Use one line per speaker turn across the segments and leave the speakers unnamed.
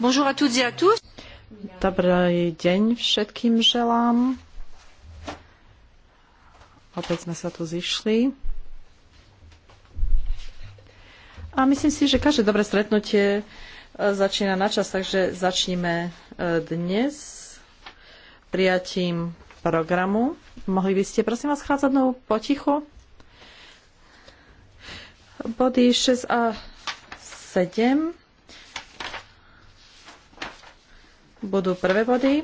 Bonjour à toutes et à tous. Dobrý deň všetkým želám. Opäť sme sa tu zišli. A myslím si, že každé dobré stretnutie e, začína na čas, takže začníme e, dnes prijatím programu. Mohli by ste prosím vás chádzať no potichu? Body 6 a 7 budú prvé body,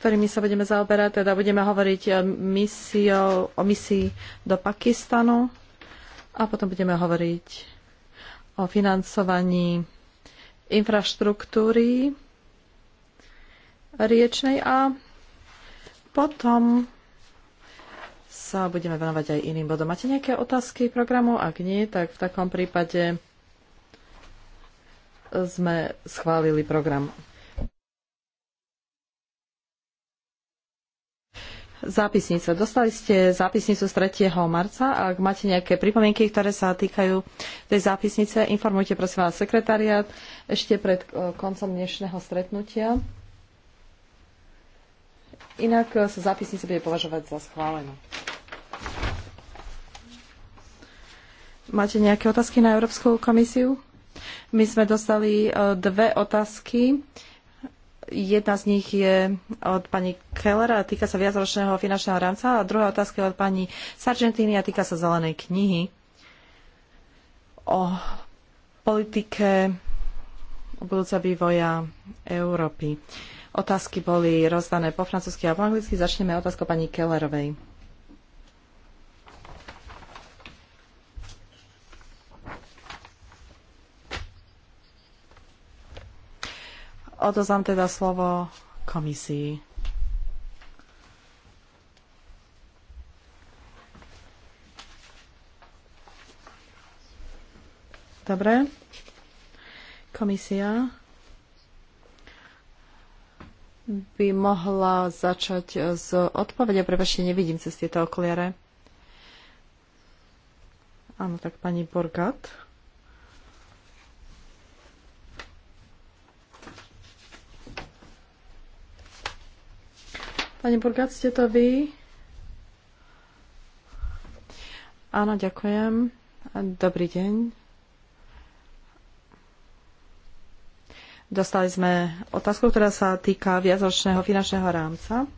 ktorými sa budeme zaoberať. Teda budeme hovoriť misio, o misii do Pakistanu a potom budeme hovoriť o financovaní infraštruktúry riečnej a potom sa budeme venovať aj iným bodom. Máte nejaké otázky programu? Ak nie, tak v takom prípade sme schválili program. zápisnice. Dostali ste zápisnicu z 3. marca. Ak máte nejaké pripomienky, ktoré sa týkajú tej zápisnice, informujte prosím vás sekretariat ešte pred e, koncom dnešného stretnutia. Inak e, sa zápisnica bude považovať za schválenú. Máte nejaké otázky na Európsku komisiu? My sme dostali e, dve otázky Jedna z nich je od pani Kellera, týka sa viacročného finančného rámca a druhá otázka je od pani Sargentini a týka sa zelenej knihy o politike budúca vývoja Európy. Otázky boli rozdané po francúzsky a po anglicky. Začneme otázkou pani Kellerovej. Odozám teda slovo komisii. Dobre. Komisia by mohla začať z odpovede. Prepašte, nevidím cez tieto okuliare. Áno, tak pani Borgat. Pani Burgat, ste to vy? Áno, ďakujem. Dobrý deň. Dostali sme otázku, ktorá sa týka viacročného finančného rámca.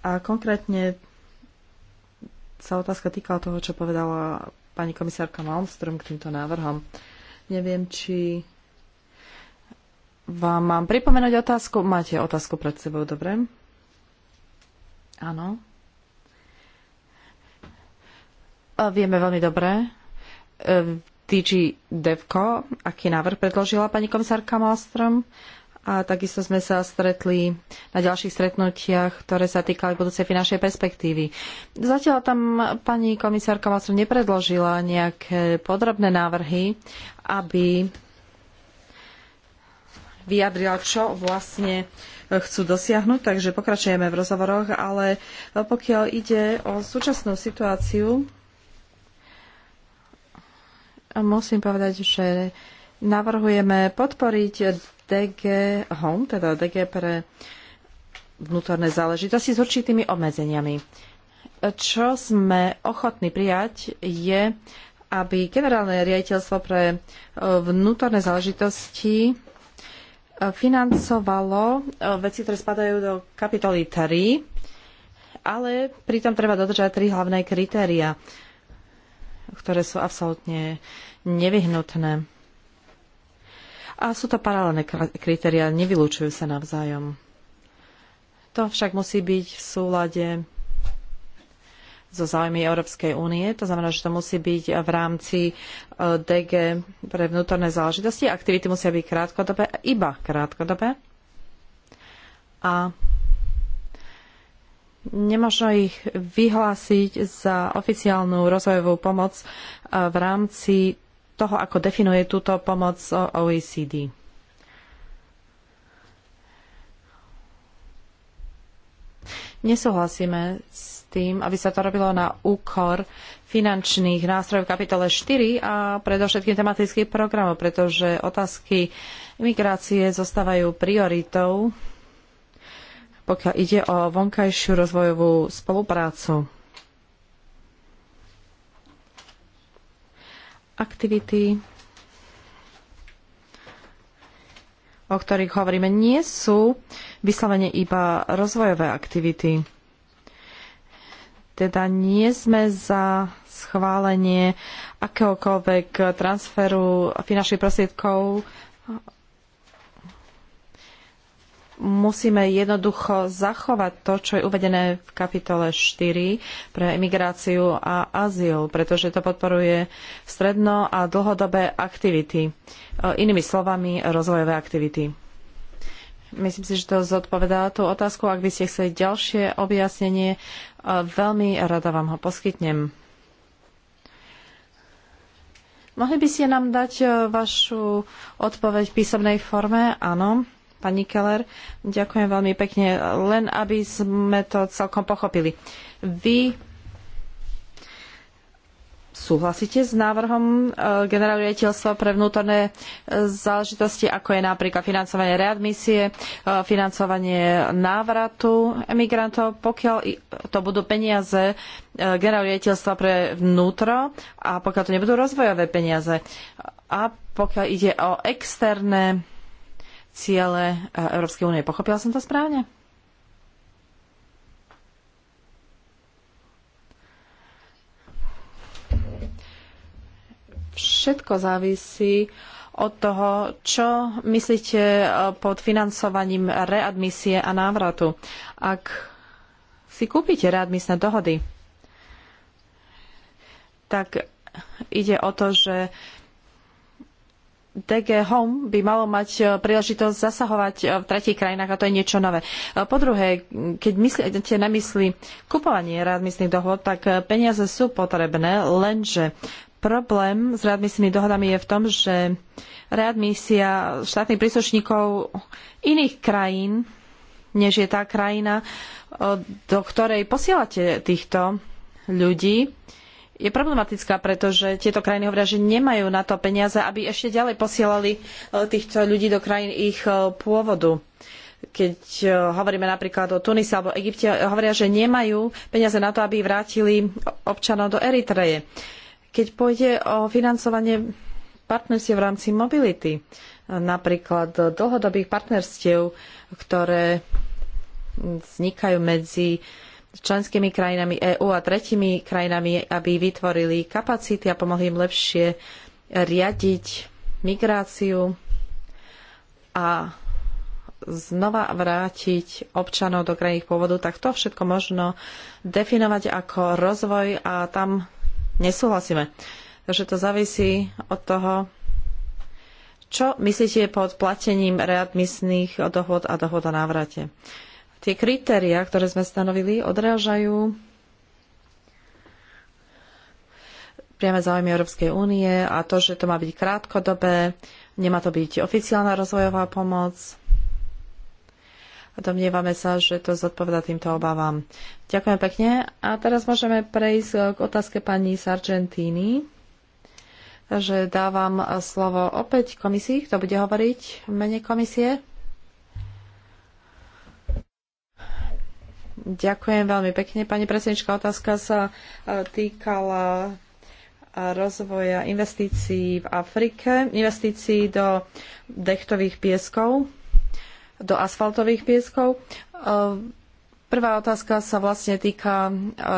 A konkrétne sa otázka týkala toho, čo povedala pani komisárka Malmström k týmto návrhom. Neviem, či vám mám pripomenúť otázku? Máte otázku pred sebou, dobre? Áno. Vieme veľmi dobre. TG e, Devco, aký návrh predložila pani komisárka Malstrom. A takisto sme sa stretli na ďalších stretnutiach, ktoré sa týkali budúcej finančnej perspektívy. Zatiaľ tam pani komisárka Malstrom nepredložila nejaké podrobné návrhy, aby vyjadrila, čo vlastne e, chcú dosiahnuť, takže pokračujeme v rozhovoroch, ale e, pokiaľ ide o súčasnú situáciu, musím povedať, že navrhujeme podporiť DG Home, teda DG pre vnútorné záležitosti s určitými obmedzeniami. Čo sme ochotní prijať je, aby generálne riaditeľstvo pre e, vnútorné záležitosti financovalo e, veci, ktoré spadajú do kapitoly 3, ale pritom treba dodržať tri hlavné kritéria, ktoré sú absolútne nevyhnutné. A sú to paralelné kritéria, nevylúčujú sa navzájom. To však musí byť v súlade so záujmy Európskej únie. To znamená, že to musí byť v rámci e, DG pre vnútorné záležitosti. Aktivity musia byť krátkodobé, iba krátkodobé. A nemožno ich vyhlásiť za oficiálnu rozvojovú pomoc e, v rámci toho, ako definuje túto pomoc OECD. Nesúhlasíme s tým, aby sa to robilo na úkor finančných nástrojov v kapitole 4 a predovšetkým tematických programov, pretože otázky imigrácie zostávajú prioritou, pokiaľ ide o vonkajšiu rozvojovú spoluprácu. Aktivity o ktorých hovoríme, nie sú vyslovene iba rozvojové aktivity. Teda nie sme za schválenie akéhokoľvek transferu finančných prostriedkov. Musíme jednoducho zachovať to, čo je uvedené v kapitole 4 pre imigráciu a azyl, pretože to podporuje stredno a dlhodobé aktivity. Inými slovami, rozvojové aktivity Myslím si, že to zodpovedá tú otázku. Ak by ste chceli ďalšie objasnenie, e, veľmi rada vám ho poskytnem. Mohli by ste nám dať e, vašu odpoveď v písomnej forme? Áno. Pani Keller, ďakujem veľmi pekne, len aby sme to celkom pochopili. Vy Súhlasíte s návrhom e, generálneho riaditeľstva pre vnútorné e, záležitosti, ako je napríklad financovanie readmisie, e, financovanie návratu emigrantov, pokiaľ to budú peniaze generálneho riaditeľstva pre vnútro a pokiaľ to nebudú rozvojové peniaze. A pokiaľ ide o externé ciele Európskej únie. Pochopila som to správne? všetko závisí od toho, čo myslíte e, pod financovaním readmisie a návratu. Ak si kúpite readmisné dohody, tak ide o to, že DG Home by malo mať e, príležitosť zasahovať e, v tretich krajinách a to je niečo nové. Po druhé, keď myslíte na mysli kupovanie readmisných dohod, tak peniaze sú potrebné, lenže Problém s readmisnými dohodami je v tom, že readmisia štátnych príslušníkov iných krajín, než je tá krajina, do ktorej posielate týchto ľudí, je problematická, pretože tieto krajiny hovoria, že nemajú na to peniaze, aby ešte ďalej posielali e, týchto ľudí do krajín ich e, pôvodu. Keď e, hovoríme napríklad o Tunise alebo Egypte, hovoria, že nemajú peniaze na to, aby vrátili občanov do Eritreje. Keď pôjde o financovanie partnerstiev v rámci mobility, napríklad dlhodobých partnerstiev, ktoré vznikajú medzi členskými krajinami EÚ a tretimi krajinami, aby vytvorili kapacity a pomohli im lepšie riadiť migráciu a znova vrátiť občanov do krajín pôvodu, tak to všetko možno definovať ako rozvoj a tam nesúhlasíme. Takže to závisí od toho, čo myslíte pod platením readmisných dohod a dohod o návrate. Tie kritéria, ktoré sme stanovili, odrážajú priame záujmy Európskej únie a to, že to má byť krátkodobé, nemá to byť oficiálna rozvojová pomoc, Domnievame sa, že to zodpoveda týmto obávam. Ďakujem pekne. A teraz môžeme prejsť k otázke pani Sargentini. Takže dávam slovo opäť komisii. Kto bude hovoriť v mene komisie? Ďakujem veľmi pekne. Pani predsednička, otázka sa e, týkala e, rozvoja investícií v Afrike, investícií do dechtových pieskov do asfaltových pieskov. E, prvá otázka sa vlastne týka e,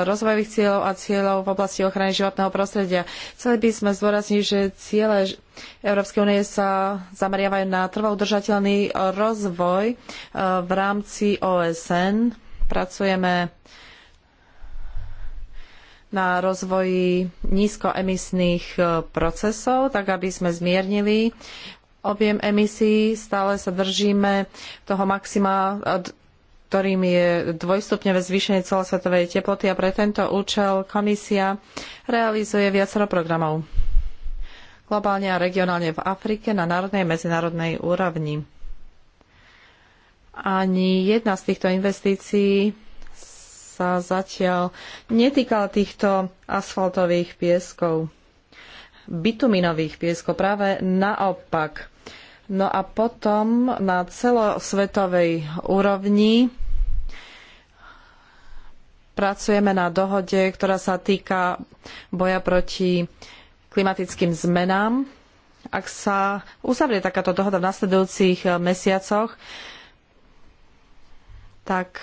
rozvojových cieľov a cieľov v oblasti ochrany životného prostredia. Chceli by sme zdôrazniť, že ciele Európskej únie sa zameriavajú na trvalo udržateľný rozvoj e, v rámci OSN. Pracujeme na rozvoji nízkoemisných procesov, tak aby sme zmiernili objem emisí, stále sa držíme toho maxima, ktorým je dvojstupňové zvýšenie celosvetovej teploty a pre tento účel komisia realizuje viacero programov globálne a regionálne v Afrike na národnej a medzinárodnej úrovni. Ani jedna z týchto investícií sa zatiaľ netýkala týchto asfaltových pieskov bituminových pieskov. Práve naopak. No a potom na celosvetovej úrovni pracujeme na dohode, ktorá sa týka boja proti klimatickým zmenám. Ak sa uzavrie takáto dohoda v nasledujúcich eh, mesiacoch, tak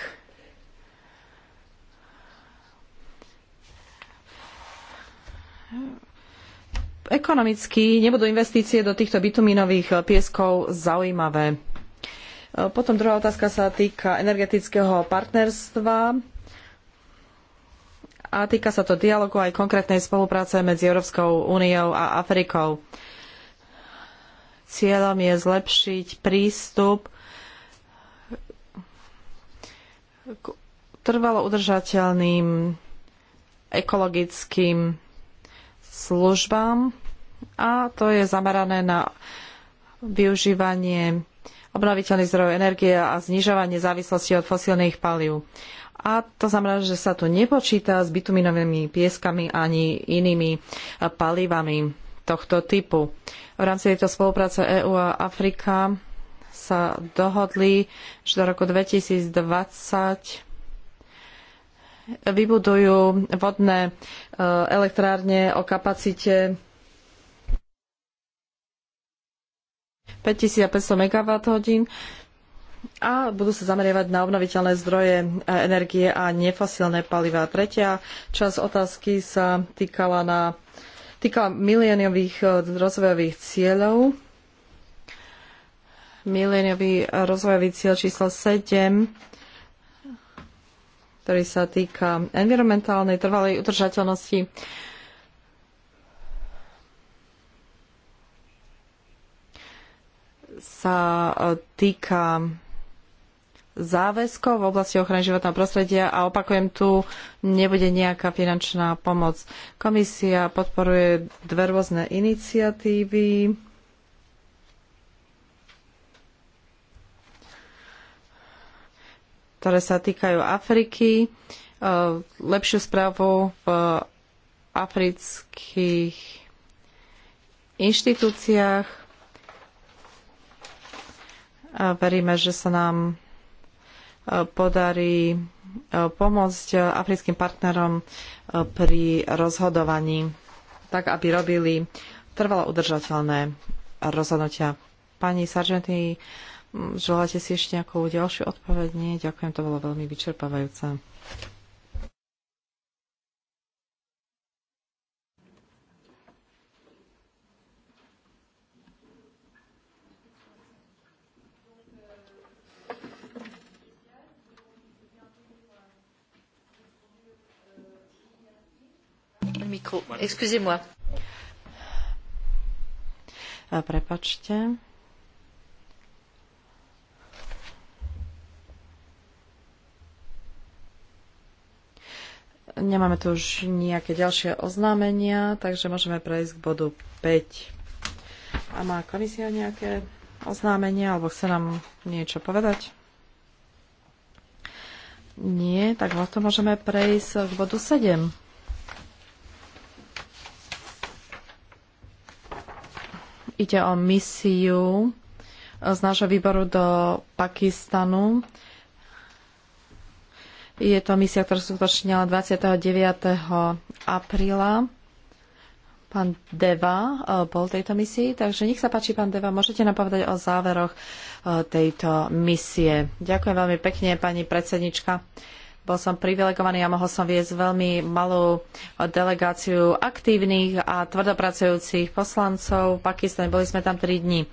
ekonomicky nebudú investície do týchto bitumínových eh, pieskov zaujímavé. Eh, potom druhá otázka sa týka energetického partnerstva a týka sa to dialogu aj konkrétnej spolupráce medzi Európskou úniou a Afrikou. Cieľom je zlepšiť prístup k trvalo udržateľným ekologickým službám a to je zamerané na využívanie obnoviteľných zdrojov energie a znižovanie závislosti od fosílnych palív. A to znamená, že sa tu nepočíta s bituminovými pieskami ani inými eh, palivami tohto typu. V rámci tejto spolupráce EÚ a Afrika sa dohodli, že do roku 2020 vybudujú vodné e, elektrárne o kapacite 5500 MWh a budú sa zameriavať na obnoviteľné zdroje e, energie a nefosilné palivá. Tretia časť otázky sa týkala, na, týkala miléniových e, rozvojových cieľov. Miléniový rozvojový cieľ číslo 7 ktorý sa týka environmentálnej trvalej udržateľnosti. sa e, týka záväzkov v oblasti ochrany životného prostredia a opakujem tu, nebude nejaká finančná pomoc. Komisia podporuje dve rôzne iniciatívy ktoré sa týkajú Afriky, e, lepšiu správu v afrických inštitúciách. A veríme, že sa nám e, podarí e, pomôcť africkým partnerom pri rozhodovaní, tak aby robili trvalo udržateľné rozhodnutia. Pani Sargentini, Mm, želáte si ešte nejakú ďalšiu odpoveď? Nie, ďakujem, to bolo veľmi vyčerpávajúce. Excusez-moi. Prepačte. Nemáme tu už nejaké ďalšie oznámenia, takže môžeme prejsť k bodu 5. A má komisia nejaké oznámenia, alebo chce nám niečo povedať? Nie, tak to môžeme prejsť k bodu 7. Ide o misiu z nášho výboru do Pakistanu je to misia, ktorá sa uskutočnila 29. apríla. Pán Deva e, bol tejto misii, takže nech sa páči, pán Deva, môžete nám povedať o záveroch e, tejto misie. Ďakujem veľmi pekne, pani predsednička. Bol som privilegovaný a mohol som viesť veľmi malú delegáciu aktívnych a tvrdopracujúcich poslancov v Pakistane. Boli sme tam 3 dní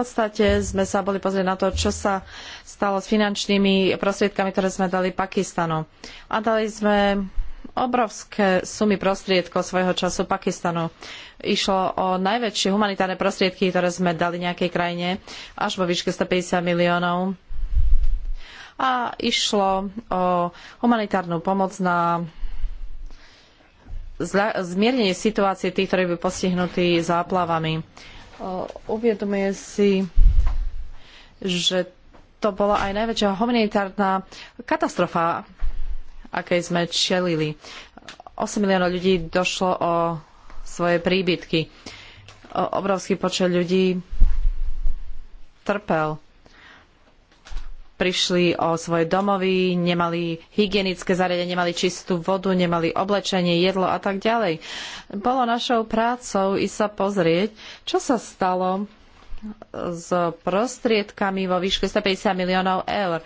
podstate sme sa boli pozrieť na to, čo sa stalo s finančnými prostriedkami, ktoré sme dali Pakistanu. A dali sme obrovské sumy prostriedkov svojho času Pakistanu. Išlo o najväčšie humanitárne prostriedky, ktoré sme dali nejakej krajine, až vo výške 150 miliónov. A išlo o humanitárnu pomoc na zmiernenie situácie tých, ktorí boli postihnutí záplavami. Uviedomuje si, že to bola aj najväčšia humanitárna katastrofa, akej sme čelili. 8 miliónov ľudí došlo o svoje príbytky. Obrovský počet ľudí trpel prišli o svoje domovy, nemali hygienické zariadenie, nemali čistú vodu, nemali oblečenie, jedlo a tak ďalej. Bolo našou prácou ísť sa pozrieť, čo sa stalo s prostriedkami vo výške 150 miliónov eur.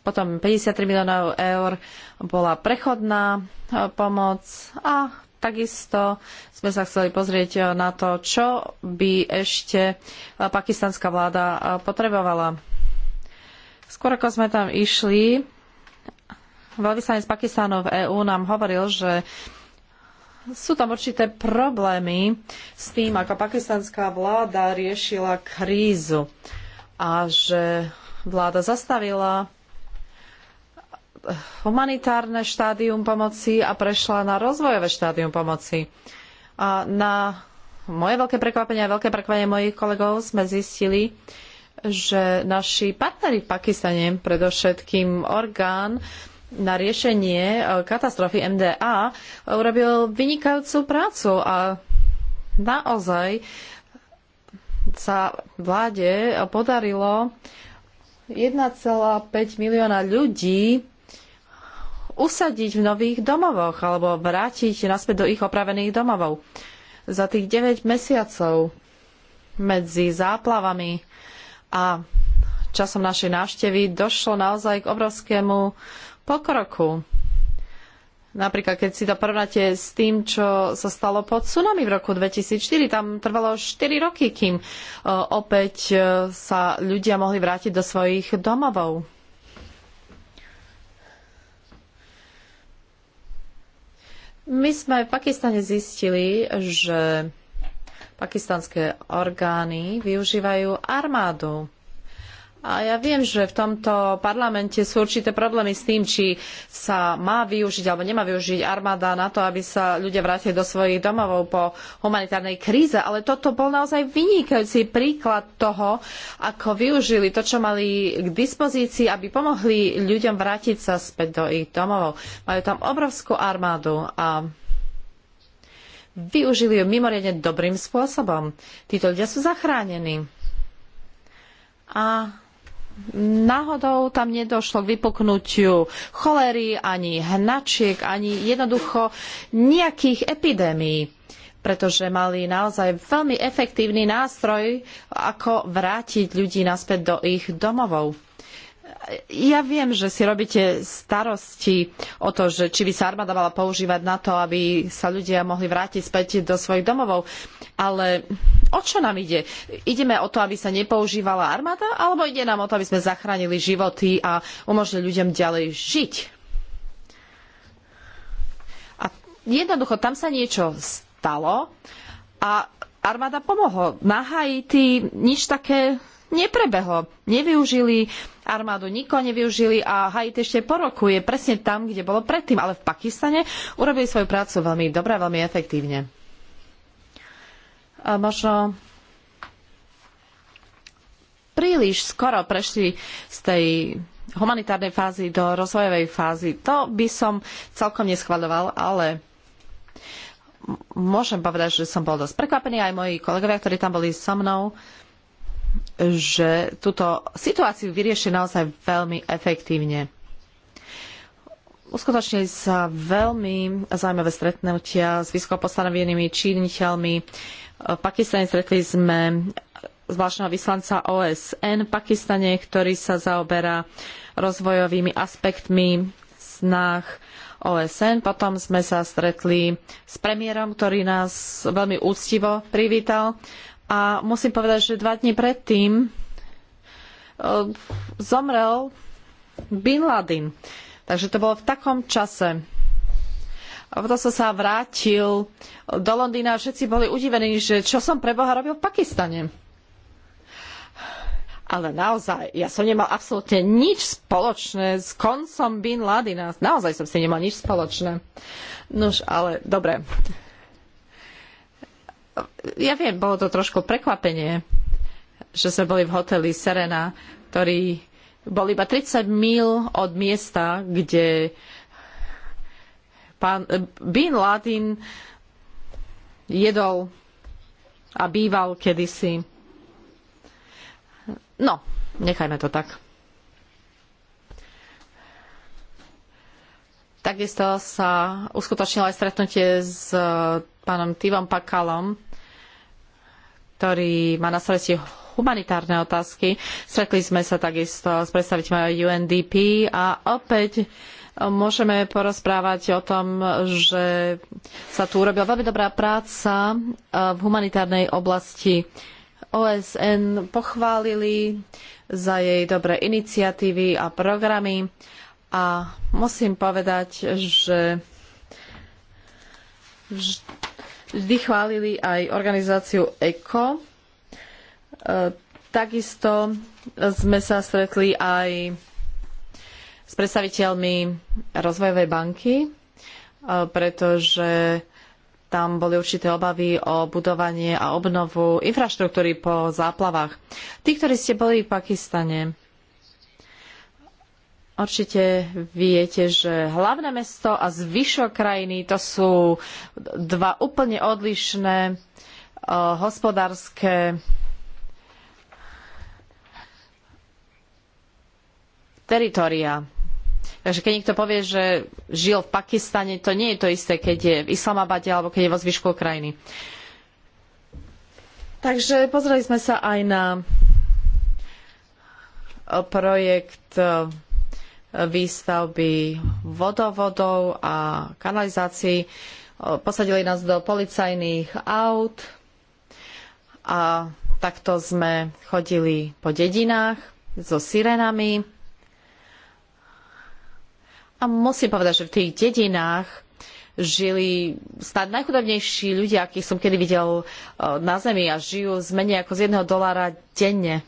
Potom 53 miliónov eur bola prechodná e, pomoc a takisto sme sa chceli pozrieť e, na to, čo by ešte e, pakistanská vláda potrebovala. Skôr ako sme tam išli, veľvyslanec Pakistánov v EÚ nám hovoril, že sú tam určité problémy s tým, ako pakistanská vláda riešila krízu a že vláda zastavila humanitárne štádium pomoci a prešla na rozvojové štádium pomoci. A na moje veľké prekvapenie a veľké prekvapenie mojich kolegov sme zistili, že naši partneri v Pakistane, predovšetkým orgán na riešenie e, katastrofy MDA, e, urobil vynikajúcu prácu a naozaj sa vláde podarilo 1,5 milióna ľudí usadiť v nových domovoch alebo vrátiť naspäť do ich opravených domovov. Za tých 9 mesiacov medzi záplavami a časom našej návštevy došlo naozaj k obrovskému pokroku. Napríklad, keď si to porovnáte s tým, čo sa stalo pod tsunami v roku 2004, tam trvalo 4 roky, kým e, opäť e, sa ľudia mohli vrátiť do svojich domovov. My sme v Pakistane zistili, že pakistanské orgány využívajú armádu. A ja viem, že v tomto parlamente sú určité problémy s tým, či sa má využiť alebo nemá využiť armáda na to, aby sa ľudia vrátili do svojich domovov po humanitárnej kríze, ale toto bol naozaj vynikajúci príklad toho, ako využili to, čo mali k dispozícii, aby pomohli ľuďom vrátiť sa späť do ich domovov. Majú tam obrovskú armádu a využili ju mimoriadne dobrým spôsobom. Títo ľudia sú zachránení. A náhodou tam nedošlo k vypuknutiu cholery, ani hnačiek, ani jednoducho nejakých epidémií pretože mali naozaj veľmi efektívny nástroj, ako vrátiť ľudí naspäť do ich domovov ja viem, že si robíte starosti o to, že či by sa armáda mala používať na to, aby sa ľudia mohli vrátiť späť do svojich domovov, ale o čo nám ide? Ideme o to, aby sa nepoužívala armáda, alebo ide nám o to, aby sme zachránili životy a umožnili ľuďom ďalej žiť? A jednoducho, tam sa niečo stalo a armáda pomohla. Na Haiti nič také neprebehlo. Nevyužili armádu, nikoho nevyužili a Haiti ešte po roku je presne tam, kde bolo predtým. Ale v Pakistane urobili svoju prácu veľmi dobre, veľmi efektívne. A možno príliš skoro prešli z tej humanitárnej fázy do rozvojovej fázy. To by som celkom neschvaľoval, ale môžem povedať, že som bol dosť prekvapený, aj moji kolegovia, ktorí tam boli so mnou. Uh, že túto situáciu vyrieši naozaj veľmi efektívne. Uskutočnili sa veľmi zaujímavé stretnutia s postanovenými činiteľmi. V Pakistane stretli sme zvláštneho vyslanca OSN v Pakistane, ktorý sa zaoberá rozvojovými aspektmi snah OSN. Potom sme sa stretli s premiérom, ktorý nás veľmi úctivo privítal a musím povedať, že dva dní predtým e, zomrel Bin Laden. Takže to bolo v takom čase. A potom som sa vrátil do Londýna a všetci boli udivení, že čo som pre Boha robil v Pakistane. Ale naozaj, ja som nemal absolútne nič spoločné s koncom Bin Ladina. Naozaj som si nemal nič spoločné. Nož, ale dobre ja viem, bolo to trošku prekvapenie, že sme boli v hoteli Serena, ktorý bol iba 30 mil od miesta, kde pán eh, Bin Laden jedol a býval kedysi. No, nechajme to tak. Takisto sa uskutočnilo aj stretnutie s eh, pánom Tivom Pakalom, ktorý má na starosti humanitárne otázky. Stretli sme sa takisto s predstaviteľmi UNDP a opäť e, môžeme porozprávať o tom, že sa tu urobila veľmi dobrá práca e, v humanitárnej oblasti. OSN pochválili za jej dobré iniciatívy a programy a musím povedať, že vždy chválili aj organizáciu ECO. E, takisto sme sa stretli aj s predstaviteľmi Rozvojovej banky, e, pretože tam boli určité obavy o budovanie a obnovu infraštruktúry po záplavách. Tí, ktorí ste boli v Pakistane, Určite viete, že hlavné mesto a zvyšok krajiny to sú dva úplne odlišné uh, hospodárske teritoria. Takže keď niekto povie, že žil v Pakistane, to nie je to isté, keď je v Islamabade alebo keď je vo zvyšku krajiny. Takže pozreli sme sa aj na eh, projekt uh, výstavby vodovodov a kanalizácií. Posadili nás do policajných aut a takto sme chodili po dedinách so sirenami. A musím povedať, že v tých dedinách žili snad najchudobnejší ľudia, akých som kedy videl eh, na Zemi a žijú z menej ako z jedného dolára denne.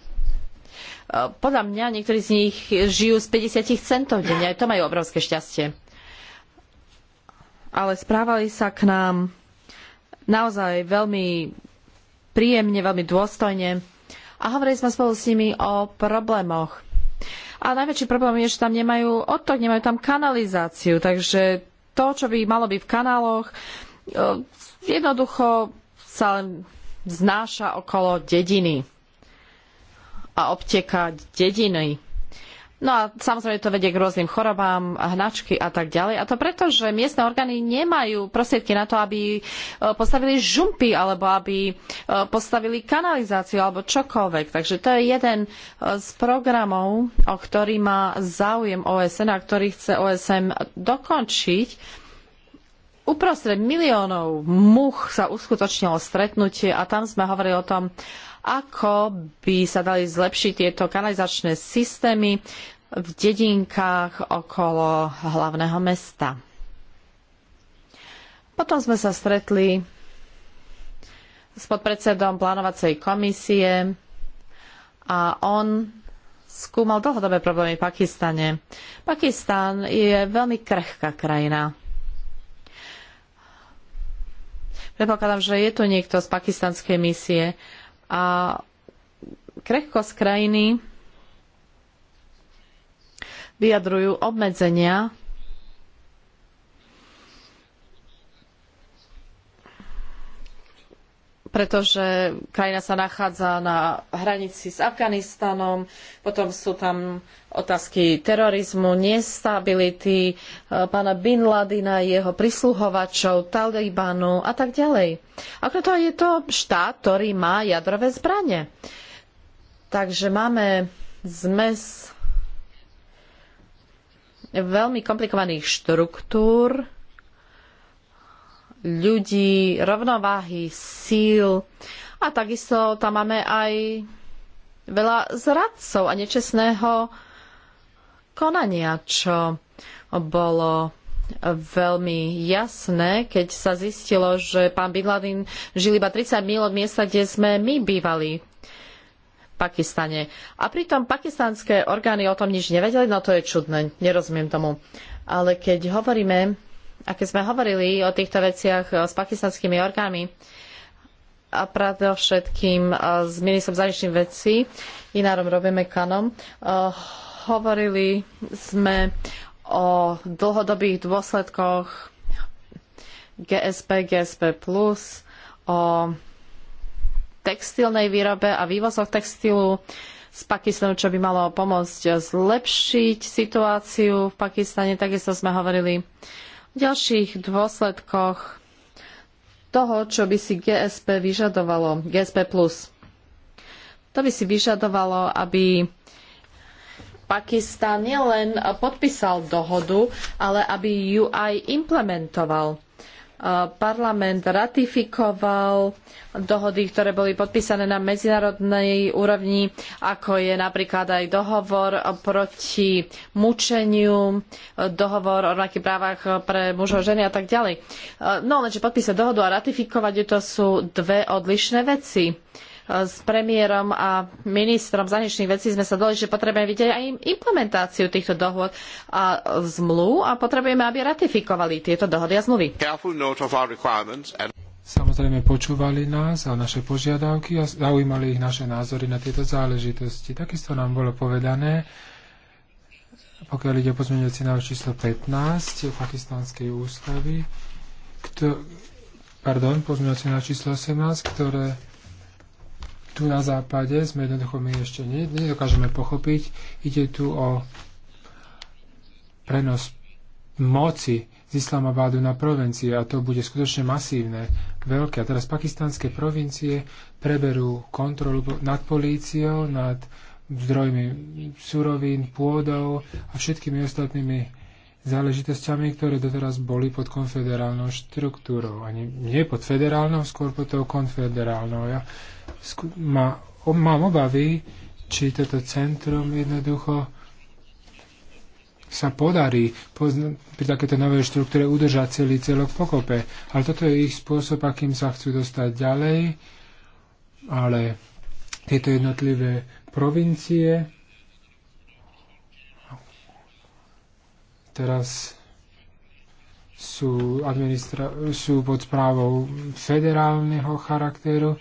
Podľa mňa niektorí z nich žijú z 50 centov denne, aj to majú obrovské šťastie. Ale správali sa k nám naozaj veľmi príjemne, veľmi dôstojne a hovorili sme spolu s nimi o problémoch. A najväčší problém je, že tam nemajú odtok, nemajú tam kanalizáciu, takže to, čo by malo byť v kanáloch, e, jednoducho sa len znáša okolo dediny a obteka dediny. No a samozrejme to vedie k rôznym chorobám, hnačky a tak ďalej. A to preto, že miestne orgány nemajú prostriedky na to, aby e, postavili žumpy, alebo aby e, postavili kanalizáciu, alebo čokoľvek. Takže to je jeden e, z programov, o ktorý má záujem OSN a ktorý chce OSN dokončiť. Uprostred miliónov much sa uskutočnilo stretnutie a tam sme hovorili o tom, ako by sa dali zlepšiť tieto kanalizačné systémy v dedinkách okolo hlavného mesta. Potom sme sa stretli s podpredsedom plánovacej komisie a on skúmal dlhodobé problémy v Pakistane. Pakistan je veľmi krehká krajina. Predpokladám, že je tu niekto z pakistanskej misie, a krehkosť krajiny vyjadrujú obmedzenia pretože krajina sa nachádza na hranici s Afganistanom, potom sú tam otázky terorizmu, nestability, e, pána Bin Ladina, jeho prisluhovačov, Talibanu a tak ďalej. Okrem toho je to štát, ktorý má jadrové zbranie. Takže máme zmes veľmi komplikovaných štruktúr, ľudí, rovnováhy, síl. A takisto tam máme aj veľa zradcov a nečestného konania, čo bolo veľmi jasné, keď sa zistilo, že pán Bin Laden žil iba 30 mil od miesta, kde sme my bývali v Pakistane. A pritom pakistanské orgány o tom nič nevedeli, no to je čudné, nerozumiem tomu. Ale keď hovoríme a keď sme hovorili o týchto veciach e, s pakistanskými orgánmi, a predovšetkým e, s ministrom zahraničných vecí, Inárom Robeme Kanom, e, hovorili sme o dlhodobých dôsledkoch GSP, GSP+, o textilnej výrobe a vývozoch textilu z Pakistanu, čo by malo pomôcť zlepšiť situáciu v Pakistane. Takisto sme hovorili v ďalších dôsledkoch toho, čo by si GSP vyžadovalo, GSP+. To by si vyžadovalo, aby Pakistan nielen podpísal dohodu, ale aby ju aj implementoval parlament ratifikoval dohody, ktoré boli podpísané na medzinárodnej úrovni, ako je napríklad aj dohovor proti mučeniu, dohovor o rovnakých právach pre mužov, ženy a tak ďalej. No lenže podpísať dohodu a ratifikovať to sú dve odlišné veci s premiérom a ministrom zahraničných vecí sme sa dali, že potrebujeme vidieť aj implementáciu týchto dohod a zmluv a potrebujeme, aby ratifikovali tieto dohody a zmluvy.
Samozrejme počúvali nás a naše požiadavky a zaujímali ich naše názory na tieto záležitosti. Takisto nám bolo povedané, pokiaľ ide o pozmeňujúci návrh číslo 15 pakistanskej ústavy, kto, pardon, pozmeňujúci návrh číslo 18, ktoré tu na západe sme jednoducho my ešte nedokážeme pochopiť. Ide tu o prenos moci z Islamabadu na provincie a to bude skutočne masívne, veľké. A teraz pakistanské provincie preberú kontrolu nad políciou, nad zdrojmi surovín, pôdov a všetkými ostatnými záležitosťami, ktoré doteraz boli pod konfederálnou štruktúrou. Ani nie pod federálnou, skôr pod tou konfederálnou. Ja sku- má, o, mám obavy, či toto centrum jednoducho sa podarí pozna- pri takéto novej štruktúre udržať celý celok pokope. Ale toto je ich spôsob, akým sa chcú dostať ďalej. Ale tieto jednotlivé provincie teraz sú, administra- sú pod správou federálneho charakteru.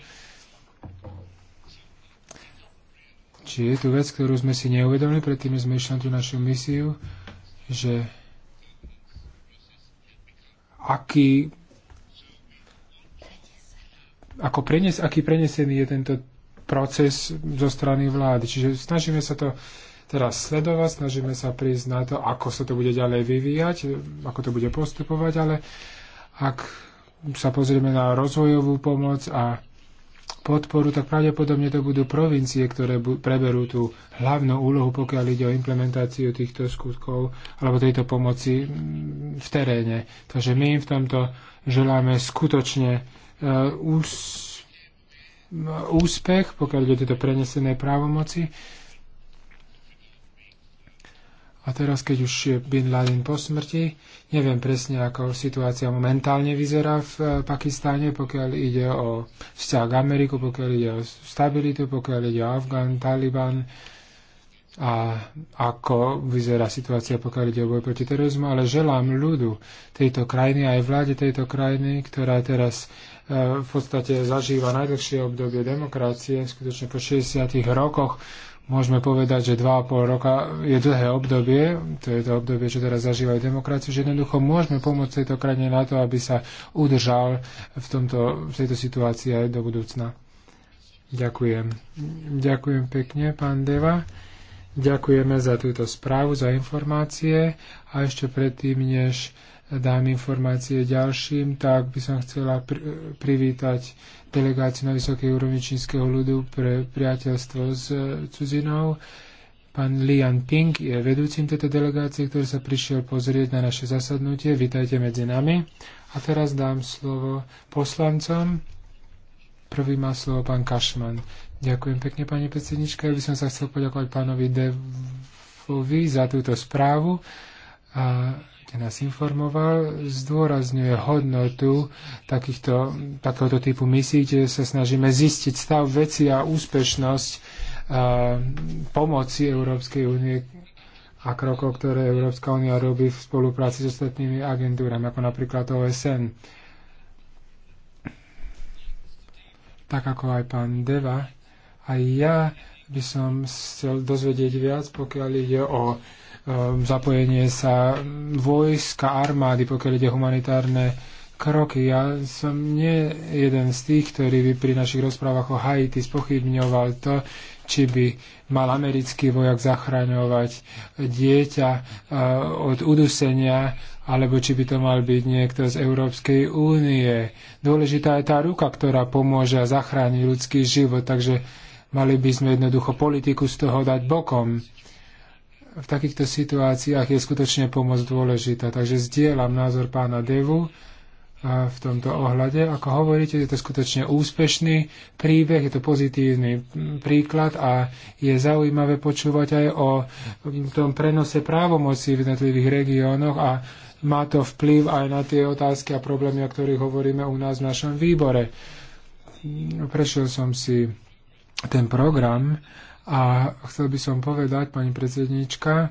Či je tu vec, ktorú sme si neuvedomili, predtým sme išli na tú našu misiu, že aký ako prenes, aký prenesený je tento proces zo strany vlády. Čiže snažíme sa to uh, teraz sledovať, snažíme sa prísť na to, ako sa to bude ďalej vyvíjať, ako to bude postupovať, ale ak sa pozrieme na rozvojovú pomoc a podporu, tak pravdepodobne to budú provincie, ktoré preberú tú hlavnú úlohu, pokiaľ ide o implementáciu týchto skutkov alebo tejto pomoci mm, v teréne. Takže my im v tomto želáme skutočne e, úspech, pokiaľ ide o tieto prenesené právomoci a teraz, keď už je Bin Laden po smrti, neviem presne, ako situácia momentálne vyzerá v eh, Pakistáne, pokiaľ ide o vzťah k Ameriku, pokiaľ ide o stabilitu, pokiaľ ide o Afgán, Taliban a ako vyzerá situácia, pokiaľ ide o boj proti terorizmu, ale želám ľudu tejto krajiny, aj vláde tejto krajiny, ktorá teraz eh, v podstate zažíva najdlhšie obdobie demokracie, skutočne po 60 rokoch, môžeme povedať, že 2,5 roka je dlhé obdobie, to je to obdobie, čo teraz zažívajú demokraciu, že jednoducho môžeme pomôcť tejto krajine na to, aby sa udržal v, tomto, v tejto situácii aj do budúcna. Ďakujem. Ďakujem pekne, pán Deva. Ďakujeme za túto správu, za informácie a ešte predtým, než dám informácie ďalším, tak by som chcela pr- privítať delegáciu na vysokej úrovni čínskeho ľudu pre priateľstvo s cudzinou. Pán Lian Ping je vedúcim tejto delegácie, ktorý sa prišiel pozrieť na naše zasadnutie. Vítajte medzi nami. A teraz dám slovo poslancom. Prvý má slovo pán Kašman. Ďakujem pekne, pani predsednička. Ja by som sa chcel poďakovať pánovi Devovi za túto správu. A kde nás informoval, zdôrazňuje hodnotu takýchto, takéhoto typu misií, kde sa snažíme zistiť stav veci a úspešnosť a, pomoci Európskej únie a krokov, ktoré Európska únia robí v spolupráci s ostatnými agentúrami, ako napríklad OSN. Tak ako aj pán Deva, aj ja by som chcel dozvedieť viac, pokiaľ ide o Ehm, zapojenie sa vojska, armády, pokiaľ ide humanitárne kroky. Ja som nie jeden z tých, ktorý by pri našich rozprávach o Haiti spochybňoval to, či by mal americký vojak zachraňovať dieťa eh, od udusenia, alebo či by to mal byť niekto z Európskej únie. Dôležitá je tá ruka, ktorá pomôže a zachráni ľudský život, takže mali by sme jednoducho politiku z toho dať bokom v takýchto situáciách je skutočne pomoc dôležitá. Takže zdieľam názor pána Devu v tomto ohľade. Ako hovoríte, je to skutočne úspešný príbeh, je to pozitívny príklad a je zaujímavé počúvať aj o tom prenose právomocí v jednotlivých regiónoch a má to vplyv aj na tie otázky a problémy, o ktorých hovoríme u nás v našom výbore. Prešiel som si ten program a chcel by som povedať, pani predsednička, eh,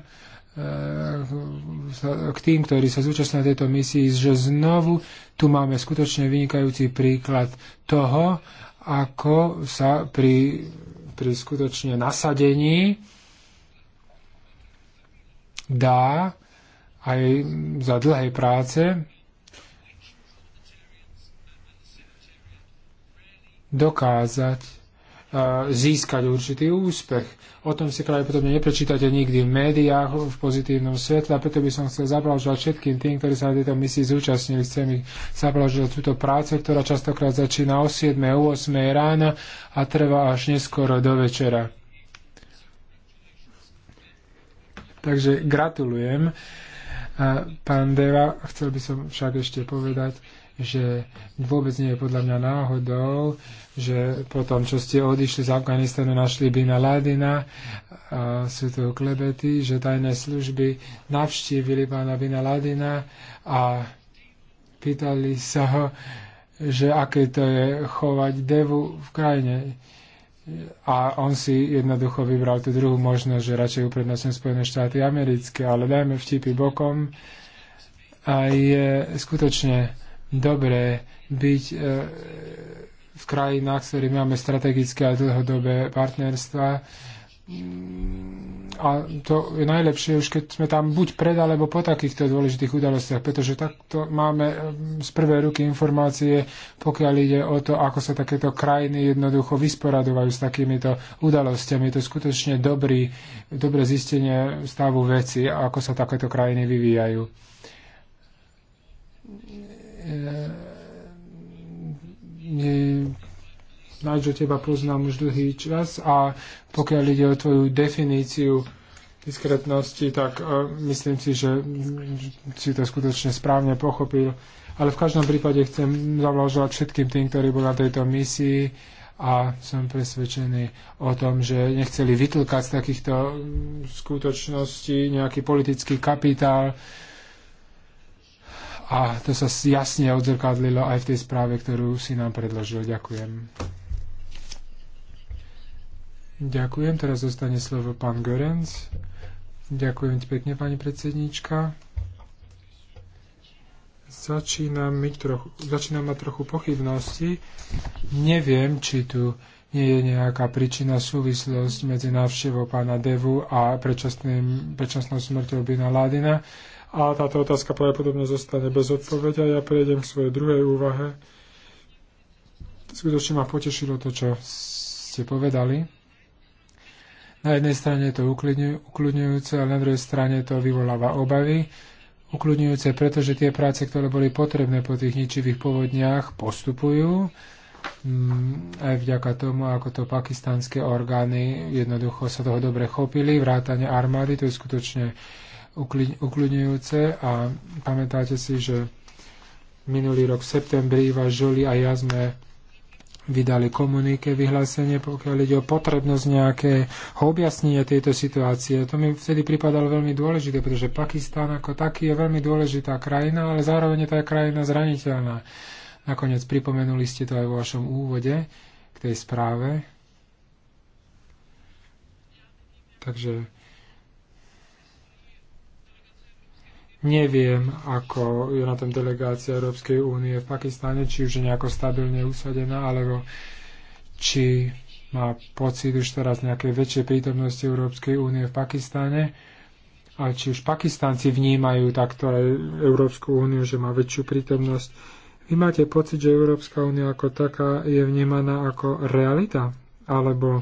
k tým, ktorí sa zúčastnia tejto misii, že znovu tu máme skutočne vynikajúci príklad toho, ako sa pri, pri skutočne nasadení dá aj za dlhej práce dokázať E, získať určitý úspech. O tom si pravdepodobne neprečítate nikdy v médiách v pozitívnom svetle a preto by som chcel zablažovať všetkým tým, ktorí sa na tejto misii zúčastnili. Chcem ich zablažovať túto prácu, ktorá častokrát začína o 7. o 8. rána a trvá až neskoro do večera. Takže gratulujem. E, pán Deva, chcel by som však ešte povedať, že vôbec nie je podľa mňa náhodou, že potom, čo ste odišli z Afganistanu, našli na Ladina, a sú to klebety, že tajné služby navštívili pána Bina Ladina a pýtali sa ho, že aké to je chovať devu v krajine. A on si jednoducho vybral tú druhú možnosť, že radšej uprednostňujem Spojené štáty americké, ale dajme vtipy bokom. A je skutočne dobré byť e, v krajinách, s ktorými máme strategické a dlhodobé partnerstva. Mm, a to je najlepšie už, keď sme tam buď pred alebo po takýchto dôležitých udalostiach, pretože takto máme mm, z prvej ruky informácie, pokiaľ ide o to, ako sa takéto krajiny jednoducho vysporadovajú s takýmito udalostiami. Je to skutočne dobrý, dobré zistenie stavu veci, ako sa takéto krajiny vyvíjajú e, Nájžo, teba poznám už dlhý čas a pokiaľ ide o tvoju definíciu diskretnosti, tak uh, myslím si, že si to skutočne správne pochopil. Ale v každom prípade chcem zavlažovať všetkým tým, ktorí boli na tejto misii a som presvedčený o tom, že nechceli vytlkať z takýchto skutočností nejaký politický kapitál, uh, a to sa jasne odzrkadlilo aj v tej správe, ktorú si nám predložil. Ďakujem. Ďakujem. Teraz zostane slovo pán Görenc. Ďakujem pekne, pani predsednička. Začínam, mi trochu, začínam mať trochu pochybnosti. Neviem, či tu nie je nejaká príčina súvislosť medzi návštevou pána Devu a predčasnou smrťou Bina Ládina a táto otázka pravdepodobne zostane bez odpovede a ja prejdem k svojej druhej úvahe. Skutočne ma potešilo to, čo ste povedali. Na jednej strane je to ukludňujúce, ale na druhej strane to vyvoláva obavy. Ukludňujúce, pretože tie práce, ktoré boli potrebné po tých ničivých povodniach, postupujú mm, aj vďaka tomu, ako to pakistanské orgány jednoducho sa toho dobre chopili, vrátane armády, to je skutočne ukludňujúce a pamätáte si, že minulý rok v septembri váš Žoli a ja sme vydali komunike, vyhlásenie, pokiaľ ide o potrebnosť nejakého objasnenia tejto situácie. To mi vtedy pripadalo veľmi dôležité, pretože Pakistán ako taký je veľmi dôležitá krajina, ale zároveň je tá krajina zraniteľná. Nakoniec pripomenuli ste to aj vo vašom úvode k tej správe. Takže Neviem, ako je na tom delegácia Európskej únie v Pakistane, či už je nejako stabilne usadená, alebo či má pocit už teraz nejakej väčšej prítomnosti Európskej únie v Pakistane. A či už Pakistanci vnímajú takto aj Európsku úniu, že má väčšiu prítomnosť. Vy máte pocit, že Európska únia ako taká je vnímaná ako realita? Alebo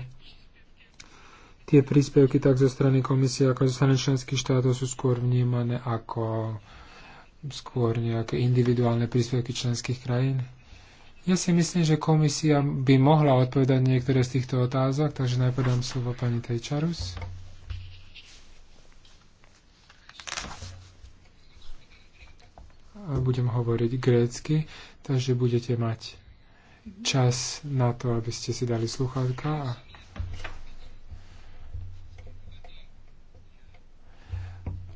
tie príspevky tak zo strany komisie, ako zo strany členských štátov sú skôr vnímané ako skôr nejaké individuálne príspevky členských krajín? Ja si myslím, že komisia by mohla odpovedať niektoré z týchto otázok, takže najprv dám slovo pani Tejčarus. budem hovoriť grécky, takže budete mať čas na to, aby ste si dali sluchátka a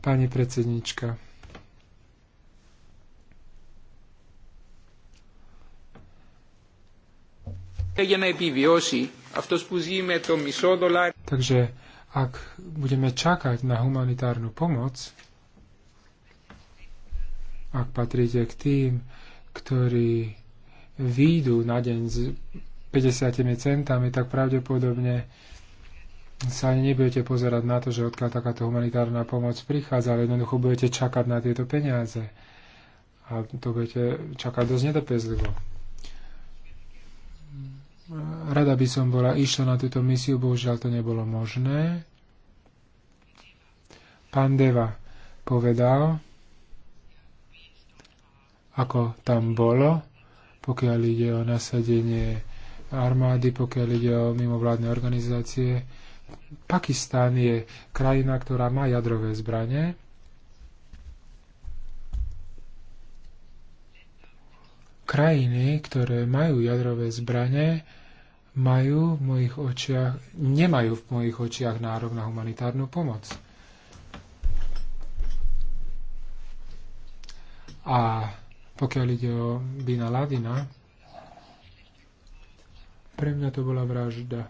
pani predsednička. Takže ak budeme čakať na humanitárnu pomoc, ak patríte k tým, ktorí výjdu na deň s 50 centami, tak pravdepodobne sa nebudete pozerať na to, že odkiaľ takáto humanitárna pomoc prichádza, ale jednoducho budete čakať na tieto peniaze. A to budete čakať dosť nedopezlivo. Rada by som bola išla na túto misiu, bohužiaľ to nebolo možné. Pán Deva povedal, ako tam bolo, pokiaľ ide o nasadenie armády, pokiaľ ide o mimovládne organizácie, Pakistán je krajina, ktorá má jadrové zbranie. Krajiny, ktoré majú jadrové zbranie, majú v mojich očiach, nemajú v mojich očiach nárok na humanitárnu pomoc. A pokiaľ ide o Bina Ladina, pre mňa to bola vražda.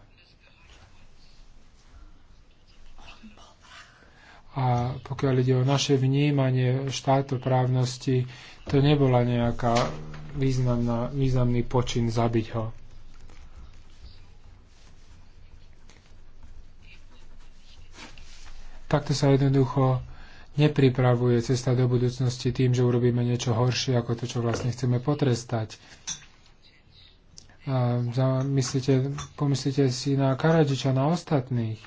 A pokiaľ ide o naše vnímanie štátoprávnosti, to nebola nejaká významná, významný počin zabiť ho. Takto sa jednoducho nepripravuje cesta do budúcnosti tým, že urobíme niečo horšie ako to, čo vlastne chceme potrestať. A myslíte, pomyslíte si na Karadžiča, na ostatných.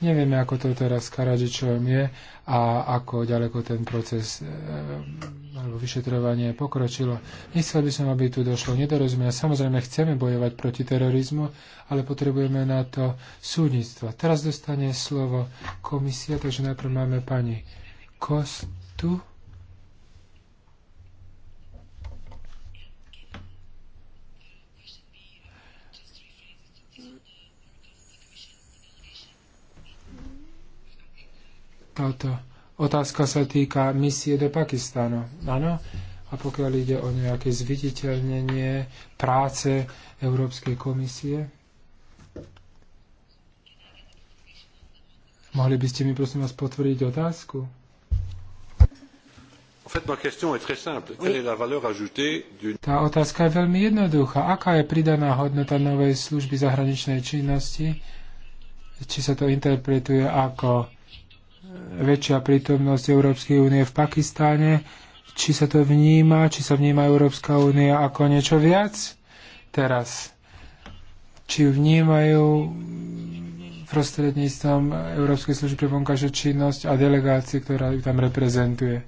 Nevieme, ako to teraz s Karadžičom je a ako ďaleko ten proces e, alebo vyšetrovanie pokročilo. Nechcel by som, aby tu došlo nedorozumenia. Samozrejme, chceme bojovať proti terorizmu, ale potrebujeme na to súdnictvo. Teraz dostane slovo komisia, takže najprv máme pani Kostu. Táto otázka sa týka misie do Pakistanu. Áno? A pokiaľ ide o nejaké zviditeľnenie práce Európskej komisie, mohli by ste mi prosím vás potvrdiť otázku? Tá otázka je veľmi jednoduchá. Aká je pridaná hodnota novej služby zahraničnej činnosti? Či sa to interpretuje ako väčšia prítomnosť Európskej únie v Pakistáne, či sa to vníma, či sa vníma Európska únia ako niečo viac teraz. Či vnímajú prostredníctvom Európskej služby pre vonkajšiu činnosť a delegácie, ktorá ju tam reprezentuje.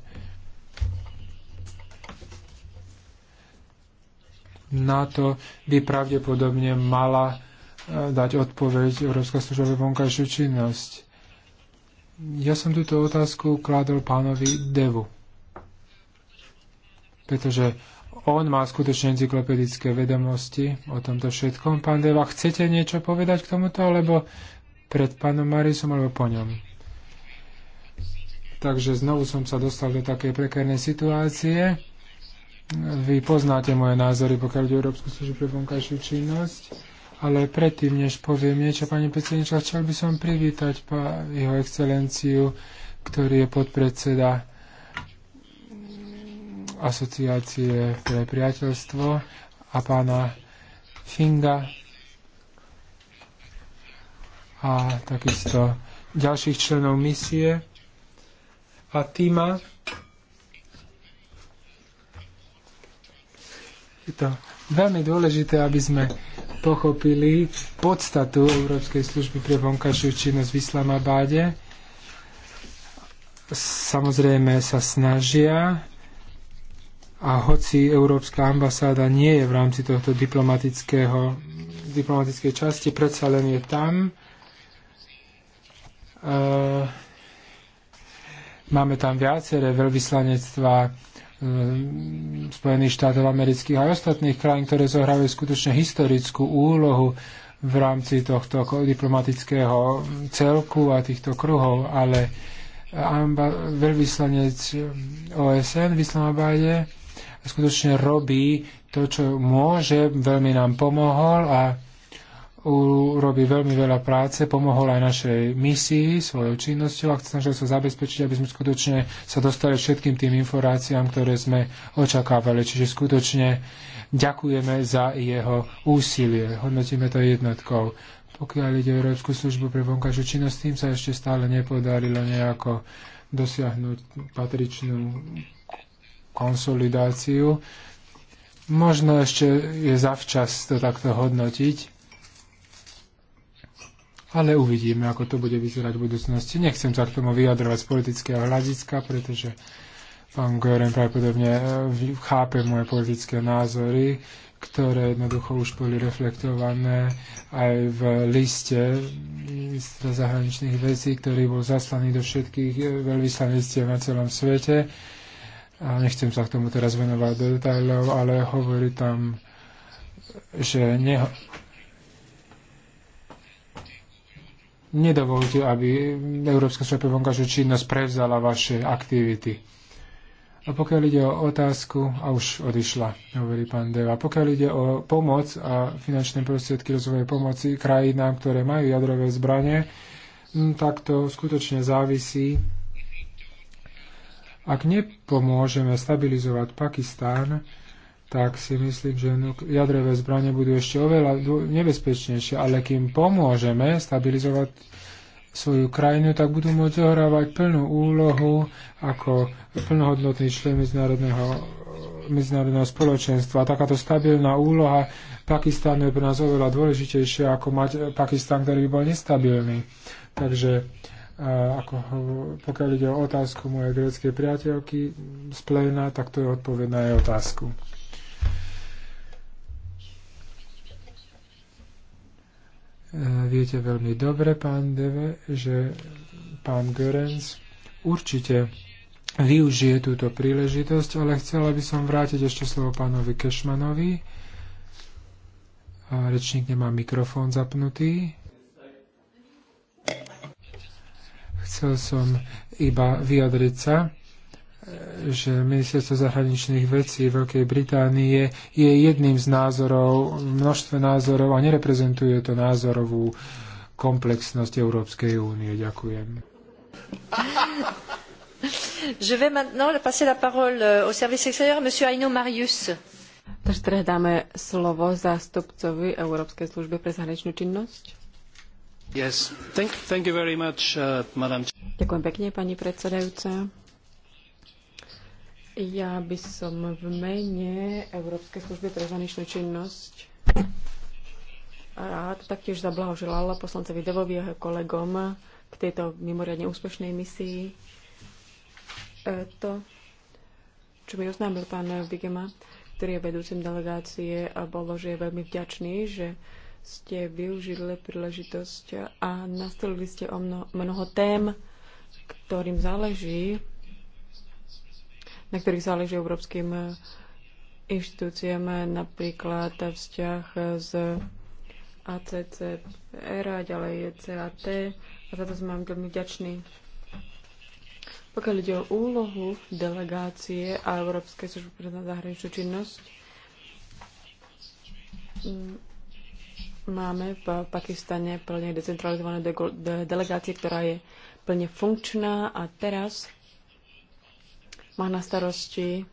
Na to by pravdepodobne mala eh, dať odpoveď Európska služba pre vonkajšiu činnosť ja som túto otázku kládol pánovi Devu, pretože on má skutočne encyklopedické vedomosti o tomto všetkom. Pán Deva, chcete niečo povedať k tomuto, alebo pred pánom Marisom, alebo po ňom? Takže znovu som sa dostal do takej prekernej situácie. Vy poznáte moje názory, pokiaľ ide Európsku službu pre vonkajšiu činnosť ale predtým, než poviem niečo, pani predsednička, chcel by som privítať pa, jeho excelenciu, ktorý je podpredseda asociácie pre priateľstvo a pána Finga a takisto ďalších členov misie a týma. Je to veľmi dôležité, aby sme pochopili podstatu Európskej služby pre vonkajšiu činnosť v Islamabáde. Samozrejme sa snažia a hoci Európska ambasáda nie je v rámci tohto diplomatického, diplomatickej časti, predsa len je tam. E, máme tam viaceré veľvyslanectvá Eh, Spojených štátov amerických a ostatných krajín, ktoré zohrávajú skutočne historickú úlohu v rámci tohto diplomatického celku a týchto kruhov, ale amba, veľvyslanec OSN v Islamabade skutočne robí to, čo môže, veľmi nám pomohol a urobí veľmi veľa práce, pomohol aj našej misii svojou činnosťou a snažil sa zabezpečiť, aby sme skutočne sa dostali všetkým tým informáciám, ktoré sme očakávali. Čiže skutočne ďakujeme za jeho úsilie. Hodnotíme to jednotkou. Pokiaľ ide o Európsku službu pre vonkajšiu činnosť, tým sa ešte stále nepodarilo nejako dosiahnuť patričnú konsolidáciu. Možno ešte je zavčas to takto hodnotiť, ale uvidíme, ako to bude vyzerať v budúcnosti. Nechcem sa k tomu vyjadrovať z politického hľadiska, pretože pán Goren pravdepodobne e, chápe moje politické názory, ktoré jednoducho už boli reflektované aj v liste ministra zahraničných vecí, ktorý bol zaslaný do všetkých e, veľvyslanectiev na celom svete. A nechcem sa k tomu teraz venovať do detailov, ale hovorí tam, že nedovolte, aby Európska služba či činnosť prevzala vaše aktivity. A pokiaľ ide o otázku, a už odišla, hovorí pán Deva, pokiaľ ide o pomoc a finančné prostriedky rozvojovej pomoci krajinám, ktoré majú jadrové zbranie, hm, tak to skutočne závisí. Ak nepomôžeme stabilizovať Pakistán, tak si myslím, že jadrové zbranie budú ešte oveľa nebezpečnejšie, ale kým pomôžeme stabilizovať svoju krajinu, tak budú môcť zohrávať plnú úlohu ako plnohodnotný člen medzinárodného, medzinárodného spoločenstva. Takáto stabilná úloha Pakistánu je pre nás oveľa dôležitejšia ako mať Pakistán, ktorý by bol nestabilný. Takže ako, pokiaľ ide o otázku mojej gréckej priateľky z pléna, tak to je odpoveď na jej otázku. Eh, viete veľmi dobre, pán Deve, že pán Görens určite využije túto príležitosť, ale chcela by som vrátiť ešte slovo pánovi Kešmanovi. Rečník nemá mikrofón zapnutý. Chcel som iba vyjadriť sa že ministerstvo zahraničných vecí Veľkej Británie je jedným z názorov, množstve názorov a nereprezentuje to názorovú komplexnosť Európskej únie. Ďakujem.
Je vais maintenant passer la
parole euh, au service extérieur, monsieur Aino Marius. Takže teda dáme slovo zástupcovi Európskej služby pre zahraničnú činnosť.
Yes. Thank, thank you very much, uh,
Ďakujem pekne, pani predsedajúca. Ja by som v mene Európskej služby pre zahraničnú činnosť rád taktiež zablahoželala poslancovi Devovi a kolegom k tejto mimoriadne úspešnej misii. E, to, čo mi oznámil pán Vigema, ktorý je vedúcim delegácie, a bolo, že je veľmi vďačný, že ste využili príležitosť a nastolili ste o mno, mnoho tém, ktorým záleží na ktorých záleží európskym eh, inštitúciám, eh, napríklad vzťah s eh, ACCR a ďalej je CAT a za to sme vám veľmi vďační. Pokiaľ ide o úlohu delegácie a Európskej služby pre zahraničnú činnosť, mm, máme v Pakistane plne decentralizované de de delegácie, ktorá je plne funkčná a teraz má na starosti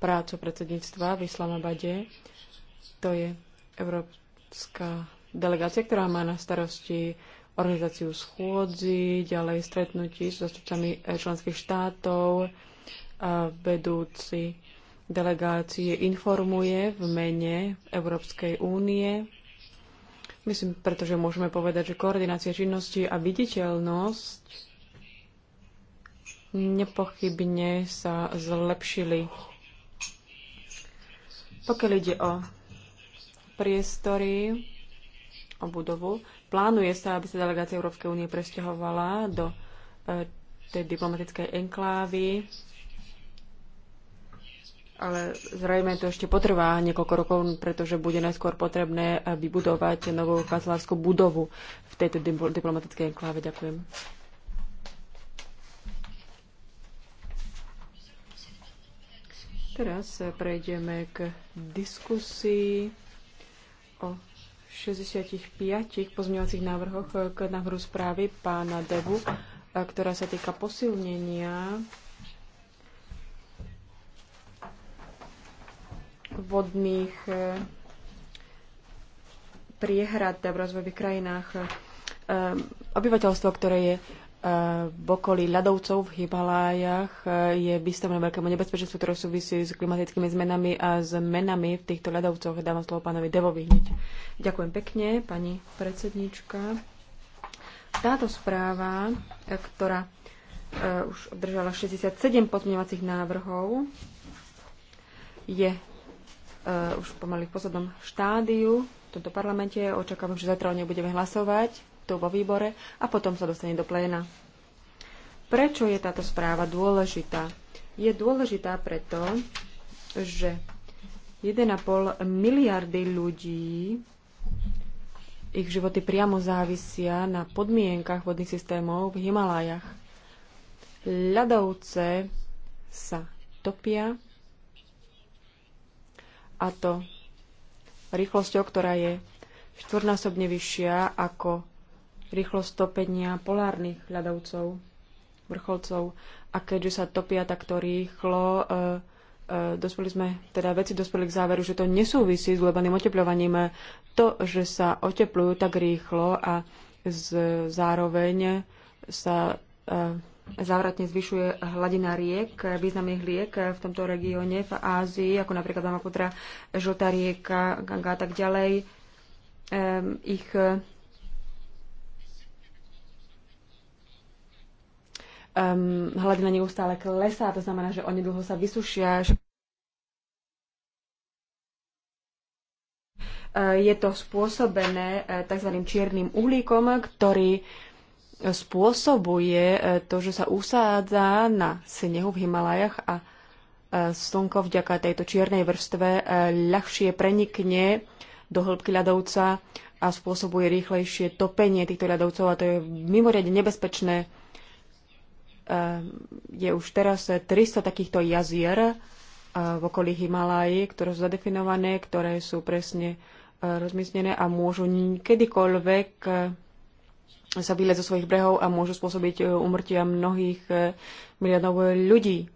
prácu predsedníctva v Islamabade. To je európska delegácia, ktorá má na starosti organizáciu schôdzi, ďalej stretnutí s zastupcami eh, členských štátov, a eh, vedúci delegácie informuje v mene Európskej únie. Myslím, pretože môžeme povedať, že koordinácia činnosti a viditeľnosť nepochybne sa zlepšili. Pokiaľ ide o priestory, o budovu, plánuje sa, aby sa delegácia Európskej únie presťahovala do e, tej diplomatickej enklávy, ale zrejme to ešte potrvá niekoľko rokov, pretože bude najskôr potrebné e, vybudovať novú kancelárskú budovu v tejto diplomatickej enkláve. Ďakujem. Teraz prejdeme k diskusii o 65 pozmeňovacích návrhoch k návrhu správy pána Devu, ktorá sa týka posilnenia vodných eh, priehrad v rozvojových krajinách. Eh, obyvateľstvo, ktoré je v okolí ľadovcov v Himalájach e, je vystavené veľkému nebezpečenstvu, ktoré súvisí s klimatickými zmenami a zmenami v týchto ľadovcoch. Dávam slovo pánovi Devovi hneď. Ďakujem pekne, pani predsednička. Táto správa, e, ktorá e, už obdržala 67 pozmeňovacích návrhov, je už pomaly v poslednom štádiu v tomto parlamente. Očakávam, že zatiaľ nebudeme hlasovať tu vo výbore a potom sa dostane do pléna. Prečo je táto správa dôležitá? Je dôležitá preto, že 1,5 miliardy ľudí ich životy priamo závisia na podmienkach vodných systémov v Himalájach. Ľadovce sa topia a to rýchlosťou, ktorá je štvornásobne vyššia ako rýchlosť topenia polárnych ľadovcov, vrcholcov. A keďže sa topia takto rýchlo, e, e, dospeli sme, teda veci dospeli k záveru, že to nesúvisí s globálnym oteplovaním. To, že sa oteplujú tak rýchlo a z, zároveň sa e, závratne zvyšuje hladina riek, významných riek v tomto regióne, v Ázii, ako napríklad Brahmaputra, Žltá rieka, Ganga a tak ďalej. E, ich um, hladina neustále klesá, to znamená, že dlho sa vysušia. Eh, je to spôsobené eh, tzv. čiernym uhlíkom, ktorý spôsobuje eh, to, že sa usádza na snehu v Himalajach a slnko vďaka tejto čiernej vrstve ľahšie prenikne do hĺbky ľadovca a spôsobuje rýchlejšie topenie týchto ľadovcov a to je mimoriadne nebezpečné Ehm, je už teraz 300 takýchto jazier eh, v okolí Himalají, ktoré sú zadefinované, ktoré sú presne eh, rozmiestnené a môžu kedykoľvek eh, sa vyleť zo svojich brehov a môžu spôsobiť umrtia mnohých miliónov ľudí.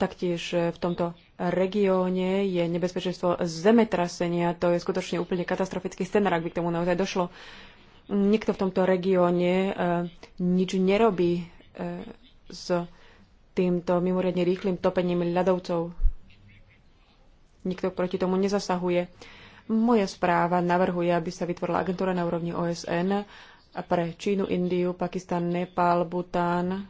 Taktiež v tomto regióne je nebezpečenstvo zemetrasenia. To je skutočne úplne katastrofický scenár, ak by k tomu naozaj došlo. Uh, Nikto v tomto regióne e, nič nerobí e, s týmto mimoriadne rýchlým topením ľadovcov. Nikto proti tomu nezasahuje. Moja správa navrhuje, aby sa vytvorila agentúra na úrovni OSN pre Čínu, Indiu, Pakistan, Nepal, Bután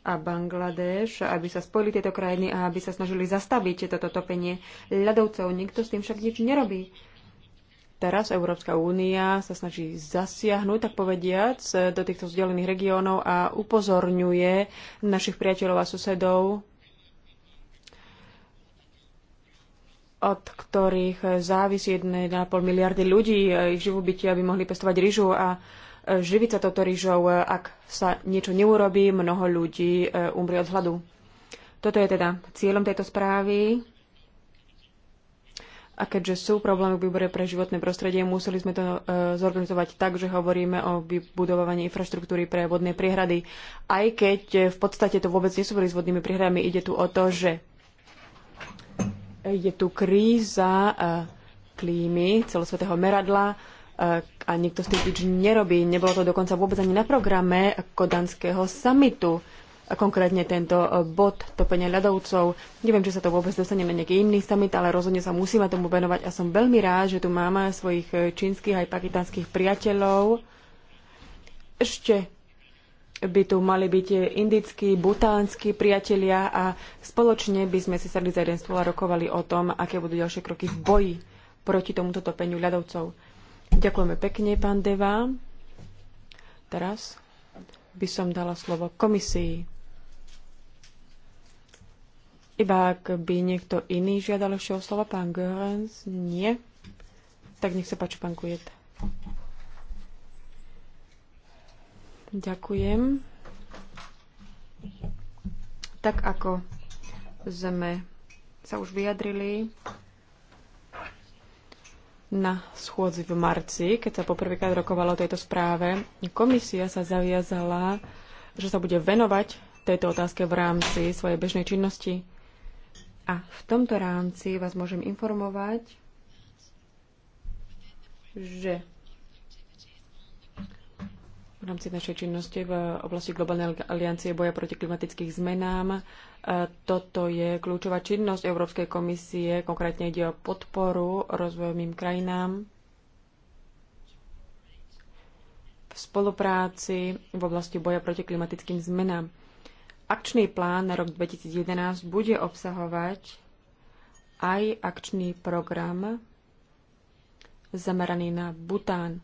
a Bangladeš, aby sa spojili tieto krajiny a aby sa snažili zastaviť toto topenie ľadovcov. Nikto s tým však nič nerobí. Teraz Európska únia sa snaží zasiahnuť, tak povediac, do týchto vzdialených regiónov a upozorňuje našich priateľov a susedov, od ktorých závisí 1,5 miliardy ľudí, ich živobytie, aby mohli pestovať rýžu a živiť sa toto rýžou, ak sa niečo neurobí, mnoho ľudí eh, umrie od hladu. Toto je teda cieľom tejto správy a keďže sú problémy v výbore pre životné prostredie, museli sme to e, zorganizovať tak, že hovoríme o vybudovaní infraštruktúry pre vodné priehrady. Aj keď e, v podstate to vôbec nesúvisí s vodnými priehradami, ide tu o to, že je tu kríza e, klímy celosvetého meradla a nikto z tých nič nerobí. Nebolo to dokonca vôbec ani na programe kodanského samitu konkrétne tento e, bod topenia ľadovcov. Neviem, či sa to vôbec dostane na nejaký iný summit, ale rozhodne sa musíme tomu venovať a som veľmi rád, že tu máme svojich e, čínskych aj pakistanských priateľov. Ešte by tu mali byť e, indickí, butánsky priatelia a spoločne by sme si sadli za jeden stôl a rokovali o tom, aké budú ďalšie kroky v boji proti tomuto topeniu ľadovcov. Ďakujeme pekne, pán Deva. Teraz by som dala slovo komisii. Iba ak by niekto iný žiadal ešte o slovo, pán Görens, nie. Tak nech sa páči, pán Kujet. Ďakujem. Tak ako sme sa už vyjadrili na schôdzi v marci, keď sa poprvýkrát rokovalo o tejto správe, komisia sa zaviazala, že sa bude venovať tejto otázke v rámci svojej bežnej činnosti a v tomto rámci vás môžem informovať, že v rámci našej činnosti v oblasti Globálnej aliancie boja proti klimatických zmenám e, toto je kľúčová činnosť Európskej komisie, konkrétne ide o podporu rozvojovým krajinám v spolupráci v oblasti boja proti klimatickým zmenám. Akčný plán na rok 2011 bude obsahovať aj akčný program zameraný na Bután.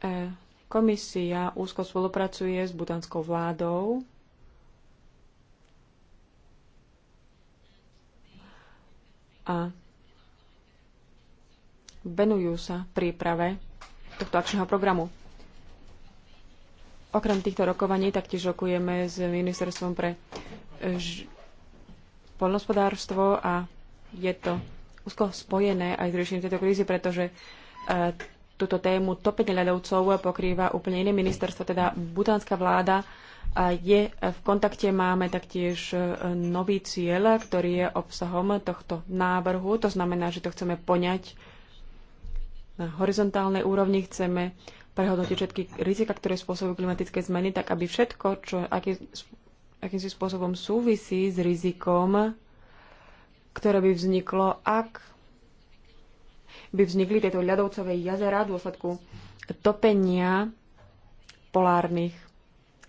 E, komisia úzko spolupracuje s butanskou vládou a venujú sa príprave tohto akčného programu. Okrem týchto rokovaní taktiež rokujeme s Ministerstvom pre e, poľnospodárstvo a je to úzko spojené aj s riešením tejto krízy, pretože e, túto tému topenie ľadovcov pokrýva úplne iné ministerstvo, teda butánska vláda je v kontakte, máme taktiež e, nový cieľ, ktorý je obsahom tohto návrhu. To znamená, že to chceme poňať na horizontálnej úrovni, chceme prehodnotiť všetky rizika, ktoré spôsobujú klimatické zmeny, tak aby všetko, čo aký, si spôsobom súvisí s rizikom, ktoré by vzniklo, ak by vznikli tieto ľadovcové jazera v dôsledku topenia polárnych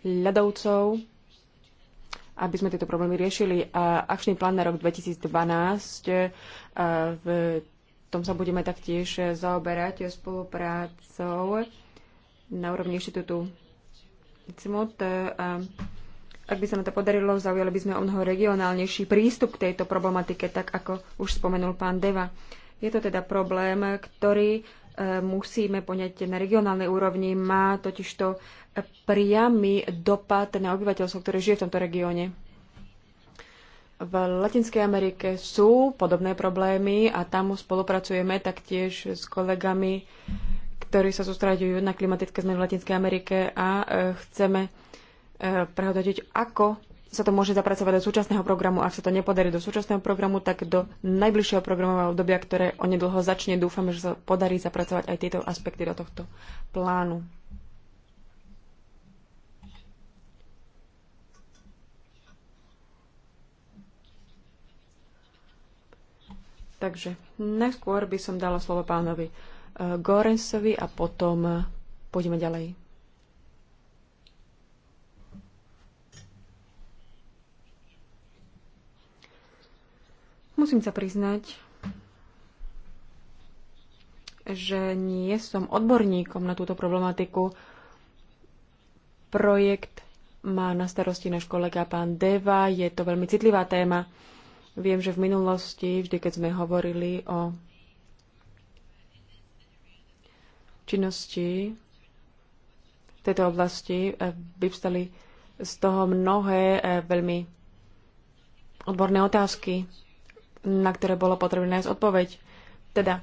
ľadovcov, aby sme tieto problémy riešili. A akčný plán na rok 2012 e, v tom sa budeme taktiež zaoberať spoluprácou na úrovni inštitútu CIMUT. E, ak by sa nám to podarilo, zaujali by sme o mnoho regionálnejší prístup k tejto problematike, tak ako už spomenul pán Deva. Je to teda problém, ktorý e, musíme poňať na regionálnej úrovni. Má totižto e, priamy dopad na obyvateľstvo, ktoré žije v tomto regióne. V Latinskej Amerike sú podobné problémy a tam spolupracujeme taktiež s kolegami ktorí sa sústraďujú na klimatické zmeny v Latinskej Amerike a e, chceme e, prehodnotiť, ako sa to môže zapracovať do súčasného programu. Ak sa to nepodarí do súčasného programu, tak do najbližšieho programového obdobia, ktoré onedlho začne, dúfame, že sa podarí zapracovať aj tieto aspekty do tohto plánu. Takže najskôr by som dala slovo pánovi Gorensovi a potom e, pôjdeme ďalej. Musím sa priznať, že nie som odborníkom na túto problematiku. Projekt má na starosti náš kolega pán Deva. Je to veľmi citlivá téma. Viem, že v minulosti, vždy keď sme hovorili o činnosti v tejto oblasti eh, vyvstali z toho mnohé eh, veľmi odborné otázky, na ktoré bolo potrebné nájsť odpoveď. Teda,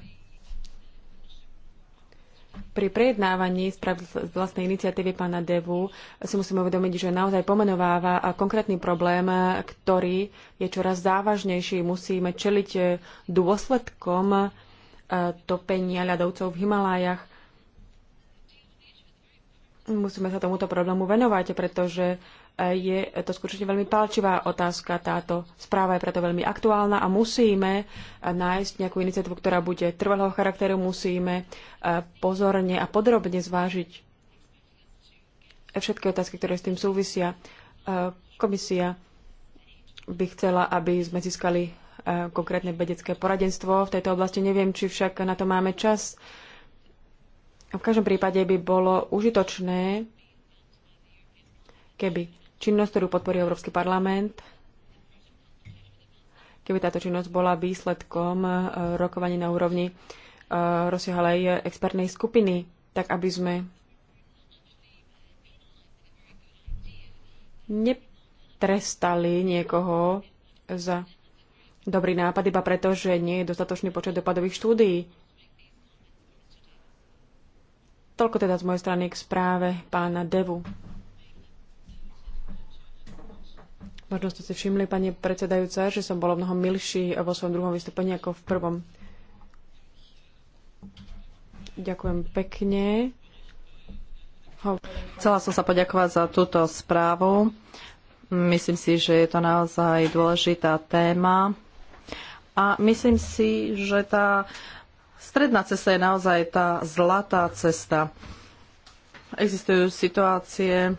pri prejednávaní z vlastnej iniciatívy pána Devu si musíme uvedomiť, že naozaj pomenováva konkrétny problém, ktorý je čoraz závažnejší. Musíme čeliť eh, dôsledkom topenia ľadovcov v Himalájach musíme sa tomuto problému venovať, pretože eh, je to skutočne veľmi palčivá otázka. Táto správa je preto veľmi aktuálna a musíme eh, nájsť nejakú iniciatívu, ktorá bude trvalého charakteru. Musíme eh, pozorne a podrobne zvážiť všetky otázky, ktoré s tým súvisia. Komisia by chcela, aby sme získali konkrétne vedecké poradenstvo v tejto oblasti. Neviem, či však na to máme čas. V každom prípade by bolo užitočné, keby činnosť, ktorú podporí Európsky parlament, keby táto činnosť bola výsledkom e, rokovaní na úrovni e, rozsiahlej expertnej skupiny, tak aby sme netrestali niekoho za dobrý nápad iba preto, že nie je dostatočný počet dopadových štúdií Toľko teda z mojej strany k správe pána Devu. Možno ste si všimli, pani predsedajúca, že som bolo mnoho milší vo svojom druhom vystúpení ako v prvom. Ďakujem pekne. Ho... Chcela som sa poďakovať za túto
správu. Myslím si, že je to naozaj dôležitá téma. A myslím si, že tá Stredná cesta je naozaj tá zlatá cesta. Existujú situácie,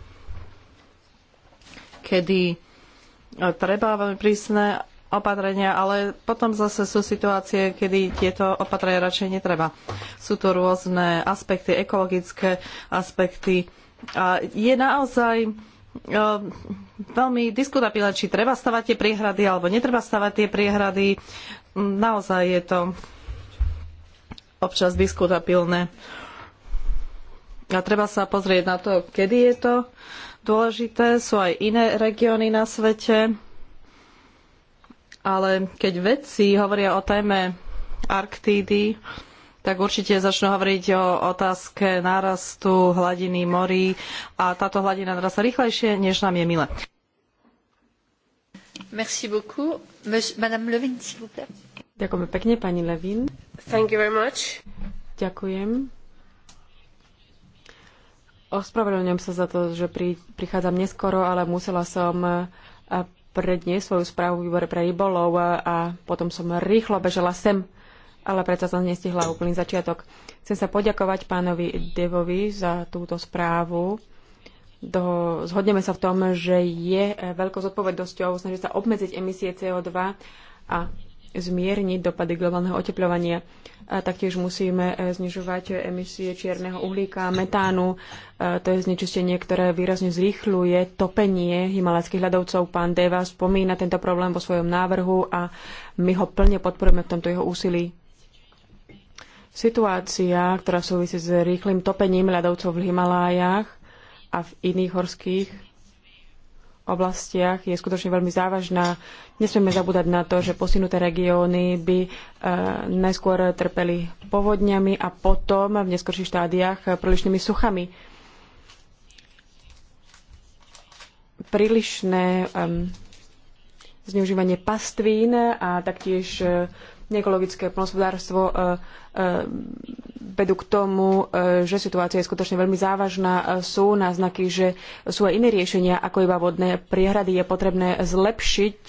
kedy e, treba veľmi prísne opatrenia, ale potom zase sú situácie, kedy tieto opatrenia radšej netreba. Sú to rôzne aspekty, ekologické aspekty. A je naozaj e, veľmi diskutabilné, či treba stavať tie priehrady alebo netreba stavať tie priehrady. Naozaj je to občas diskutabilné. A treba sa pozrieť na to, kedy je to dôležité. Sú aj iné regióny na svete. Ale keď vedci hovoria o téme Arktídy, tak určite začnú hovoriť o otázke nárastu hladiny morí a táto hladina narasta rýchlejšie,
než nám je milé.
Merci beaucoup. Madame Levin, s'il vous plaît.
Ďakujeme pekne, pani Levin.
Thank you very much.
Ďakujem. Ospravedlňujem sa za to, že pri, prichádzam neskoro, ale musela som eh, predniesť svoju správu výbore pre rybolov eh, a potom som rýchlo bežala sem, ale predsa som nestihla úplný začiatok. Chcem sa poďakovať pánovi Devovi za túto správu. Do, zhodneme sa v tom, že je eh, veľkou zodpovednosťou snažiť sa obmedziť emisie CO2 a zmierniť dopady globálneho oteplovania. A taktiež musíme e, znižovať emisie čierneho uhlíka, metánu. A e, to je znečistenie, ktoré výrazne zrýchluje topenie himalajských ľadovcov. Pán Deva spomína tento problém vo svojom návrhu a my ho plne podporujeme v tomto jeho úsilí. Situácia, ktorá súvisí s rýchlým topením ľadovcov v Himalájach a v iných horských oblastiach je skutočne veľmi závažná. Nesmieme zabúdať na to, že posunuté regióny by e, najskôr trpeli povodňami a potom v neskorších štádiách prílišnými suchami. Prílišné zneužívanie pastvín a taktiež neekologické plnospodárstvo e, e, vedú k tomu, e, že situácia je skutočne veľmi závažná. Sú náznaky, že sú aj iné riešenia ako iba vodné priehrady. Je potrebné zlepšiť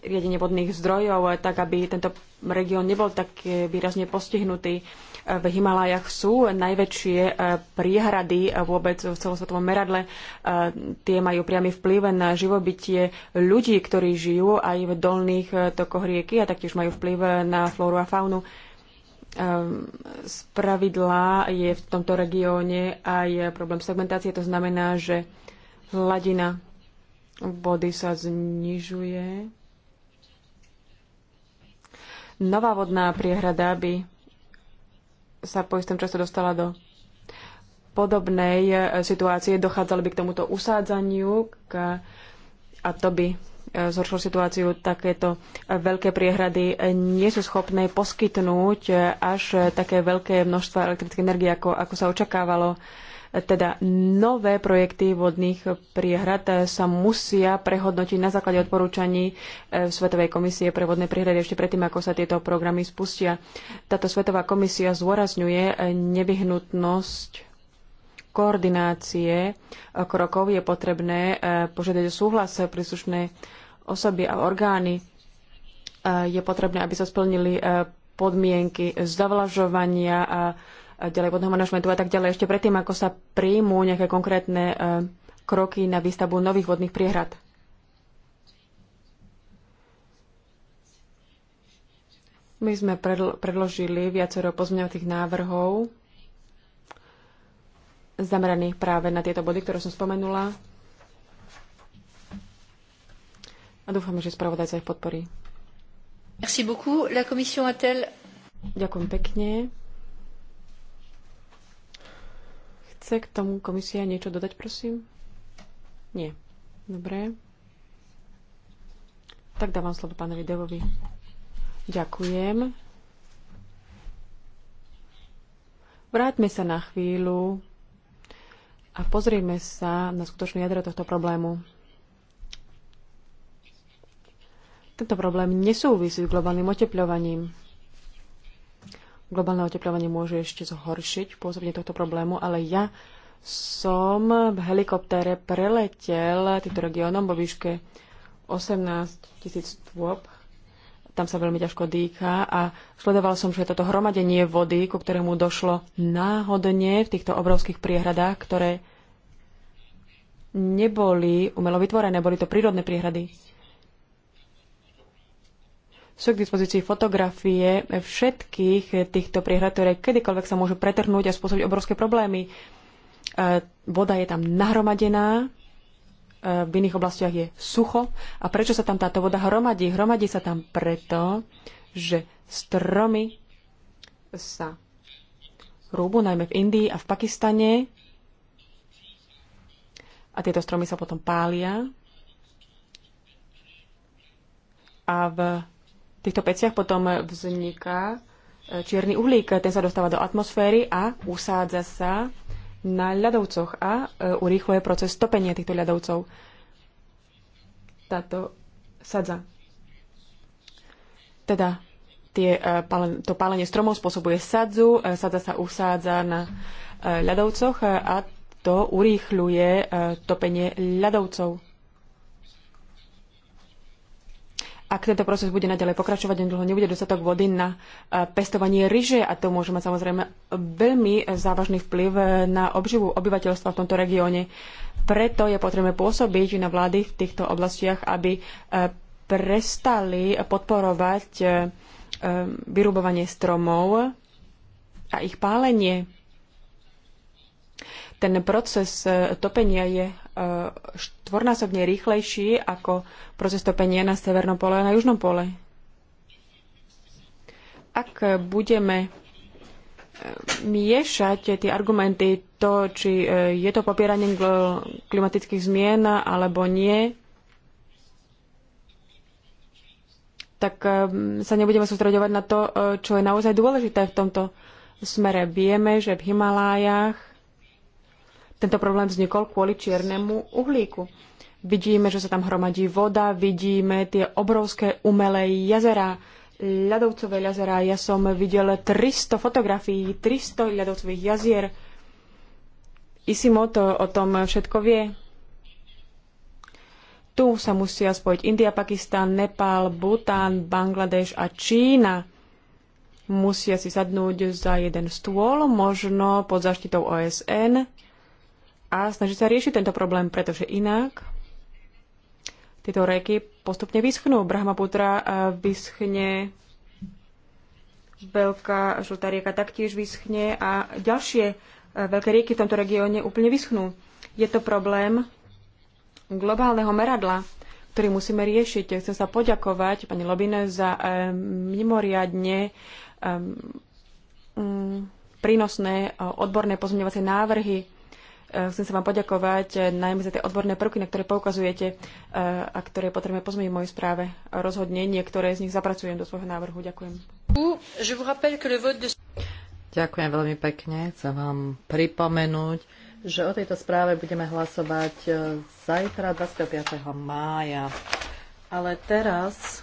riadenie vodných zdrojov, tak aby tento región nebol tak výrazne postihnutý v Himalajach sú najväčšie e, priehrady e, vôbec v celosvetovom meradle. E, tie majú priamy vplyv na živobytie ľudí, ktorí žijú aj v dolných tokoch rieky a taktiež majú vplyv na flóru a faunu. Spravidla je v tomto regióne aj problém segmentácie, to znamená, že hladina vody sa znižuje. Nová vodná priehrada by sa po istom čase dostala do podobnej e, situácie, dochádzalo by k tomuto usádzaniu k, a to by e, zhoršilo situáciu, takéto e, veľké priehrady nie sú schopné poskytnúť až také veľké množstva elektrické energie, ako, ako sa očakávalo. Uh, teda nové projekty vodných priehrad sa musia prehodnotiť na základe odporúčaní e, Svetovej komisie pre vodné priehrady ešte predtým, ako sa tieto programy spustia. Táto Svetová komisia zdôrazňuje e, nevyhnutnosť koordinácie e, krokov je potrebné požiadať o súhlas príslušnej osoby a orgány. Je potrebné, aby sa splnili podmienky zavlažovania a ďalej vodného manažmentu a tak ďalej, ešte predtým, ako sa príjmú nejaké konkrétne e, kroky na výstavbu nových vodných priehrad. My sme predložili viacero pozmeňovacích návrhov zameraných práve na tieto body, ktoré som spomenula. A dúfam, že spravodajca ich podporí. Merci beaucoup. La commission a Ďakujem pekne. Chce k tomu komisia niečo dodať, prosím? Nie. Dobre. Tak dávam slovo pánovi Devovi. Ďakujem. Vráťme sa na chvíľu a pozrieme sa na skutočné jadro tohto problému. Tento problém nesúvisí s globálnym otepľovaním. Globálne oteplovanie môže ešte zhoršiť pôsobenie tohto problému, ale ja som v helikoptére preletel týmto regiónom vo výške 18 tisíc stôp. Tam sa veľmi ťažko dýcha a sledoval som, že toto hromadenie vody, ku ktorému došlo náhodne v týchto obrovských priehradách, ktoré neboli umelo vytvorené, boli to prírodné priehrady. Sú k dispozícii fotografie všetkých týchto priehrad, ktoré kedykoľvek sa môžu pretrhnúť a spôsobiť obrovské problémy. E, voda je tam nahromadená, e, v iných oblastiach je sucho. A prečo sa tam táto voda hromadí? Hromadí sa tam preto, že stromy sa rúbu, najmä v Indii a v Pakistane. A tieto stromy sa potom pália. A v týchto peciach potom vzniká e, čierny uhlík. Ten sa dostáva do atmosféry a usádza sa na ľadovcoch a e, urýchluje proces topenia týchto ľadovcov. Táto sadza. Teda tie, e, to pálenie stromov spôsobuje sadzu, sadza sa usádza na ľadovcoch a to urýchľuje topenie ľadovcov. ak tento proces bude naďalej pokračovať, dlho nebude dostatok vody na e, pestovanie ryže a to môže mať samozrejme veľmi závažný vplyv na obživu obyvateľstva v tomto regióne. Preto je potrebné pôsobiť na vlády v týchto oblastiach, aby e, prestali podporovať e, vyrubovanie stromov a ich pálenie. Ten proces topenia je Eh, štvornásobne rýchlejší ako proces topenia na severnom pole a na južnom pole. Ak budeme eh, miešať tie argumenty, to, či eh, je to popieranie klimatických zmien alebo nie, tak sa nebudeme sústredovať na to, čo je naozaj dôležité v tomto smere. Vieme, že v Himalájach tento problém vznikol kvôli čiernemu uhlíku. Vidíme, že sa tam hromadí voda, vidíme tie obrovské umelé jazera, ľadovcové jazera. Ja som videl 300 fotografií, 300 ľadovcových jazier. Isimoto o tom všetko vie. Tu sa musia spojiť India, Pakistan, Nepál, Bután, Bangladeš a Čína. Musia si sadnúť za jeden stôl, možno pod zaštitou OSN a snaží sa riešiť tento problém, pretože inak tieto reky postupne vyschnú. Brahmaputra eh, vyschne, veľká žltá rieka taktiež vyschne a ďalšie eh, veľké rieky v tomto regióne úplne vyschnú. Je to problém globálneho meradla, ktorý musíme riešiť. Chcem sa poďakovať pani Lobine za um, mimoriadne um, um, prínosné odborné pozmeňovacie návrhy Eh, chcem sa vám poďakovať eh, najmä za tie odborné prvky, na ktoré poukazujete eh, a ktoré potrebujeme pozmeniť v mojej správe. Rozhodne niektoré z nich zapracujem do svojho návrhu. Ďakujem.
Ďakujem veľmi pekne. Chcem vám pripomenúť, že o tejto správe budeme hlasovať zajtra 25. mája. Ale teraz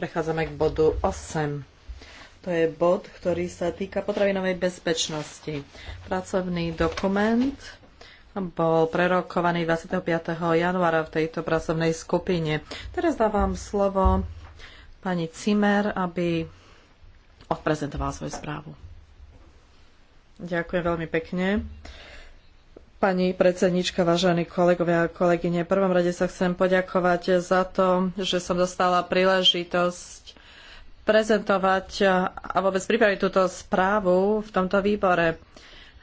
prechádzame k bodu 8. To je bod, ktorý sa týka potravinovej bezpečnosti. Pracovný dokument bol prerokovaný 25. januára v tejto pracovnej skupine. Teraz dávam slovo pani Cimer, aby odprezentovala svoju správu. Ďakujem veľmi pekne. Pani predsednička, vážení kolegovia a kolegyne, v prvom rade sa chcem poďakovať za to, že som dostala príležitosť prezentovať a vôbec pripraviť túto správu v tomto výbore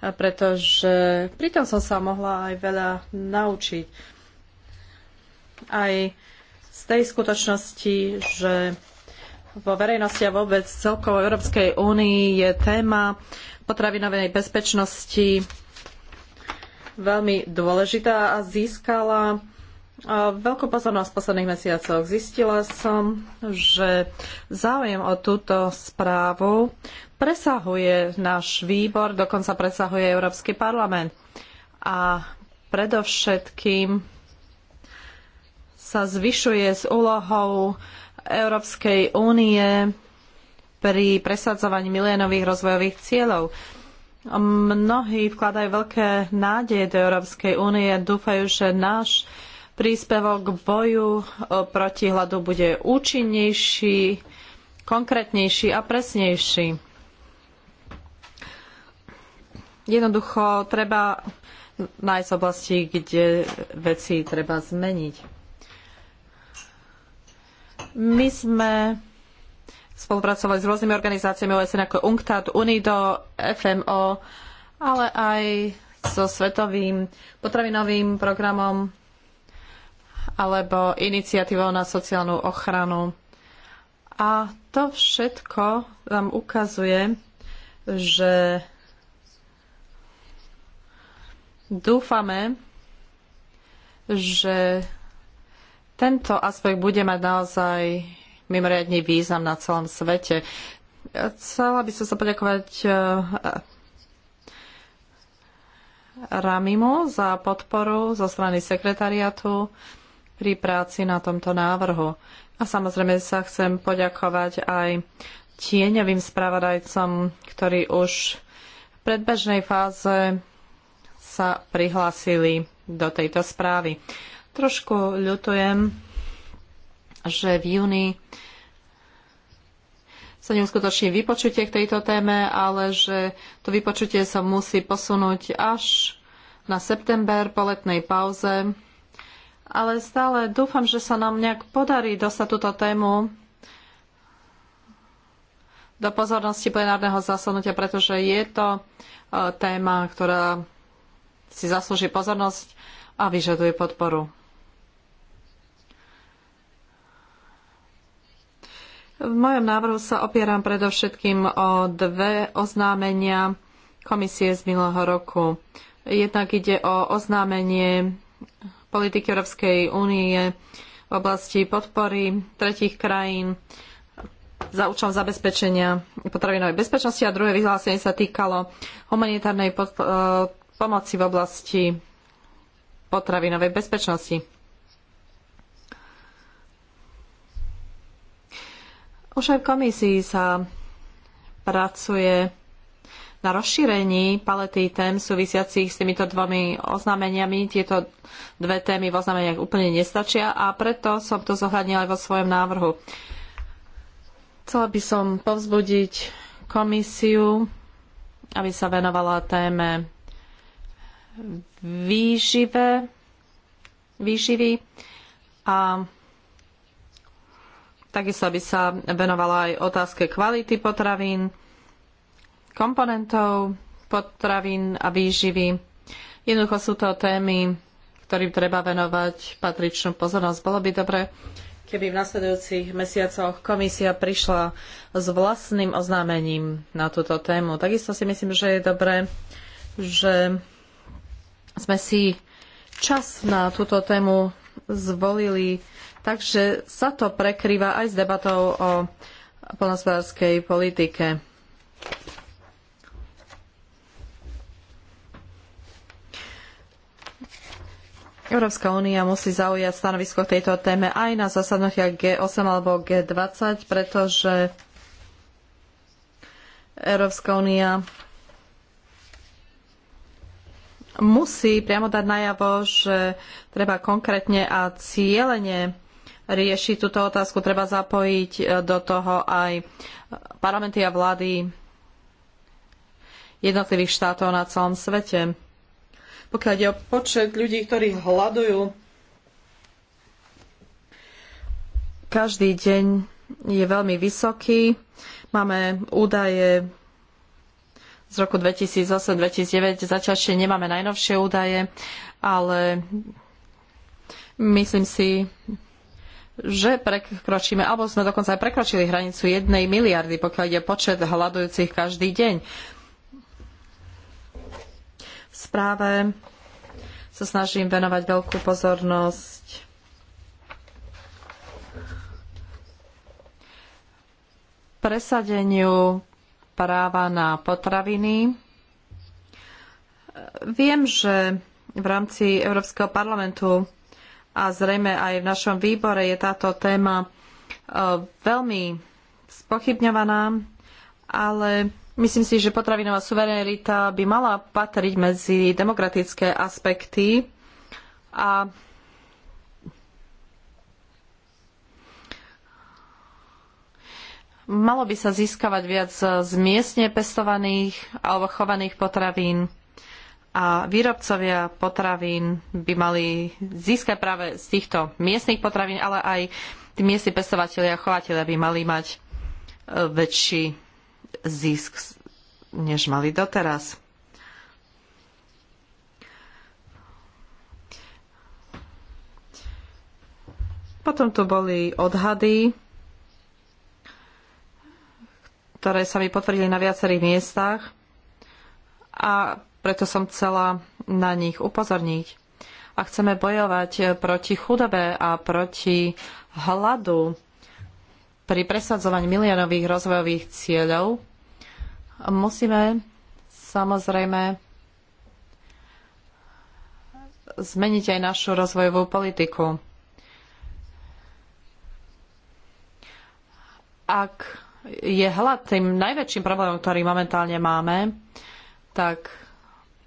pretože pritom som sa mohla aj veľa naučiť. Aj z tej skutočnosti, že vo verejnosti a vôbec celkovo Európskej únii je téma potravinovej bezpečnosti veľmi dôležitá a získala Veľkú pozornosť v posledných mesiacoch zistila som, že záujem o túto správu presahuje náš výbor, dokonca presahuje Európsky parlament. A predovšetkým sa zvyšuje s úlohou Európskej únie pri presadzovaní milénových rozvojových cieľov. Mnohí vkladajú veľké nádeje do Európskej únie, dúfajú, že náš príspevok k boju e, proti hladu bude účinnejší, konkrétnejší a presnejší. Jednoducho treba nájsť oblasti, kde veci treba zmeniť. My sme spolupracovali s rôznymi organizáciami OSN ako UNCTAD, UNIDO, FMO, ale aj so Svetovým potravinovým programom alebo iniciatívou na sociálnu ochranu. A to všetko nám ukazuje, že dúfame, že tento aspekt bude mať naozaj mimoriadný význam na celom svete. Chcela by som sa poďakovať eh, Ramimu za podporu zo strany sekretariatu pri práci na tomto návrhu. A samozrejme sa chcem poďakovať aj tieňovým spravodajcom, ktorí už v predbežnej fáze sa prihlásili do tejto správy. Trošku ľutujem, že v júni sa neuskutoční vypočutie k tejto téme, ale že to vypočutie sa musí posunúť až na september po letnej pauze, ale stále dúfam, že sa nám nejak podarí dostať túto tému do pozornosti plenárneho zasadnutia, pretože je to e, téma, ktorá si zaslúži pozornosť a vyžaduje podporu. V mojom návrhu sa opieram predovšetkým o dve oznámenia komisie z minulého roku. Jednak ide o oznámenie politiky Európskej únie v oblasti podpory tretich krajín za účelom zabezpečenia potravinovej bezpečnosti a druhé vyhlásenie sa týkalo humanitárnej e, pomoci v oblasti potravinovej bezpečnosti. Už aj v komisii sa pracuje na rozšírení palety tém súvisiacich s týmito dvomi oznámeniami. Tieto dve témy v oznámeniach úplne nestačia a preto som to zohľadnila aj vo svojom návrhu. Chcela by som povzbudiť komisiu, aby sa venovala téme výžive, výživy a takisto by sa venovala aj otázke kvality potravín komponentov potravín a výživy. Jednoducho sú to témy, ktorým treba venovať patričnú pozornosť. Bolo by dobre, keby v nasledujúcich mesiacoch komisia prišla s vlastným oznámením na túto tému. Takisto si myslím, že je dobré, že sme si čas na túto tému zvolili, takže sa to prekrýva aj s debatou o poľnohospodárskej politike. Európska únia musí zaujať stanovisko k tejto téme aj na zasadnutiach G8 alebo G20, pretože Európska únia musí priamo dať najavo, že treba konkrétne a cieľene riešiť túto otázku. Treba zapojiť do toho aj parlamenty a vlády jednotlivých štátov na celom svete pokiaľ ide o počet ľudí, ktorí hľadujú, každý deň je veľmi vysoký. Máme údaje z roku 2008-2009, začiašie nemáme najnovšie údaje, ale myslím si, že prekročíme, alebo sme dokonca aj prekročili hranicu jednej miliardy, pokiaľ ide počet hľadujúcich každý deň správe sa snažím venovať veľkú pozornosť presadeniu práva na potraviny. Viem, že v rámci Európskeho parlamentu a zrejme aj v našom výbore je táto téma e, veľmi spochybňovaná, ale Myslím si, že potravinová suverenita by mala patriť medzi demokratické aspekty a malo by sa získavať viac z miestne pestovaných alebo chovaných potravín a výrobcovia potravín by mali získať práve z týchto miestnych potravín, ale aj tí miestni pestovateľia a chovateľia by mali mať e, väčší zisk, než mali doteraz. Potom tu boli odhady, ktoré sa mi potvrdili na viacerých miestach a preto som chcela na nich upozorniť. A chceme bojovať proti chudobe a proti hladu pri presadzovaní miliónových rozvojových cieľov, musíme samozrejme zmeniť aj našu rozvojovú politiku. Ak je hlad tým najväčším problémom, ktorý momentálne máme, tak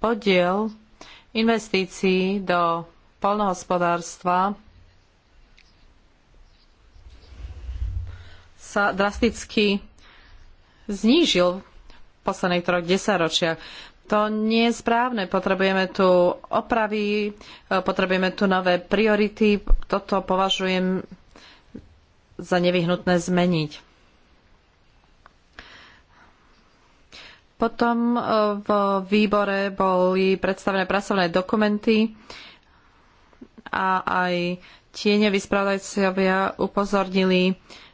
podiel investícií do poľnohospodárstva sa drasticky znížil posledných troch desaťročiach. To nie je správne. Potrebujeme tu opravy, e, potrebujeme tu nové priority. Toto považujem za nevyhnutné zmeniť. Potom e, v výbore boli predstavené pracovné dokumenty a aj tieňoví spravodajcovia upozornili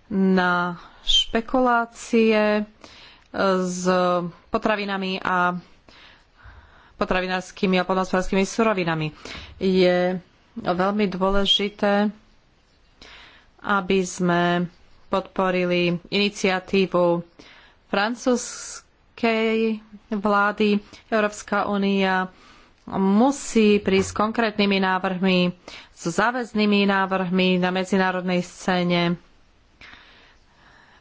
na špekulácie, s potravinami a potravinárskymi a podnospodárskymi surovinami. Je veľmi dôležité, aby sme podporili iniciatívu francúzskej vlády. Európska únia musí prísť s konkrétnymi návrhmi, so záväznými návrhmi na medzinárodnej scéne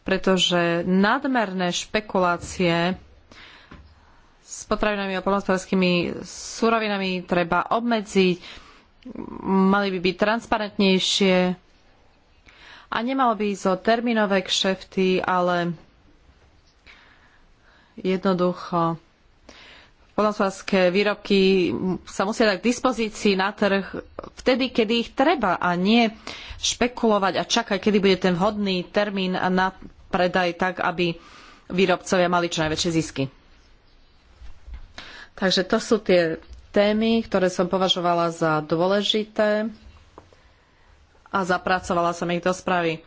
pretože nadmerné špekulácie s potravinami a polnospodárskymi súrovinami treba obmedziť, mali by byť transparentnejšie a nemalo by ísť o termínové kšefty, ale jednoducho poľnohospodárske výrobky sa musia dať k dispozícii na trh vtedy, kedy ich treba a nie špekulovať a čakať, kedy bude ten vhodný termín na predaj tak, aby výrobcovia mali čo najväčšie zisky. Takže to sú tie témy, ktoré som považovala za dôležité a zapracovala som ich do správy.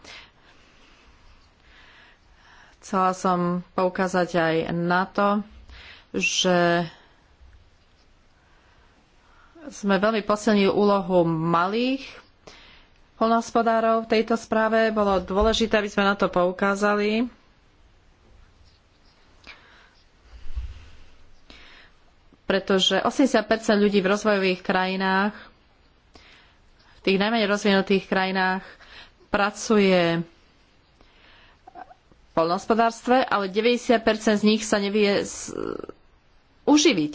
Chcela som poukázať aj na to, že sme veľmi posilnili úlohu malých polnohospodárov v tejto správe. Bolo dôležité, aby sme na to poukázali. pretože 80 ľudí v rozvojových krajinách, v tých najmenej rozvinutých krajinách, pracuje v polnohospodárstve, ale 90 z nich sa nevie uživiť,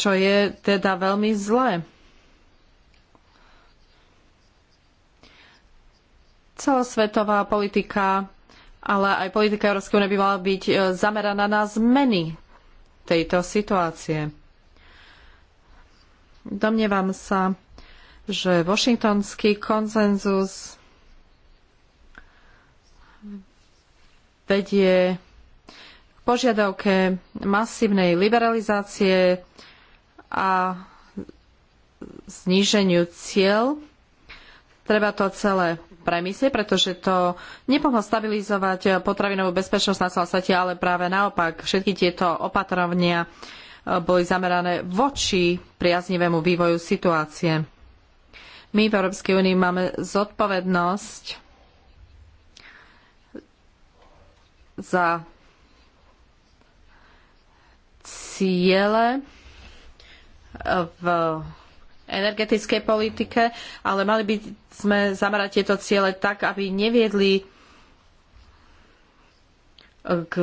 čo je teda veľmi zlé. Celosvetová politika, ale aj politika Európskej únie by mala byť e, zameraná na zmeny tejto situácie. Domnievam sa, že washingtonský konsenzus vedie k požiadavke masívnej liberalizácie a zníženiu cieľ. Treba to celé premise, pretože to nepomohlo stabilizovať potravinovú bezpečnosť na celom svete, ale práve naopak. Všetky tieto opatrovnia e, boli zamerané voči priaznivému vývoju situácie. My v Európskej únii máme zodpovednosť za ciele v energetickej politike, ale mali by sme zamerať tieto ciele tak, aby neviedli k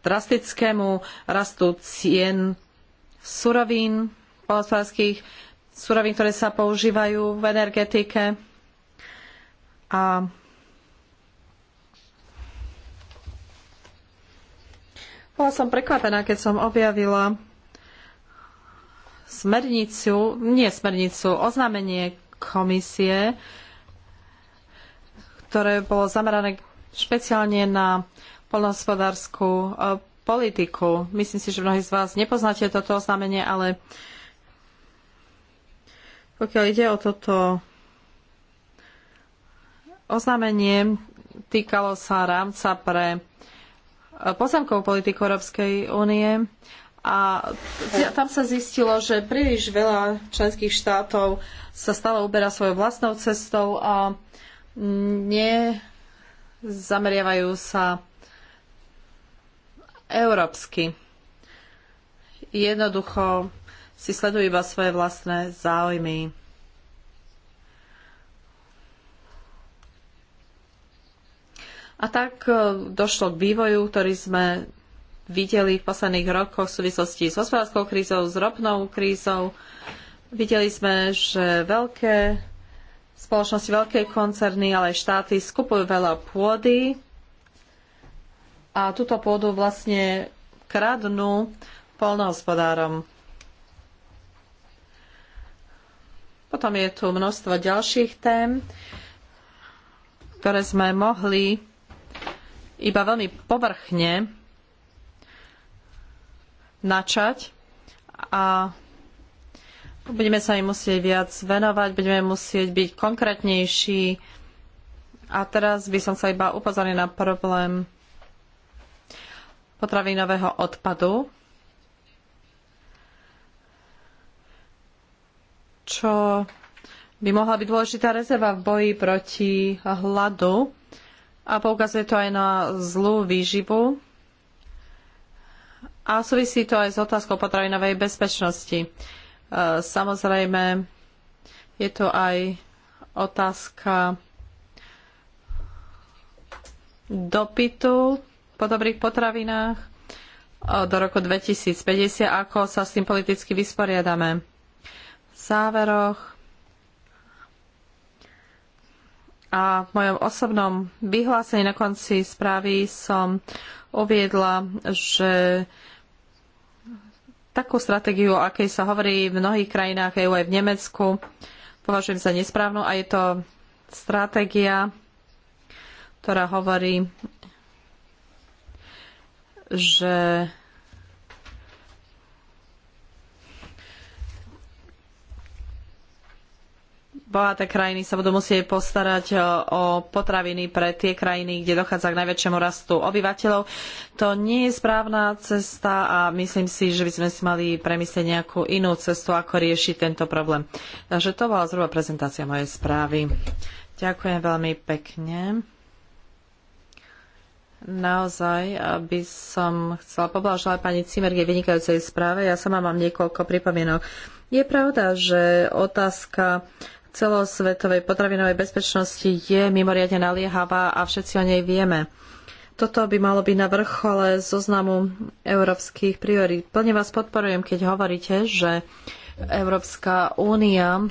drastickému rastu cien surovín polnospodárských, surovín, ktoré sa používajú v energetike. A bola som prekvapená, keď som objavila smernicu, nie smernicu, oznámenie komisie, ktoré bolo zamerané špeciálne na poľnohospodársku e, politiku. Myslím si, že mnohí z vás nepoznáte toto oznámenie, ale pokiaľ ide o toto oznámenie, týkalo sa rámca pre e, pozemkovú politiku Európskej únie a tam sa zistilo, že príliš veľa členských štátov sa stále uberá svojou vlastnou cestou a mm, nezameriavajú sa európsky. Jednoducho si sledujú iba svoje vlastné záujmy. A tak e, došlo k vývoju, ktorý sme videli v posledných rokoch v súvislosti s hospodárskou krízou, s ropnou krízou. Videli sme, že veľké spoločnosti, veľké koncerny, ale aj štáty skupujú veľa pôdy a túto pôdu vlastne kradnú polnohospodárom. Potom je tu množstvo ďalších tém, ktoré sme mohli iba veľmi povrchne načať a budeme sa im musieť viac venovať, budeme musieť byť konkrétnejší. A teraz by som sa iba upozornil na problém potravinového odpadu, čo by mohla byť dôležitá rezerva v boji proti hladu a poukazuje to aj na zlú výživu a súvisí to aj s otázkou potravinovej bezpečnosti. E, samozrejme, je to aj otázka dopytu po dobrých potravinách e, do roku 2050, ako sa s tým politicky vysporiadame. V záveroch a v mojom osobnom vyhlásení na konci správy som uviedla, že takú stratégiu, o akej sa hovorí v mnohých krajinách EU aj v Nemecku, považujem za nesprávnu a je to stratégia, ktorá hovorí, že bohaté krajiny sa budú musieť postarať e, o potraviny pre tie krajiny, kde dochádza k najväčšiemu rastu obyvateľov. To nie je správna cesta a myslím si, že by sme si mali premyslieť nejakú inú cestu, ako riešiť tento problém. Takže to bola zhruba prezentácia mojej správy. Ďakujem veľmi pekne. Naozaj e, by som chcela poblažovať pani Cimer k vynikajúcej správe. Ja sama mám niekoľko pripomienok. Je pravda, že otázka celosvetovej potravinovej bezpečnosti je mimoriadne naliehavá a všetci o nej vieme. Toto by malo byť na vrchole zoznamu európskych priorít. Plne vás podporujem, keď hovoríte, že Európska únia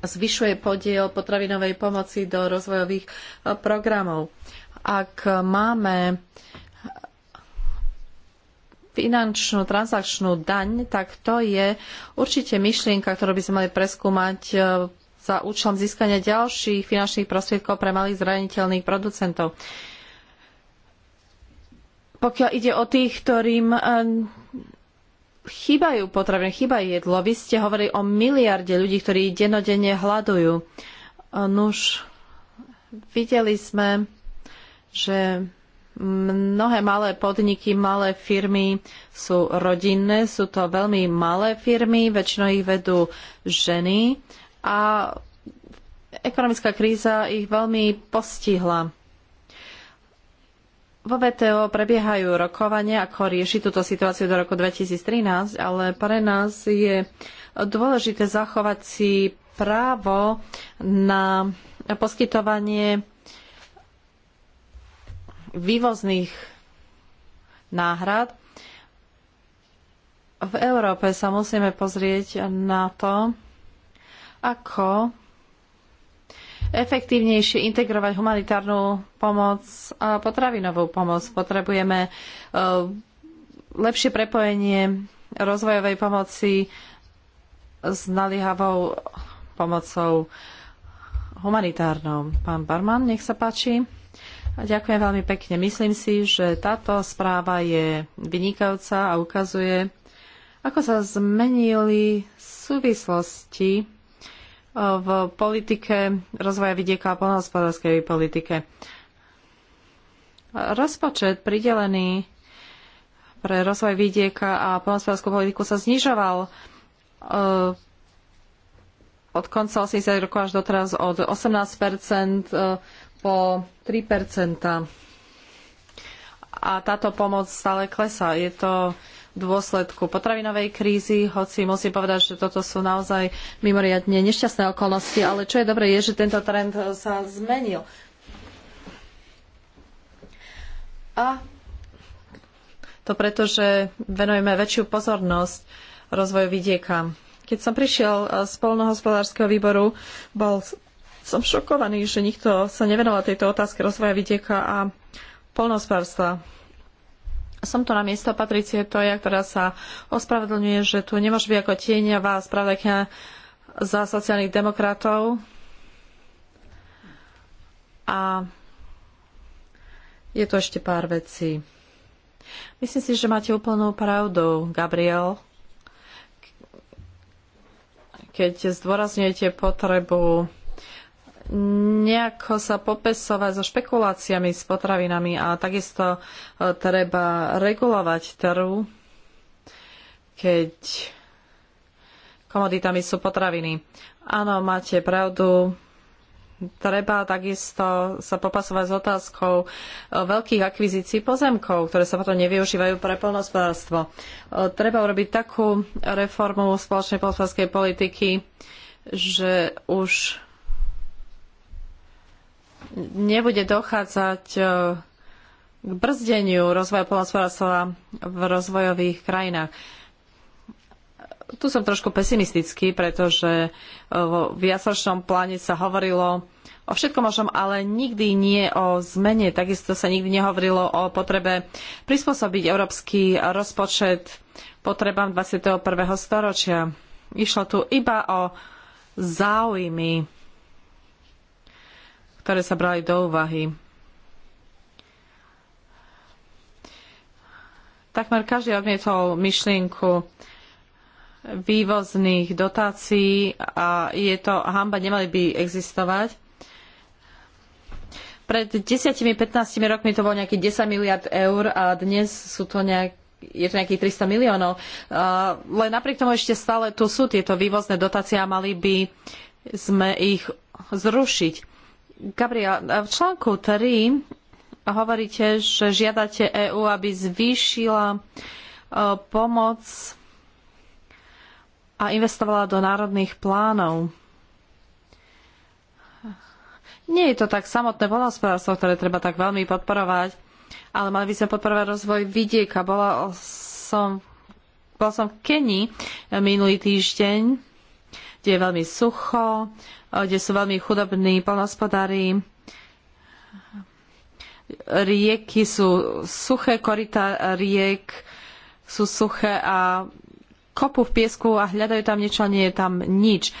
zvyšuje podiel potravinovej pomoci do rozvojových eh, programov. Ak máme finančnú transakčnú daň, tak to je určite myšlienka, ktorú by sme mali preskúmať e, za účelom získania ďalších finančných prostriedkov pre malých zraniteľných producentov. Pokiaľ ide o tých, ktorým e, chýbajú potraviny, chýba jedlo. Vy ste hovorili o miliarde ľudí, ktorí denodenne hľadujú. E, nuž, videli sme, že Mnohé malé podniky, malé firmy sú rodinné, sú to veľmi malé firmy, väčšinou ich vedú ženy a ekonomická kríza ich veľmi postihla. Vo VTO prebiehajú rokovania, ako rieši túto situáciu do roku 2013, ale pre nás je dôležité zachovať si právo na poskytovanie vývozných náhrad. V Európe sa musíme pozrieť na to, ako efektívnejšie integrovať humanitárnu pomoc a potravinovú pomoc. Potrebujeme e, lepšie prepojenie rozvojovej pomoci s nalihavou pomocou humanitárnou. Pán Barman, nech sa páči. Ďakujem veľmi pekne. Myslím si, že táto správa je vynikajúca a ukazuje, ako sa zmenili súvislosti e, v politike rozvoja vidieka a polnohospodárskej politike. Rozpočet pridelený pre rozvoj vidieka a polnohospodárskú politiku sa znižoval e, od konca 80 rokov až doteraz od 18 po 3 A táto pomoc stále klesá. Je to v dôsledku potravinovej krízy, hoci musím povedať, že toto sú naozaj mimoriadne nešťastné okolnosti, ale čo je dobré, je, že tento trend sa zmenil. A to preto, že venujeme väčšiu pozornosť rozvoju vidieka. Keď som prišiel z polnohospodárskeho výboru, bol som šokovaný, že nikto sa nevenoval tejto otázke rozvoja vidieka a polnohospodárstva. Som tu na miesto Patricie Toja, ktorá sa ospravedlňuje, že tu nemôže byť ako tieňová spravodajka za sociálnych demokratov. A je tu ešte pár vecí. Myslím si, že máte úplnú pravdu, Gabriel, keď zdôrazňujete potrebu nejako sa popesovať so špekuláciami s potravinami a takisto e, treba regulovať trhu, keď komoditami sú potraviny. Áno, máte pravdu. Treba takisto sa popasovať s otázkou e, veľkých akvizícií pozemkov, ktoré sa potom nevyužívajú pre polnospodárstvo. E, treba urobiť takú reformu spoločnej polnospodárskej politiky, že už nebude dochádzať e, k brzdeniu rozvoja polnospodárstva v rozvojových krajinách. Tu som trošku pesimistický, pretože e, vo viacročnom pláne sa hovorilo o všetkom možnom, ale nikdy nie o zmene. Takisto sa nikdy nehovorilo o potrebe prispôsobiť európsky rozpočet potrebám 21. storočia. Išlo tu iba o záujmy ktoré sa brali do úvahy. Takmer každý odmietol myšlienku vývozných dotácií a je to hamba, nemali by existovať. Pred 10-15 rokmi to bolo nejakých 10 miliard eur a dnes sú to nejak, je to nejakých 300 miliónov. Uh, len napriek tomu ešte stále tu sú tieto vývozné dotácie a mali by sme ich zrušiť. Gabriel, e, v článku 3 hovoríte, že žiadate EÚ, aby zvýšila e, pomoc a investovala do národných plánov. Nie je to tak samotné poľnohospodárstvo, ktoré treba tak veľmi podporovať, ale mali by sme podporovať rozvoj vidieka. Bola som, som v Kenii minulý týždeň kde je veľmi sucho, eh, kde sú veľmi chudobní polnospodári. Rieky sú suché, korita riek sú suché a kopu v piesku a hľadajú tam niečo a nie je tam nič.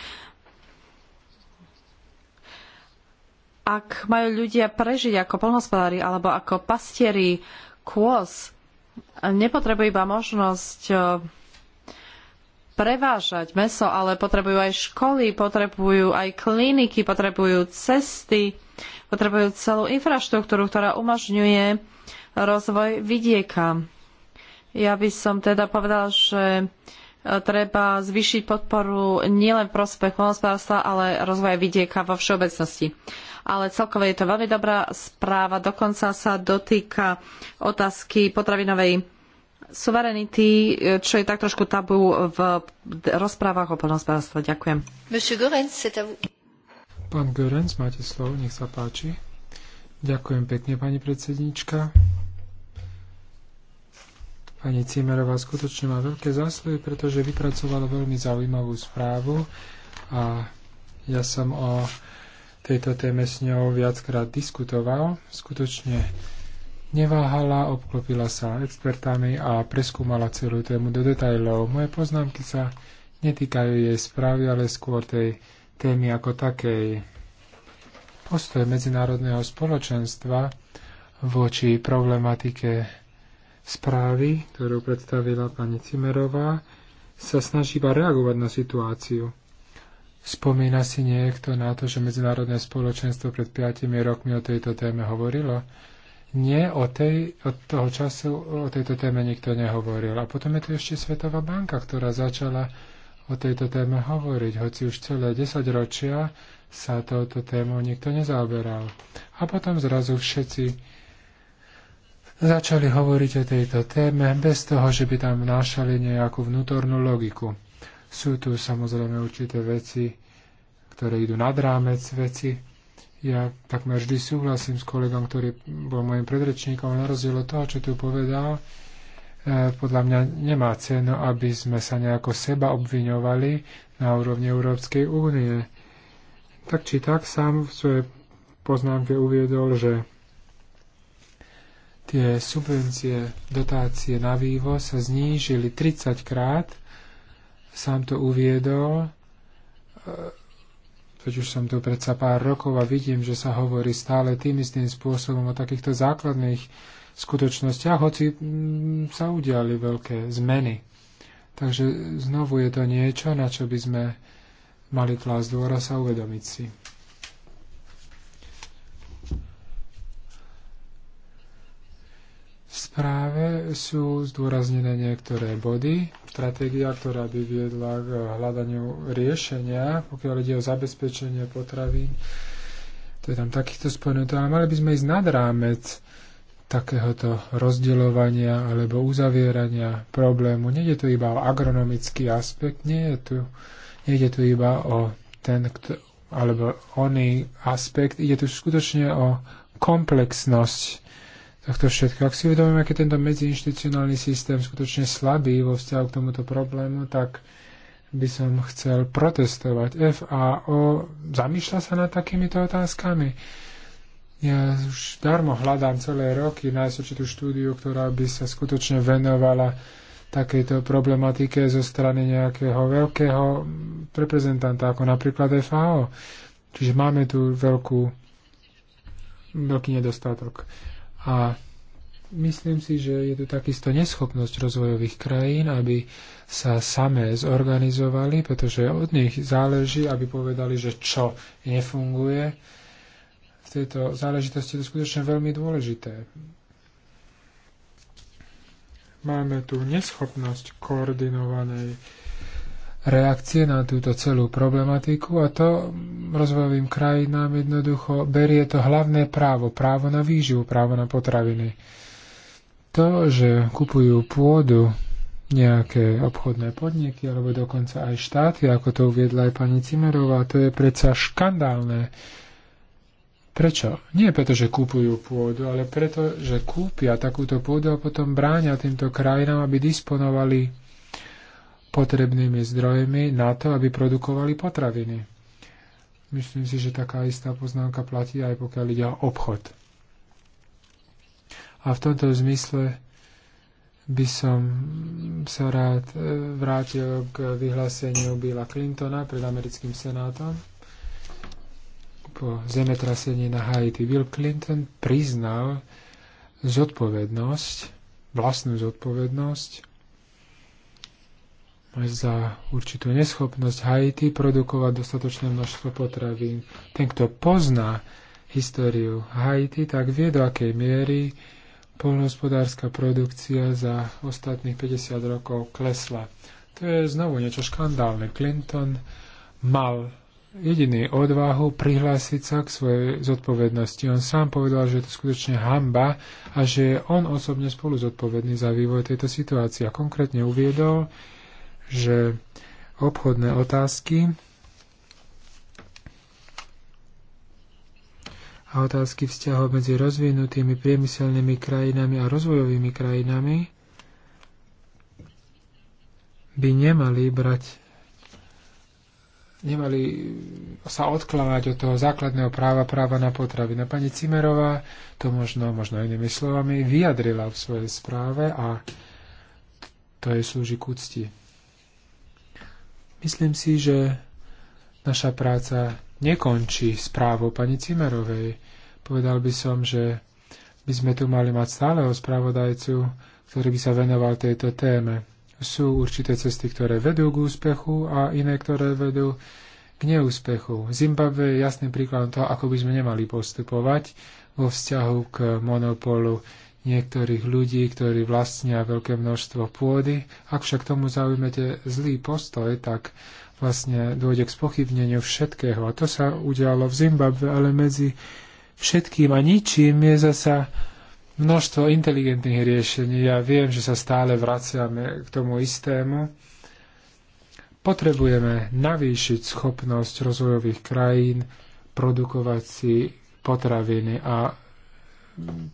Ak majú ľudia prežiť ako polnospodári alebo ako pastieri kôz, nepotrebujú iba možnosť eh, prevážať mäso, ale potrebujú aj školy, potrebujú aj kliniky, potrebujú cesty, potrebujú celú infraštruktúru, ktorá umožňuje rozvoj vidieka. Ja by som teda povedala, že e, treba zvýšiť podporu nielen v prospech poľnohospodárstva, ale rozvoja vidieka vo všeobecnosti. Ale celkové je to veľmi dobrá správa, dokonca sa dotýka otázky potravinovej suverenity, čo je tak trošku tabu v rozprávach o poľnohospodárstve. Ďakujem.
Pán Görenc, máte slovo, nech sa páči. Ďakujem pekne, pani predsednička. Pani Cimerová skutočne má veľké zásluhy, pretože vypracovala veľmi zaujímavú správu a ja som o tejto téme s ňou viackrát diskutoval. Skutočne neváhala, obklopila sa expertami a preskúmala celú tému do detajlov. Moje poznámky sa netýkajú jej správy, ale skôr tej témy ako takej. Postoj medzinárodného spoločenstva voči problematike správy, ktorú predstavila pani Cimerová, sa snaží iba reagovať na situáciu. Spomína si niekto na to, že medzinárodné spoločenstvo pred 5 rokmi o tejto téme hovorilo? Nie, o, tej, od toho času o tejto téme nikto nehovoril. A potom je tu ešte Svetová banka, ktorá začala o tejto téme hovoriť, hoci už celé 10 ročia sa touto témou nikto nezaoberal. A potom zrazu všetci začali hovoriť o tejto téme bez toho, že by tam vnášali nejakú vnútornú logiku. Sú tu samozrejme určité veci, ktoré idú nad rámec veci, ja takmer vždy súhlasím s kolegom, ktorý bol môjim predrečníkom, na rozdiel od toho, čo tu povedal, e, podľa mňa nemá cenu, aby sme sa nejako seba obviňovali na úrovni Európskej únie. Tak či tak sám v svojej poznámke uviedol, že tie subvencie, dotácie na vývoz sa znížili 30 krát, sám to uviedol, e, Veď už som tu predsa pár rokov a vidím, že sa hovorí stále tým istým spôsobom o takýchto základných skutočnostiach, hoci mm, sa udiali veľké zmeny. Takže znovu je to niečo, na čo by sme mali klásť dôraz a uvedomiť si. správe sú zdôraznené niektoré body, stratégia, ktorá by viedla k hľadaniu riešenia, pokiaľ ide o zabezpečenie potravín. To je tam takýchto spomenuté, ale mali by sme ísť nad rámec takéhoto rozdeľovania alebo uzavierania problému. Nejde tu iba o agronomický aspekt, nie je tu, nejde tu iba o ten, kto, alebo oný aspekt, ide tu skutočne o komplexnosť to všetko. Ak si uvedomíme, aký tento medziinstitucionálny systém skutočne slabý vo vzťahu k tomuto problému, tak by som chcel protestovať. FAO zamýšľa sa nad takýmito otázkami. Ja už darmo hľadám celé roky nájsť určitú štúdiu, ktorá by sa skutočne venovala takejto problematike zo strany nejakého veľkého reprezentanta, ako napríklad FAO. Čiže máme tu veľkú, veľký nedostatok. A myslím si, že je tu takisto neschopnosť rozvojových krajín, aby sa samé zorganizovali, pretože od nich záleží, aby povedali, že čo nefunguje. V tejto záležitosti je to skutočne veľmi dôležité. Máme tu neschopnosť koordinovanej reakcie na túto celú problematiku a to rozvojovým krajinám jednoducho berie to hlavné právo, právo na výživu, právo na potraviny. To, že kupujú pôdu nejaké obchodné podniky alebo dokonca aj štáty, ako to uviedla aj pani Cimerová, to je predsa škandálne. Prečo? Nie preto, že kúpujú pôdu, ale preto, že kúpia takúto pôdu a potom bránia týmto krajinám, aby disponovali potrebnými zdrojmi na to, aby produkovali potraviny. Myslím si, že taká istá poznámka platí aj pokiaľ ide o obchod. A v tomto zmysle by som sa rád e, vrátil k vyhláseniu Billa Clintona pred americkým senátom po zemetrasení na Haiti. Bill Clinton priznal zodpovednosť, vlastnú zodpovednosť za určitú neschopnosť Haiti produkovať dostatočné množstvo potravín. Ten, kto pozná históriu Haiti, tak vie, do akej miery polnohospodárska produkcia za ostatných 50 rokov klesla. To je znovu niečo škandálne. Clinton mal jediný odvahu prihlásiť sa k svojej zodpovednosti. On sám povedal, že je to skutočne hamba a že je on osobne spolu zodpovedný za vývoj tejto situácie. A konkrétne uviedol, že obchodné otázky a otázky vzťahov medzi rozvinutými priemyselnými krajinami a rozvojovými krajinami by nemali brať nemali sa odkladať od toho základného práva, práva na Na Pani Cimerová to možno, možno inými slovami vyjadrila v svojej správe a to je slúži k úcti. Myslím si, že naša práca nekončí správou pani Cimerovej. Povedal by som, že by sme tu mali mať stáleho spravodajcu, ktorý by sa venoval tejto téme. Sú určité cesty, ktoré vedú k úspechu a iné, ktoré vedú k neúspechu. Zimbabwe je jasným príkladom toho, ako by sme nemali postupovať vo vzťahu k monopolu niektorých ľudí, ktorí vlastnia veľké množstvo pôdy. Ak však tomu zaujmete zlý postoj, tak vlastne dôjde k spochybneniu všetkého. A to sa udialo v Zimbabve, ale medzi všetkým a ničím je zasa množstvo inteligentných riešení. Ja viem, že sa stále vraciame k tomu istému. Potrebujeme navýšiť schopnosť rozvojových krajín produkovať si potraviny a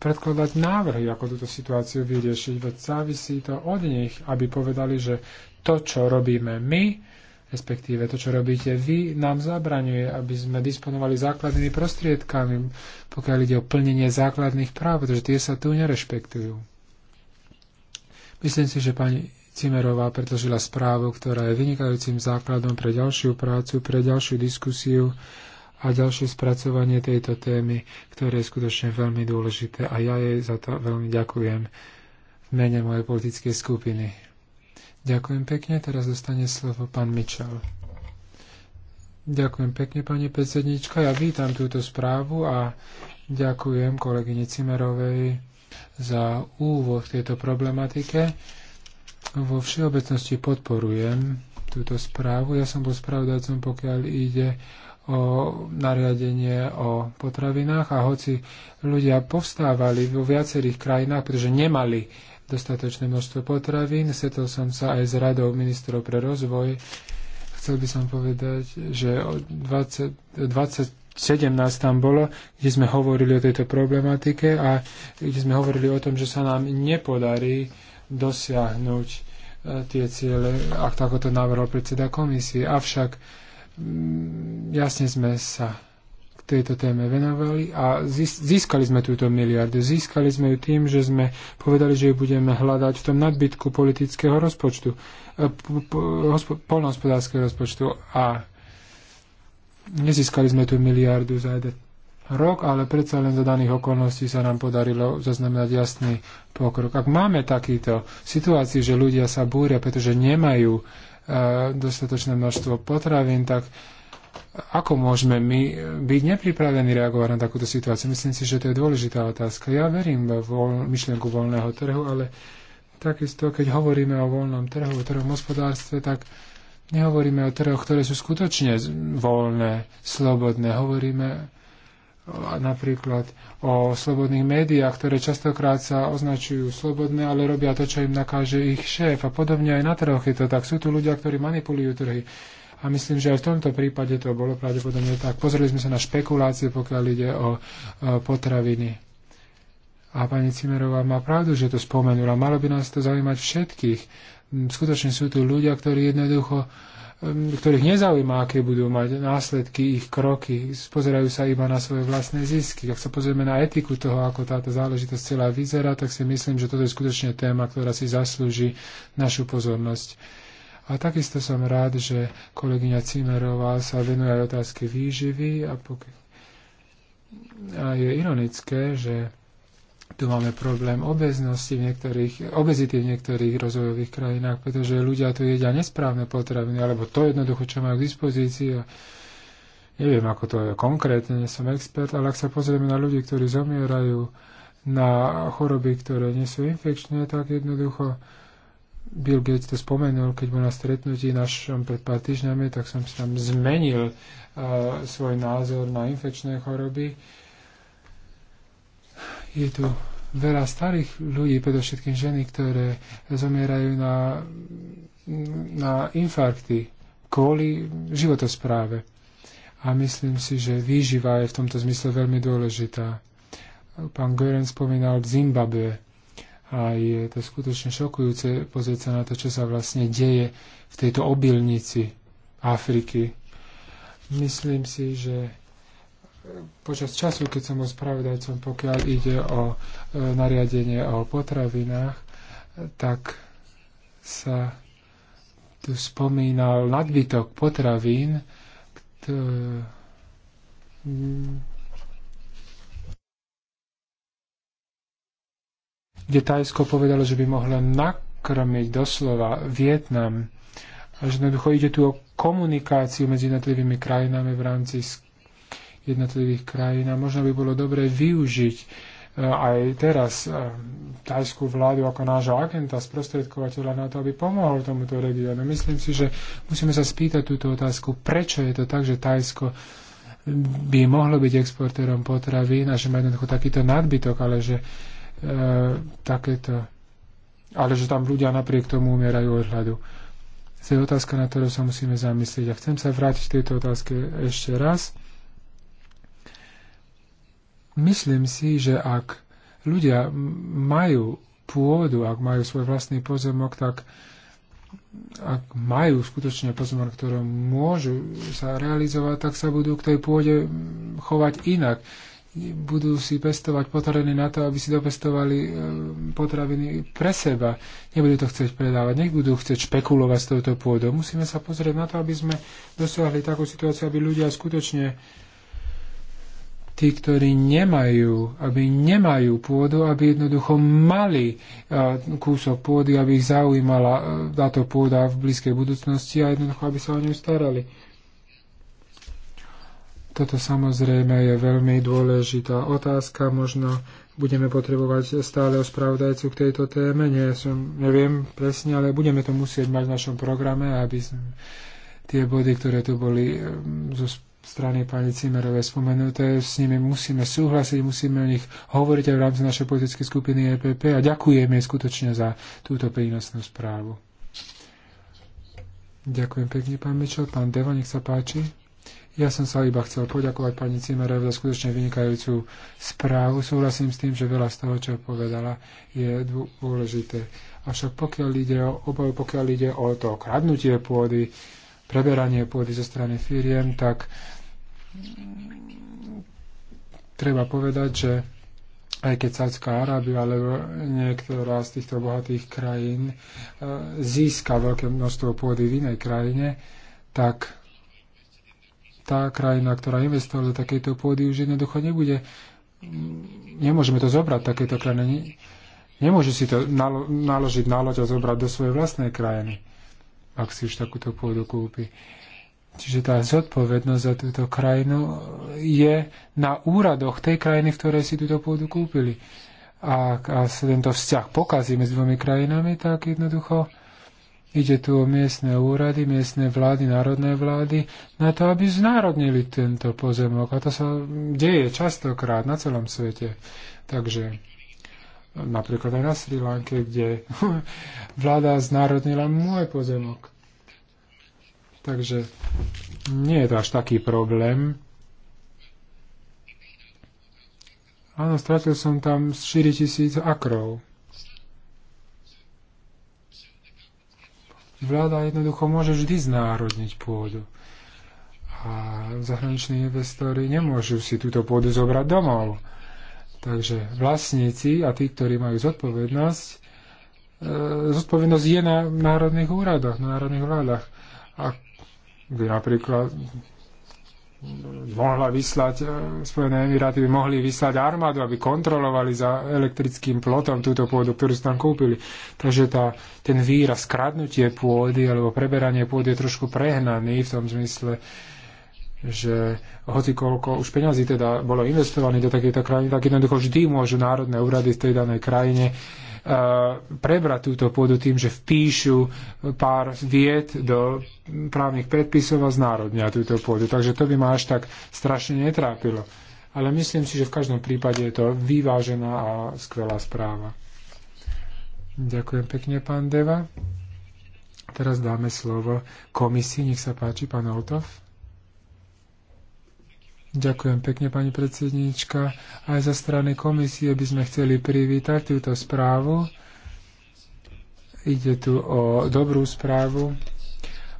predkladať návrhy, ako túto situáciu vyriešiť, veď závisí to od nich, aby povedali, že to, čo robíme my, respektíve to, čo robíte vy, nám zabraňuje, aby sme disponovali základnými prostriedkami, pokiaľ ide o plnenie základných práv, pretože tie sa tu nerešpektujú. Myslím si, že pani Cimerová predložila správu, ktorá je vynikajúcim základom pre ďalšiu prácu, pre ďalšiu diskusiu a ďalšie spracovanie tejto témy, ktoré je skutočne veľmi dôležité a ja jej za to veľmi ďakujem v mene mojej politickej skupiny. Ďakujem pekne, teraz dostane slovo pán Mičel. Ďakujem pekne, pani predsednička. Ja vítam túto správu a ďakujem kolegyni Cimerovej za úvod v tejto problematike. Vo všeobecnosti podporujem túto správu. Ja som bol spravodajcom, pokiaľ ide o nariadenie o potravinách a hoci ľudia povstávali vo viacerých krajinách, pretože nemali dostatočné množstvo potravín, setol som sa aj s radou ministrov pre rozvoj. Chcel by som povedať, že 20, 20 17 tam bolo, kde sme hovorili o tejto problematike a kde sme hovorili o tom, že sa nám nepodarí dosiahnuť e, tie ciele, ako to navrhol predseda komisie. Avšak Mm, jasne sme sa k tejto téme venovali a získali sme túto miliardu. Získali sme ju tým, že sme povedali, že ju budeme hľadať v tom nadbytku politického rozpočtu, e, polnohospodárskeho rozpočtu a nezískali sme tú miliardu za jeden rok, ale predsa len za daných okolností sa nám podarilo zaznamenať jasný pokrok. Ak máme takýto situáciu, že ľudia sa búria, pretože nemajú dostatočné množstvo potravín, tak ako môžeme my byť nepripravení reagovať na takúto situáciu? Myslím si, že to je dôležitá otázka. Ja verím v voľ, myšlienku voľného trhu, ale takisto, keď hovoríme o voľnom trhu, o trhu hospodárstve, tak nehovoríme o trhoch, ktoré sú skutočne voľné, slobodné. Hovoríme napríklad o slobodných médiách, ktoré častokrát sa označujú slobodné, ale robia to, čo im nakáže ich šéf a podobne aj na trhoch je to tak. Sú tu ľudia, ktorí manipulujú trhy. A myslím, že aj v tomto prípade to bolo pravdepodobne tak. Pozreli sme sa na špekulácie, pokiaľ ide o potraviny. A pani Cimerová má pravdu, že to spomenula. Malo by nás to zaujímať všetkých. Skutočne sú tu ľudia, ktorí jednoducho uh, ktorých nezaujíma, aké budú mať následky ich kroky. Pozerajú sa iba na svoje vlastné zisky. Ak sa pozrieme na etiku toho, ako táto záležitosť celá vyzerá, tak si myslím, že toto je skutočne téma, ktorá si zaslúži našu pozornosť. A takisto som rád, že kolegyňa Cimerová sa venuje aj otázke výživy a, pok- a je ironické, že tu máme problém obeznosti v niektorých, obezity v niektorých rozvojových krajinách, pretože ľudia tu jedia nesprávne potraviny, alebo to jednoducho, čo majú k dispozícii. A neviem, ako to je konkrétne, nie som expert, ale ak sa pozrieme na ľudí, ktorí zomierajú na choroby, ktoré nie sú infekčné, tak jednoducho Bill Gates to spomenul, keď bol na stretnutí našom pred pár týždňami, tak som si tam zmenil uh, svoj názor na infekčné choroby je tu veľa starých ľudí, predovšetkým ženy, ktoré zomierajú na, na infarkty kvôli životospráve. A myslím si, že výživa je v tomto zmysle veľmi dôležitá. Pán Gören spomínal Zimbabwe a je to skutočne šokujúce pozrieť sa na to, čo sa vlastne deje v tejto obilnici Afriky. Myslím si, že počas času, keď som bol spravodajcom, pokiaľ ide o e, nariadenie o potravinách, tak sa tu spomínal nadbytok potravín, kde Tajsko povedalo, že by mohlo nakrmiť doslova Vietnam. A že jednoducho ide tu o komunikáciu medzi jednotlivými krajinami v rámci jednotlivých krajín a možno by bolo dobre využiť e, aj teraz e, tajskú vládu ako nášho agenta, sprostredkovateľa na to, aby pomohol tomuto regiónu. Myslím si, že musíme sa spýtať túto otázku, prečo je to tak, že Tajsko by mohlo byť exportérom potravy, a že má jednoducho takýto nadbytok, ale že e, takéto ale že tam ľudia napriek tomu umierajú od hľadu. To je otázka, na ktorú sa musíme zamyslieť. A chcem sa vrátiť k tejto otázke ešte raz. Myslím si, že ak ľudia majú pôdu, ak majú svoj vlastný pozemok, tak ak majú skutočne pozemok, ktoré môžu sa realizovať, tak sa budú k tej pôde chovať inak. Budú si pestovať potraviny na to, aby si dopestovali e, potraviny pre seba. Nebudú to chcieť predávať, nebudú chcieť špekulovať s touto pôdou. Musíme sa pozrieť na to, aby sme dosiahli takú situáciu, aby ľudia skutočne tí, ktorí nemajú, aby nemajú pôdu, aby jednoducho mali kúsok pôdy, aby ich zaujímala e, táto pôda v blízkej budúcnosti a jednoducho, aby sa o ňu starali. Toto samozrejme je veľmi dôležitá otázka. Možno budeme potrebovať stále spravodajcu k tejto téme. Nie som, neviem presne, ale budeme to musieť mať v našom programe, aby sme tie body, ktoré tu boli e, zo strany pani Cimerovej spomenuté. S nimi musíme súhlasiť, musíme o nich hovoriť aj v rámci našej politickej skupiny EPP a ďakujem jej skutočne za túto prínosnú správu. Ďakujem pekne, pán Mičel. Pán Deva, nech sa páči. Ja som sa iba chcel poďakovať pani Cimerovej za skutočne vynikajúcu správu. Súhlasím s tým, že veľa z toho, čo povedala, je dôležité. Avšak pokiaľ ide o obavu, pokiaľ ide o to kradnutie pôdy, preberanie pôdy zo strany firiem, tak treba povedať, že aj keď Sádzka Arábia alebo niektorá z týchto bohatých krajín e, získa veľké množstvo pôdy v inej krajine, tak tá krajina, ktorá investovala do takejto pôdy, už jednoducho nebude. Nemôžeme to zobrať takéto krajiny. Nemôžu si to nalo- naložiť na loď a zobrať do svojej vlastnej krajiny, ak si už takúto pôdu kúpi. Uh, Čiže tá zodpovednosť za túto krajinu je na úradoch tej krajiny, v ktorej si túto pôdu kúpili. A ak sa tento vzťah pokazí medzi dvomi krajinami, tak jednoducho ide tu o miestne úrady, miestne vlády, národné vlády, na to, aby znárodnili tento pozemok. A to sa deje častokrát na celom svete. Takže napríklad aj na Sri Lanke, kde vláda znárodnila môj pozemok. Takže nie je to až taký problém. Áno, stratil som tam 4000 akrov. Vláda jednoducho môže vždy znárodniť pôdu. A zahraniční investori nemôžu si túto pôdu zobrať domov. Takže vlastníci a tí, ktorí majú zodpovednosť, e, zodpovednosť je na národných úradoch, na národných vládach. A by napríklad mohla vyslať, e, Spojené Emiráty by mohli vyslať armádu, aby kontrolovali za elektrickým plotom túto pôdu, ktorú si tam kúpili. Takže tá, ten výraz kradnutie pôdy alebo preberanie pôdy je trošku prehnaný v tom zmysle, uh, že hoci koľko už peňazí teda bolo investovaných do takejto krajiny, tak jednoducho vždy môžu národné úrady v tej danej krajine e, prebrať túto pôdu tým, že vpíšu pár viet do právnych predpisov a znárodnia túto pôdu. Takže to by ma až tak strašne netrápilo. Ale myslím si, že v každom prípade je to vyvážená a skvelá správa. Ďakujem pekne, pán Deva. Teraz dáme slovo komisii. Nech sa páči, pán Oltov. Ďakujem pekne, pani predsednička. Aj za strany komisie by sme chceli privítať túto správu. Ide tu o dobrú správu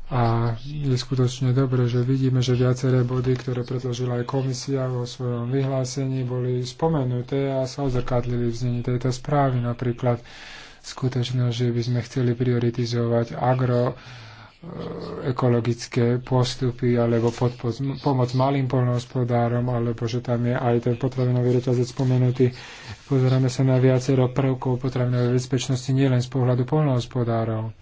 a je skutočne dobré, že vidíme, že viaceré body, ktoré predložila aj komisia vo svojom vyhlásení, boli spomenuté a sa odzrkadlili v znení tejto správy. Napríklad skutočnosť, že by sme chceli prioritizovať agro ekologické postupy alebo pod, pomoc malým poľnohospodárom, alebo že tam je aj ten potravinový reťazec spomenutý. Pozeráme sa na viacero prvkov potravinovej bezpečnosti nielen z pohľadu poľnohospodárov.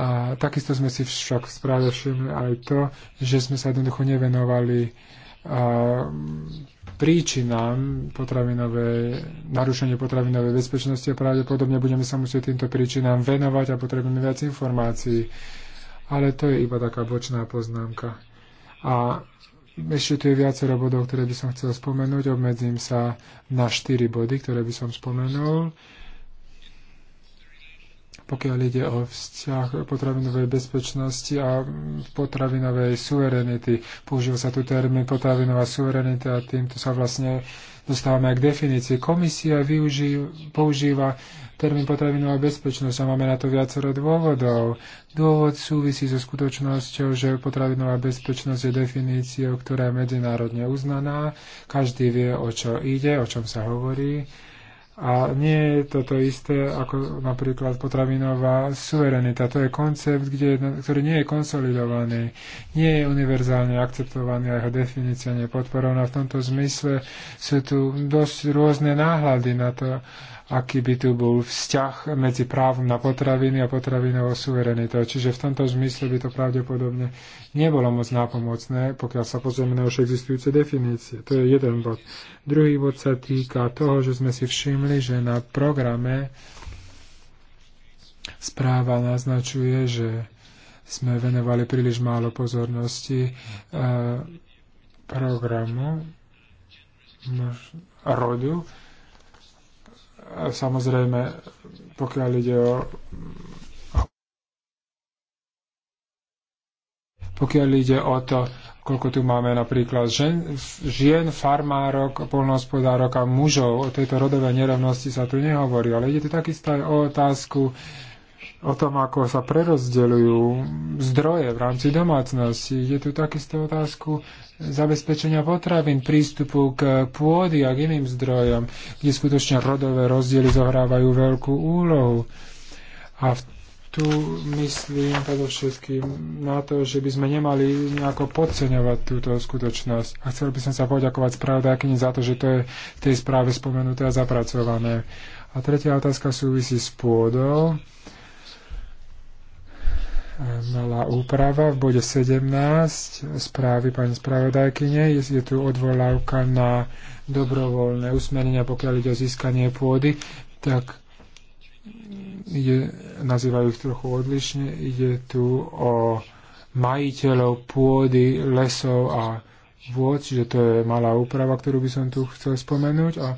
A takisto sme si však správne všimli aj to, že sme sa jednoducho nevenovali a, príčinám potravinové, narušenie potravinovej bezpečnosti a pravdepodobne budeme sa musieť týmto príčinám venovať a potrebujeme viac informácií. Ale to je iba taká bočná poznámka. A ešte tu je viacero bodov, ktoré by som chcel spomenúť. Obmedzím sa na štyri body, ktoré by som spomenul pokiaľ ide o vzťah potravinovej bezpečnosti a potravinovej suverenity. Použil sa tu termín potravinová suverenita a týmto sa vlastne dostávame aj k definícii. Komisia využív, používa termín potravinová bezpečnosť a máme na to viacero dôvodov. Dôvod súvisí so skutočnosťou, že potravinová bezpečnosť je definíciou, ktorá je medzinárodne uznaná. Každý vie, o čo ide, o čom sa hovorí a nie je toto isté ako napríklad potravinová suverenita. To je koncept, kde, ktorý nie je konsolidovaný, nie je univerzálne akceptovaný a jeho definícia nepodporovaná. V tomto zmysle sú tu dosť rôzne náhľady na to, aký by tu bol vzťah medzi právom na potraviny a potravinovou suverenitou. Čiže v tomto zmysle by to pravdepodobne nebolo moc nápomocné, pokiaľ sa pozrieme na už existujúce definície. To je jeden bod. Druhý bod sa týka toho, že sme si všimli, že na programe správa naznačuje, že sme venovali príliš málo pozornosti e, programu rodu Samozrejme, pokiaľ ide o pokiaľ ide o to, koľko tu máme napríklad žen, žien, farmárok, polnohospodárok a mužov. O tejto rodovej nerovnosti sa tu nehovorí, ale ide tu takisto aj o otázku o tom, ako sa prerozdeľujú zdroje v rámci domácnosti. Je tu takisto otázku zabezpečenia potravín, prístupu k pôdy a k iným zdrojom, kde skutočne rodové rozdiely zohrávajú veľkú úlohu. A tu myslím predovšetkým na to, že by sme nemali nejako podceňovať túto skutočnosť. A chcel by som sa poďakovať spravodajkyni za to, že to je v tej správe spomenuté a zapracované. A tretia otázka súvisí s pôdou malá úprava v bode 17 správy pani spravodajkyne. Je, je tu odvolávka na dobrovoľné usmernenia, pokiaľ ide o získanie pôdy, tak ide, nazývajú ich trochu odlišne. Ide tu o majiteľov pôdy, lesov a vôd, čiže to je malá úprava, ktorú by som tu chcel spomenúť. A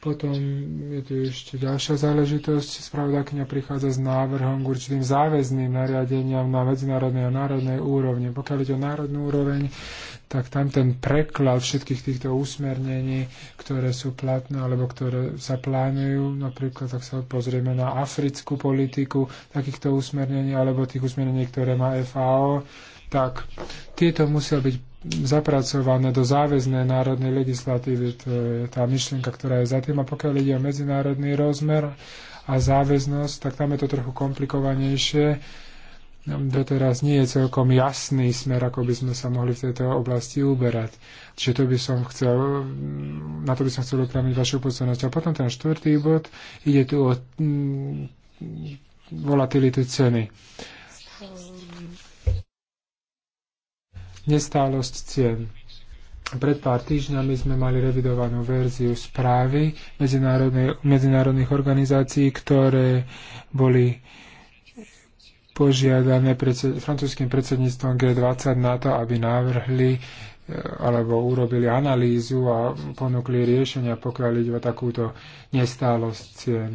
potom je tu ešte ďalšia záležitosť. Spravodajkňa prichádza s návrhom k určitým záväzným nariadeniam na medzinárodnej a národnej úrovni. Pokiaľ ide o národnú úroveň, tak tam ten preklad všetkých týchto usmernení, ktoré sú platné alebo ktoré sa plánujú, napríklad tak sa pozrieme na africkú politiku takýchto usmernení alebo tých usmernení, ktoré má FAO, tak tieto musia byť zapracované do záväznej národnej legislatívy. To je tá myšlienka, ktorá je za tým. A pokiaľ ide o medzinárodný rozmer a záväznosť, tak tam je to trochu komplikovanejšie. Doteraz nie je celkom jasný smer, ako by sme sa mohli v tejto oblasti uberať. Čiže to by som chcel, na to by som chcel upraviť vašu pozornosť. A potom ten štvrtý bod, ide tu o mm, volatilitu ceny. nestálosť cien. Pred pár týždňami sme mali revidovanú verziu správy medzinárodných organizácií, ktoré boli požiadané predsed, francúzským predsedníctvom G20 na to, aby navrhli e, alebo urobili analýzu a ponúkli riešenia, pokiaľ ide o takúto nestálosť cien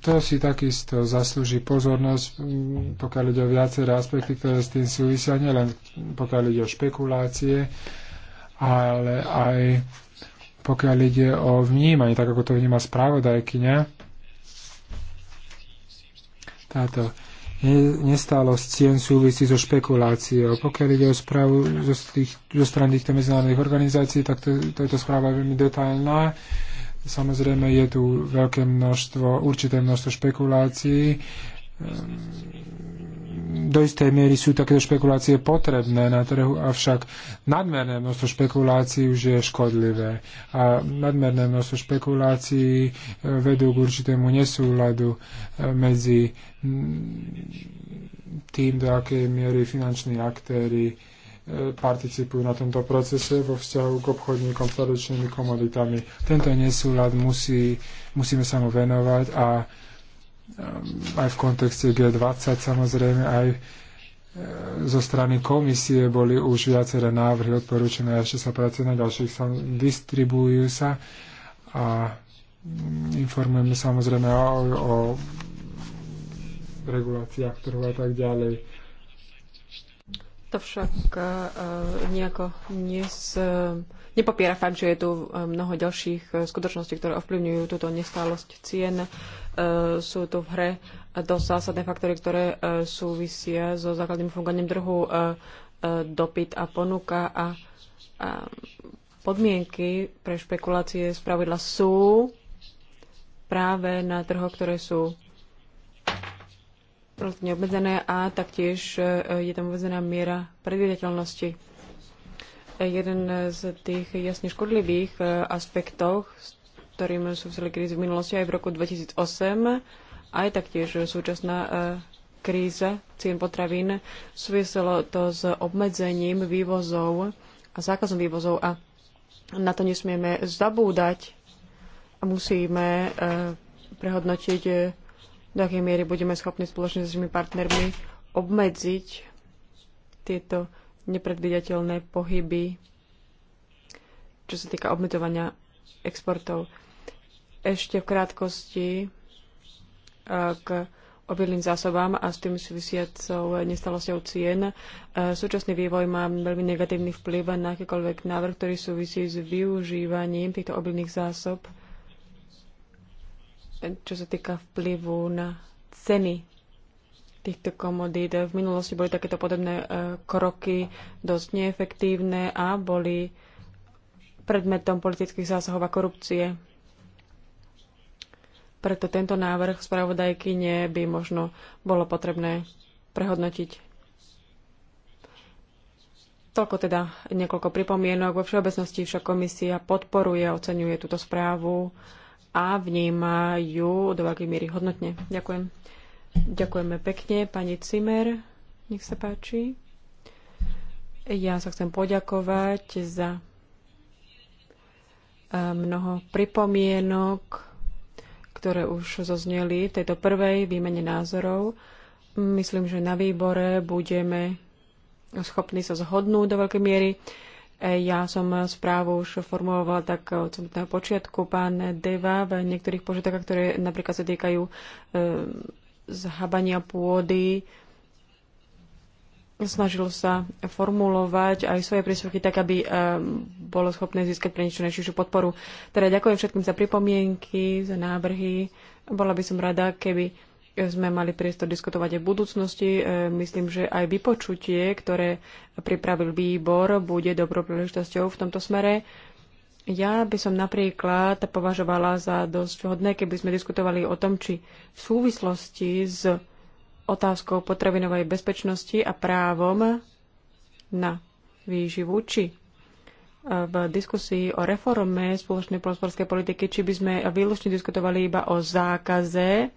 to si takisto zaslúži pozornosť, mm, pokiaľ ide o viaceré aspekty, ktoré s tým súvisia, nielen pokiaľ ide o špekulácie, ale aj pokiaľ ide o vnímanie, tak ako to vníma správodajkyňa. Táto nestálosť cien súvisí so špekuláciou. Pokiaľ ide o správu zo, tých, zo strany týchto medzinárodných organizácií, tak to, to je to správa veľmi detailná. Samozrejme je tu veľké množstvo, určité množstvo špekulácií. Do istej miery sú takéto špekulácie potrebné na trhu, avšak nadmerné množstvo špekulácií už je škodlivé. A nadmerné množstvo špekulácií eh, vedú k určitému nesúladu eh, medzi mm, tým, do akej miery finanční aktéry participujú na tomto procese vo vzťahu k obchodníkom s tradičnými komoditami. Tento nesúlad musí, musíme sa mu venovať a um, aj v kontexte G20 samozrejme aj e, zo strany komisie boli už viaceré návrhy odporúčené, a ešte sa pracuje na ďalších, sa distribuujú sa a mm, informujeme samozrejme o, o reguláciách trhu a tak ďalej.
To však eh, eh, nejako nes, eh, nepopiera fakt, že je tu mnoho ďalších skutočností, ktoré ovplyvňujú túto nestálosť cien. Sú tu v hre dosť zásadné faktory, ktoré súvisia so základným fungovaním trhu, dopyt a ponuka a, a podmienky pre špekulácie spravidla sú práve na trhoch, ktoré sú proste obmedzené a taktiež e, je tam obmedzená miera predvydateľnosti. E, jeden z tých jasne škodlivých e, aspektov, s ktorým súviseli krízy v minulosti aj v roku 2008, aj taktiež súčasná kríza cien potravín, súviselo to s obmedzením vývozov a zákazom vývozov a na to nesmieme zabúdať a musíme prehodnotiť do akej miery budeme schopní spoločne s našimi partnermi obmedziť tieto nepredvidateľné pohyby, čo sa týka obmedzovania exportov. Ešte v krátkosti eh, k obilným zásobám a s tým súvisiacou nestalosťou cien. Eh, súčasný vývoj má veľmi negatívny vplyv na akýkoľvek návrh, ktorý súvisí s využívaním týchto obilných zásob čo sa týka vplyvu na ceny týchto komodít. V minulosti boli takéto podobné e, kroky dosť neefektívne a boli predmetom politických zásahov a korupcie. Preto tento návrh spravodajky nie by možno bolo potrebné prehodnotiť. Toľko teda niekoľko pripomienok. Vo všeobecnosti však komisia podporuje a oceňuje túto správu a vnímajú do veľkej miery hodnotne. Ďakujem. Ďakujeme pekne. Pani Cimer, nech sa páči. Ja sa chcem poďakovať za e, mnoho pripomienok, ktoré už zozneli v tejto prvej výmene názorov. Myslím, že na výbore budeme schopní sa zhodnúť do veľkej miery. Ja som správu už formulovala tak od samotného počiatku. Pán Deva v niektorých požiadavkách, ktoré napríklad sa týkajú e, zhabania pôdy, snažil sa formulovať aj svoje príspevky tak, aby e, bolo schopné získať pre niečo najširšiu podporu. Teda ďakujem všetkým za pripomienky, za návrhy. Bola by som rada, keby sme mali priestor diskutovať aj v budúcnosti. E, myslím, že aj vypočutie, ktoré pripravil výbor, bude dobrou príležitosťou v tomto smere. Ja by som napríklad považovala za dosť vhodné, keby sme diskutovali o tom, či v súvislosti s otázkou potravinovej bezpečnosti a právom na výživu, či e, v diskusii o reforme spoločnej polospodárskej politiky, či by sme výlučne diskutovali iba o zákaze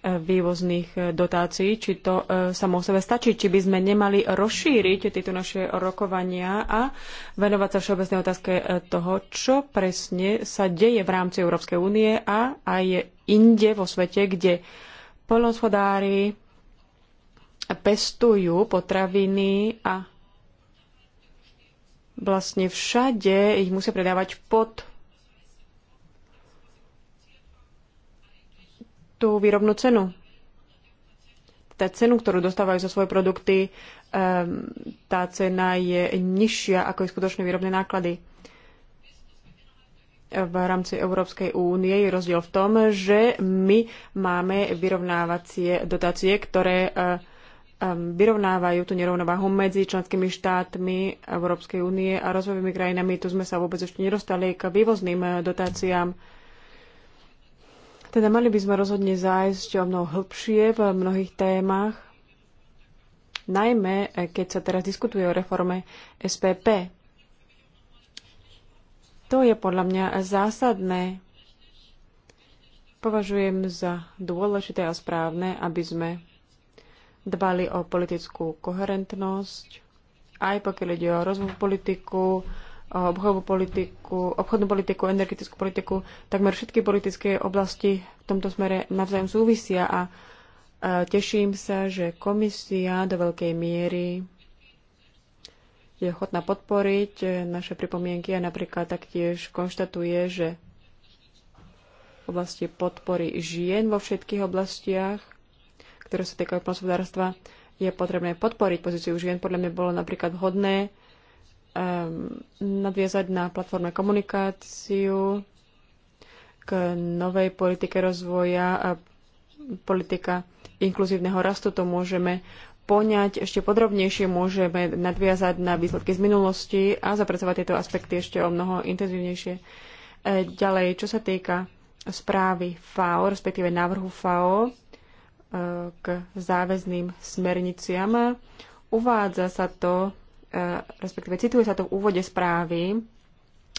vývozných eh, dotácií, či to eh, samo sebe stačí, či by sme nemali rozšíriť tieto naše rokovania a venovať sa všeobecnej otázke eh, toho, čo presne sa deje v rámci Európskej únie a aj inde vo svete, kde polnospodári pestujú potraviny a vlastne všade ich musia predávať pod tú výrobnú cenu. Tá cenu, ktorú dostávajú za svoje produkty, ehm, tá cena je nižšia ako je skutočné výrobné náklady. V rámci Európskej únie je rozdiel v tom, že my máme vyrovnávacie dotácie, ktoré eh, ehm, vyrovnávajú tú nerovnováhu medzi členskými štátmi Európskej únie a rozvojovými krajinami. Tu sme sa vôbec ešte nedostali k vývozným dotáciám. Teda mali by sme rozhodne zájsť o mnoho hĺbšie v mnohých témach, najmä eh, keď sa teraz diskutuje o reforme SPP. To je podľa mňa zásadné. Považujem za dôležité a správne, aby sme dbali o politickú koherentnosť, aj pokiaľ ide o rozvoj politiku, obchodnú politiku, obchodnú politiku, energetickú politiku, takmer všetky politické oblasti v tomto smere navzájom súvisia a e, teším sa, že komisia do veľkej miery je ochotná podporiť e, naše pripomienky a napríklad taktiež konštatuje, že v oblasti podpory žien vo všetkých oblastiach, ktoré sa týkajú plnospodárstva, je potrebné podporiť pozíciu žien. Podľa mňa bolo napríklad vhodné Um, nadviazať na platforme komunikáciu k novej politike rozvoja a politika inkluzívneho rastu. To môžeme poňať ešte podrobnejšie, môžeme nadviazať na výsledky z minulosti a zapracovať tieto aspekty ešte o mnoho intenzívnejšie. E, ďalej, čo sa týka správy FAO, respektíve návrhu FAO e, k záväzným smerniciam, uvádza sa to Eh, respektíve cituje sa to v úvode správy.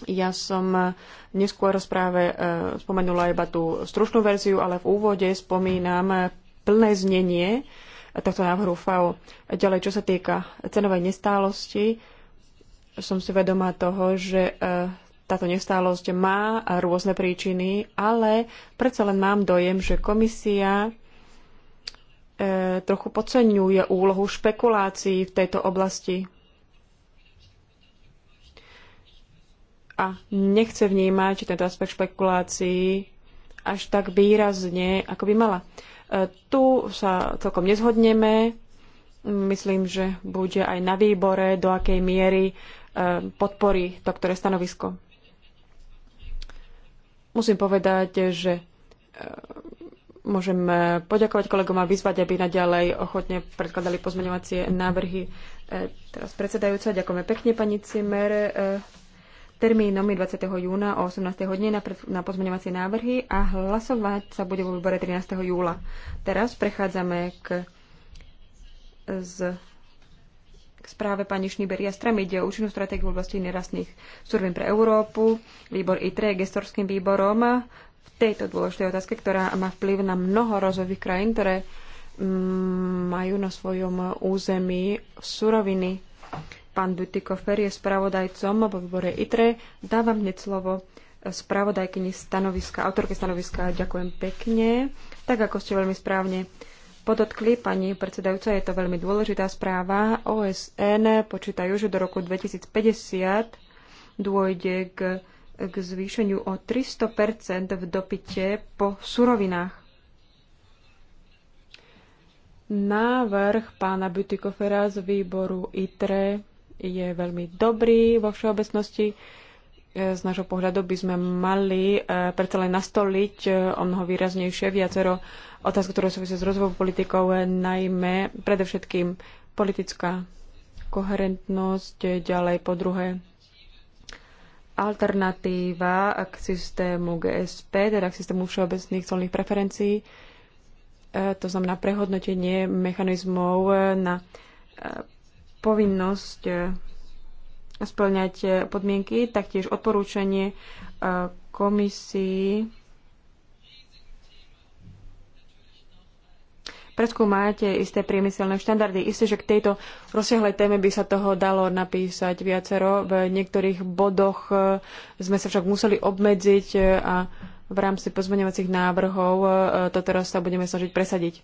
Ja som neskôr správe eh, spomenula iba tú stručnú verziu, ale v úvode spomínam plné znenie tohto návrhu FAO. Ďalej, čo sa týka cenovej nestálosti, som si vedomá toho, že eh, táto nestálosť má rôzne príčiny, ale predsa len mám dojem, že komisia trochu podceňuje úlohu špekulácií v tejto oblasti. a nechce vnímať tento aspekt špekulácií až tak výrazne, ako by mala. E, tu sa celkom nezhodneme. Myslím, že bude aj na výbore, do akej miery e, podporí to, ktoré stanovisko. Musím povedať, že e, môžem poďakovať kolegom a vyzvať, aby naďalej ochotne predkladali pozmeňovacie návrhy. Teraz predsedajúca, ďakujeme pekne pani Cimer. Termínom je 20. júna o 18. hodine na, na pozmeňovacie návrhy a hlasovať sa bude vo výbore 13. júla. Teraz prechádzame k, z, k správe pani Šniberia Stram. Ide o účinnú stratégiu v oblasti nerastných surovín pre Európu. Výbor ITRE je gestorským výborom v tejto dôležitej otázke, ktorá má vplyv na mnoho rozvojových krajín, ktoré mm, majú na svojom území suroviny Pán Butikofer je spravodajcom vo výbore ITRE. Dávam hneď slovo e, spravodajkyni stanoviska, autorke stanoviska. Ďakujem pekne. Tak, ako ste veľmi správne podotkli, pani predsedajúca, je to veľmi dôležitá správa. OSN počítajú, že do roku 2050 dôjde k, k zvýšeniu o 300 v dopite po surovinách. Návrh pána Butikofera z výboru ITRE je veľmi dobrý vo všeobecnosti. E, z nášho pohľadu by sme mali e, predsa len nastoliť e, o mnoho výraznejšie viacero otázku, ktoré súvisia s rozvojovou politikou, najmä predovšetkým politická koherentnosť, ďalej po druhé alternatíva k systému GSP, teda k systému všeobecných colných preferencií, to znamená prehodnotenie mechanizmov na povinnosť e, splňať e, podmienky, taktiež odporúčanie e, komisii preskúmať isté priemyselné štandardy. Isté, že k tejto rozsiahlej téme by sa toho dalo napísať viacero. V niektorých bodoch sme sa však museli obmedziť a v rámci pozmeňovacích návrhov to teraz sa budeme snažiť presadiť.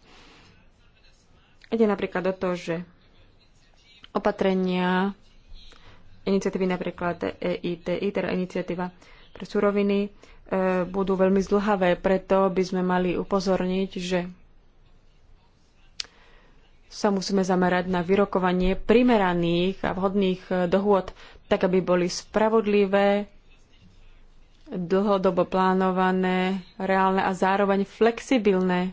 Ide napríklad o to, že opatrenia, iniciatívy napríklad EITI, teda iniciatíva pre suroviny, e, budú veľmi zdlhavé. Preto by sme mali upozorniť, že sa musíme zamerať na vyrokovanie primeraných a vhodných e, dohôd, tak aby boli spravodlivé, dlhodobo plánované, reálne a zároveň flexibilné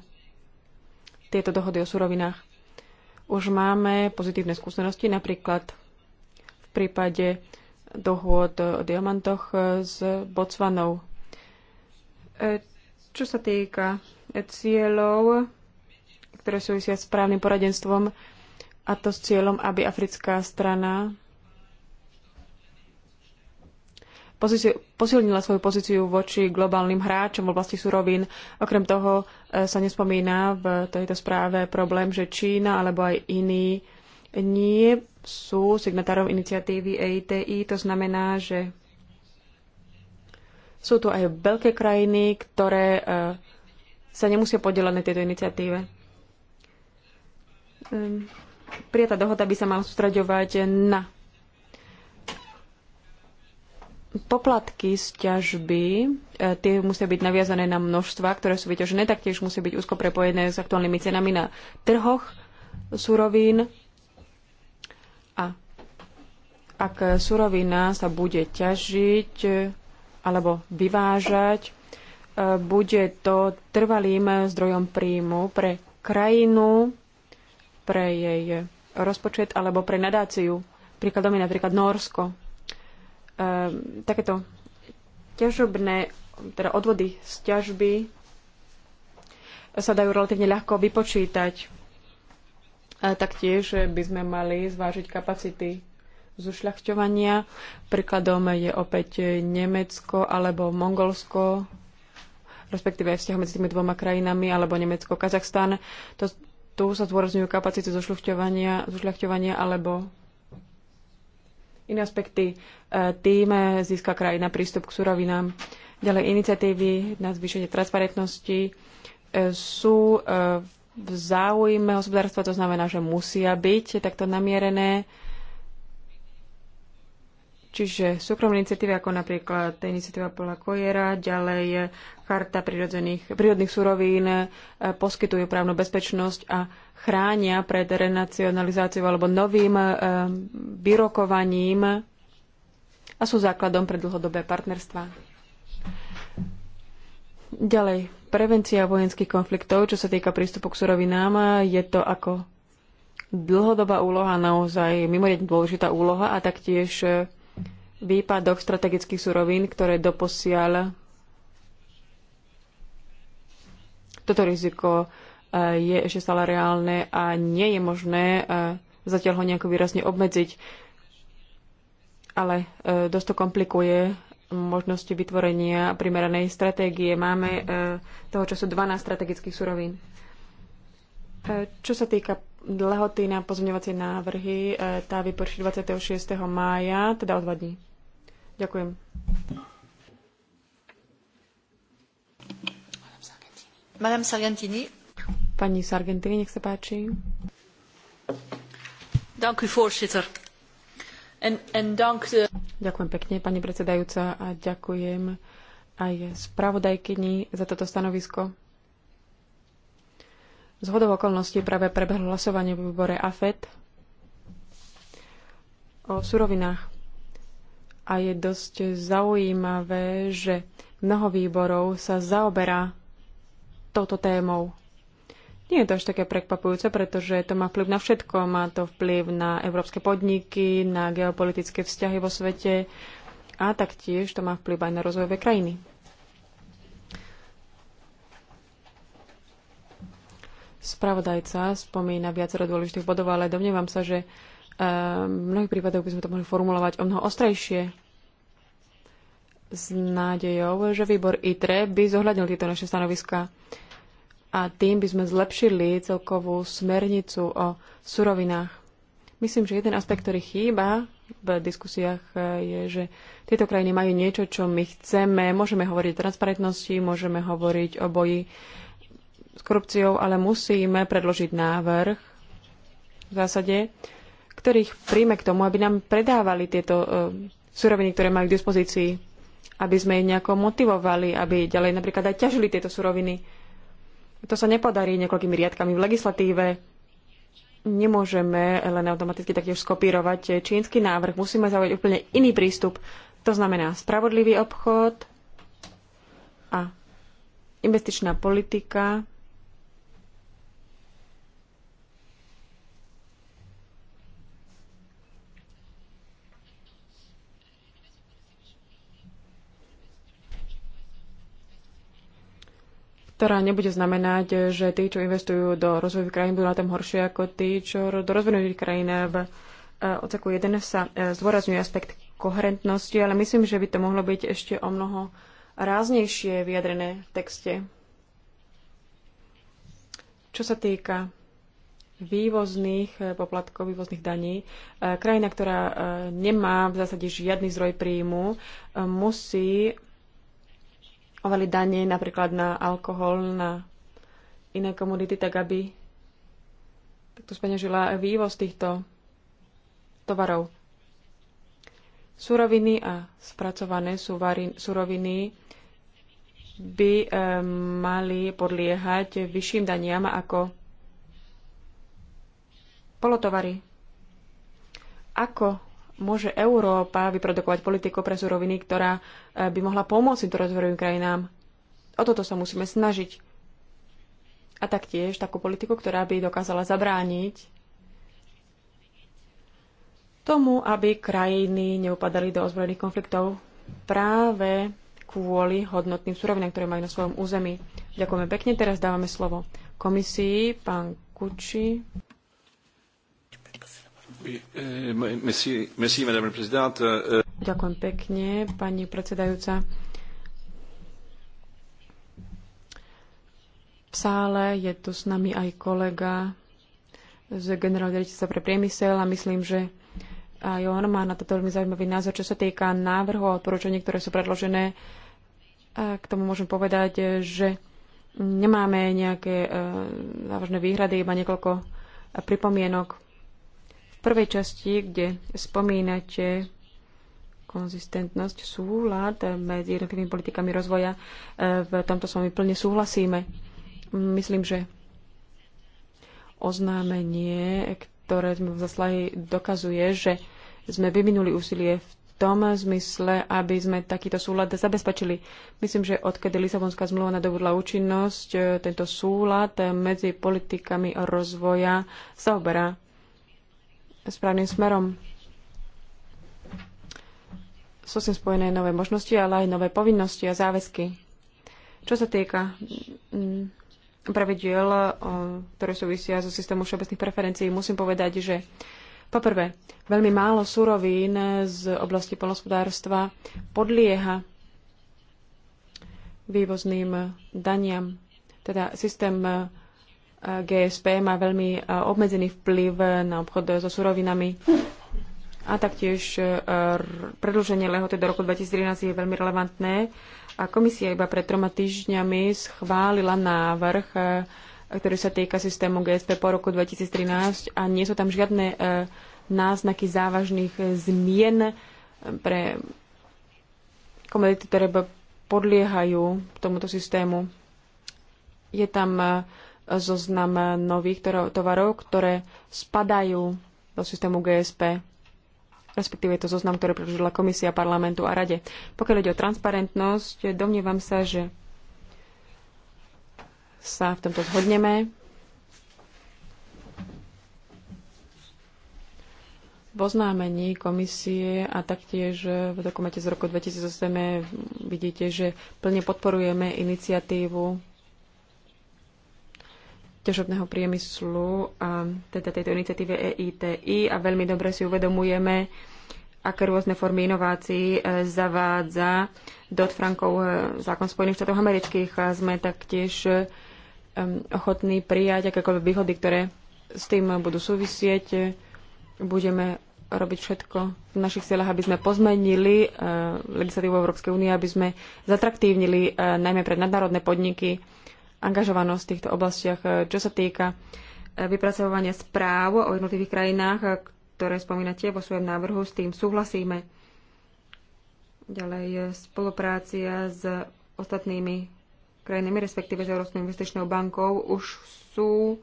tieto dohody o surovinách. Už máme pozitívne skúsenosti, napríklad v prípade dohôd o diamantoch s Botsvanou. E, čo sa týka cieľov, ktoré súvisia s právnym poradenstvom, a to s cieľom, aby africká strana posilnila svoju pozíciu voči globálnym hráčom v oblasti surovín. Okrem toho e, sa nespomína v tejto správe problém, že Čína alebo aj iní nie sú signatárom iniciatívy EITI. To znamená, že sú tu aj veľké krajiny, ktoré e, sa nemusia podielať na tejto iniciatíve. Ehm, prijatá dohoda by sa mala sústraďovať na poplatky z ťažby, e, tie musia byť naviazané na množstva, ktoré sú vyťažené, taktiež musia byť úzko prepojené s aktuálnymi cenami na trhoch surovín. A ak surovina sa bude ťažiť e, alebo vyvážať, e, bude to trvalým zdrojom príjmu pre krajinu, pre jej rozpočet alebo pre nadáciu. Príkladom je napríklad Norsko Ehm, takéto ťažobné, teda odvody z ťažby sa dajú relatívne ľahko vypočítať. A taktiež by sme mali zvážiť kapacity zušľachťovania. Príkladom je opäť Nemecko alebo Mongolsko, respektíve vzťah medzi tými dvoma krajinami, alebo Nemecko, Kazachstan. To, tu sa zdôrazňujú kapacity zušľachťovania, zušľachťovania alebo iné aspekty. E, týme získa krajina prístup k surovinám. Ďalej iniciatívy na zvýšenie transparentnosti e, sú e, v záujme hospodárstva, to znamená, že musia byť takto namierené Čiže súkromné iniciatívy ako napríklad iniciatíva Pola Kojera, ďalej Charta prírodzených, prírodných surovín e, poskytujú právnu bezpečnosť a chránia pred renacionalizáciou alebo novým um, vyrokovaním a sú základom pre dlhodobé partnerstva. Ďalej, prevencia vojenských konfliktov, čo sa týka prístupu k surovinám, je to ako dlhodobá úloha, naozaj mimoriadne dôležitá úloha a taktiež e, výpadok strategických surovín, ktoré doposiaľ toto riziko e, je ešte stále reálne a nie je možné e, zatiaľ ho nejako výrazne obmedziť. Ale e, dosť to komplikuje možnosti vytvorenia primeranej stratégie. Máme toho času 12 strategických surovín. Čo sa týka lehoty na pozmeňovacie návrhy, tá vyprší 26. mája, teda o dva dní. Ďakujem. Madame Sargentini. Pani Sargentini, nech sa páči. Dank u voorzitter. En, en dank de... Ďakujem pekne, pani predsedajúca, a ďakujem aj spravodajkyni za toto stanovisko. Z hodov okolností práve prebehlo hlasovanie v výbore AFET o surovinách a je dosť zaujímavé, že mnoho výborov sa zaoberá touto témou. Nie je to až také prekvapujúce, pretože to má vplyv na všetko. Má to vplyv na európske podniky, na geopolitické vzťahy vo svete a taktiež to má vplyv aj na rozvojové krajiny. Spravodajca spomína viacero dôležitých bodov, ale domnievam sa, že Ehm, v mnohých prípadoch by sme to mohli formulovať o mnoho ostrejšie s nádejou, že výbor ITRE by zohľadnil tieto naše stanoviska a tým by sme zlepšili celkovú smernicu o surovinách. Myslím, že jeden aspekt, ktorý chýba v diskusiách, e, je, že tieto krajiny majú niečo, čo my chceme. Môžeme hovoriť o transparentnosti, môžeme hovoriť o boji s korupciou, ale musíme predložiť návrh v zásade, ktorých príjme k tomu, aby nám predávali tieto e, suroviny, ktoré majú k dispozícii, aby sme ich nejako motivovali, aby ďalej napríklad aj ťažili tieto suroviny. To sa nepodarí niekoľkými riadkami v legislatíve. Nemôžeme len automaticky taktiež skopírovať čínsky návrh. Musíme zaujať úplne iný prístup. To znamená spravodlivý obchod a investičná politika ktorá nebude znamenať, že tí, čo investujú do rozvojových krajín, budú na tom horšie ako tí, čo do rozvinutých krajín. V e, odseku 1 sa e, zdôrazňuje aspekt koherentnosti, ale myslím, že by to mohlo byť ešte o mnoho ráznejšie vyjadrené v texte. Čo sa týka vývozných e, poplatkov, vývozných daní. Krajina, ktorá nemá v zásade žiadny zdroj príjmu, musí ovali dane napríklad na alkohol, na iné komodity, tak aby takto speňažila vývoz týchto tovarov. Suroviny a spracované suroviny by eh, mali podliehať vyšším daniam ako polotovary. Ako môže Európa vyprodukovať politiku pre suroviny, ktorá e, by mohla pomôcť týmto rozvojovým krajinám. O toto sa musíme snažiť. A taktiež takú politiku, ktorá by dokázala zabrániť tomu, aby krajiny neupadali do ozbrojených konfliktov práve kvôli hodnotným surovinám, ktoré majú na svojom území. Ďakujeme pekne. Teraz dávame slovo komisii. Pán Kuči.
Euh, euh, euh,
Ďakujem pekne, pani predsedajúca. V sále je tu s nami aj kolega z generálneho riaditeľstva pre priemysel a myslím, že aj on má na toto veľmi zaujímavý názor, čo sa týka návrhov a odporúčaní, ktoré sú predložené. A k tomu môžem povedať, že nemáme nejaké e, závažné výhrady, iba niekoľko pripomienok prvej časti, kde spomínate konzistentnosť, súlad medzi jednotlivými politikami rozvoja, e, v tomto s vami plne súhlasíme. Myslím, že oznámenie, ktoré sme v zaslali, dokazuje, že sme vyminuli úsilie v tom zmysle, aby sme takýto súlad zabezpečili. Myslím, že odkedy Lisabonská zmluva nadobudla účinnosť, e, tento súlad medzi politikami rozvoja sa oberá správnym smerom. Sú s tým spojené nové možnosti, ale aj nové povinnosti a záväzky. Čo sa týka mm, pravidiel, ktoré súvisia so systému všeobecných preferencií, musím povedať, že poprvé, veľmi málo surovín z oblasti polnospodárstva podlieha vývozným daniam. Teda systém GSP má veľmi e, obmedzený vplyv na obchod so surovinami a taktiež e, predlženie lehoty do roku 2013 je veľmi relevantné. A komisia iba pred troma týždňami schválila návrh, e, ktorý sa týka systému GSP po roku 2013 a nie sú tam žiadne náznaky závažných zmien pre komodity, ktoré podliehajú tomuto systému. Je tam zoznam nových tovarov, ktoré spadajú do systému GSP, respektíve je to zoznam, ktorý predložila komisia parlamentu a rade. Pokiaľ ide o transparentnosť, domnievam sa, že sa v tomto zhodneme. V oznámení komisie a taktiež v dokumente z roku 2008 vidíte, že plne podporujeme iniciatívu ťažobného priemyslu, teda tejto iniciatíve EITI a veľmi dobre si uvedomujeme, aké rôzne formy inovácií e, zavádza dot Frankov e, zákon Spojených štátov amerických a sme taktiež e, ochotní prijať akékoľvek výhody, ktoré s tým budú súvisieť. Budeme robiť všetko v našich silách, aby sme pozmenili legislatívu Európskej únie, aby sme zatraktívnili najmä pre nadnárodné podniky angažovanosť v týchto oblastiach. E, čo sa týka e, vypracovania správ o jednotlivých krajinách, e, ktoré spomínate vo svojom návrhu, s tým súhlasíme. Ďalej spoluprácia s ostatnými krajinami, respektíve s Európskou investičnou bankou, už sú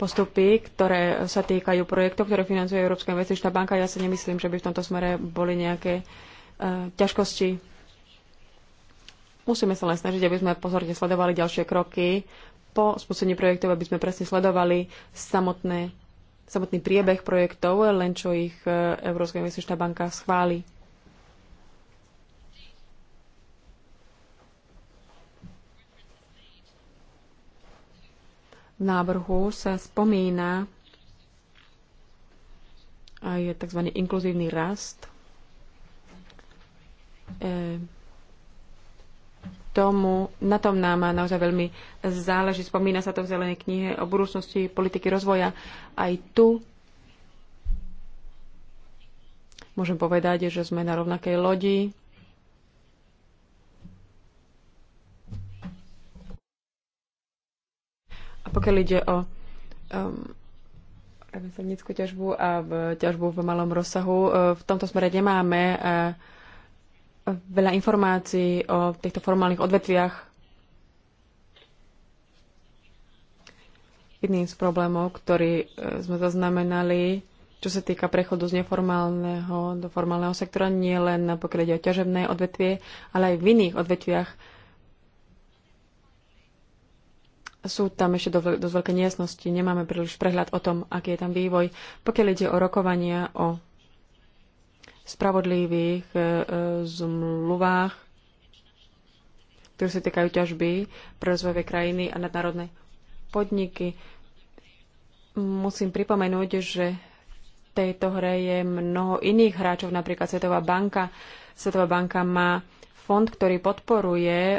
postupy, ktoré sa týkajú projektov, ktoré financuje Európska investičná banka. Ja si nemyslím, že by v tomto smere boli nejaké uh, ťažkosti Musíme sa len snažiť, aby sme pozorne sledovali ďalšie kroky po spustení projektov, aby sme presne sledovali samotné, samotný priebeh projektov, len čo ich e, Európska investičná banka schváli. V návrhu sa spomína aj tzv. inkluzívny rast. E, tomu, na tom nám naozaj veľmi záleží. Spomína sa to v Zelenej knihe o budúcnosti politiky rozvoja. Aj tu môžem povedať, že sme na rovnakej lodi. A pokiaľ ide o um, ťažbu a v ťažbu v malom rozsahu, v tomto smere nemáme uh, veľa informácií o týchto formálnych odvetviach. Jedným z problémov, ktorý e, sme zaznamenali, čo sa týka prechodu z neformálneho do formálneho sektora, nie len pokiaľ ide o ťažebné odvetvie, ale aj v iných odvetviach sú tam ešte dosť veľké nejasnosti, nemáme príliš prehľad o tom, aký je tam vývoj. Pokiaľ ide o rokovania o spravodlivých e, e, zmluvách, ktoré sa týkajú ťažby pre rozvojové krajiny a nadnárodné podniky. Musím pripomenúť, že v tejto hre je mnoho iných hráčov, napríklad Svetová banka. Svetová banka má fond, ktorý podporuje e,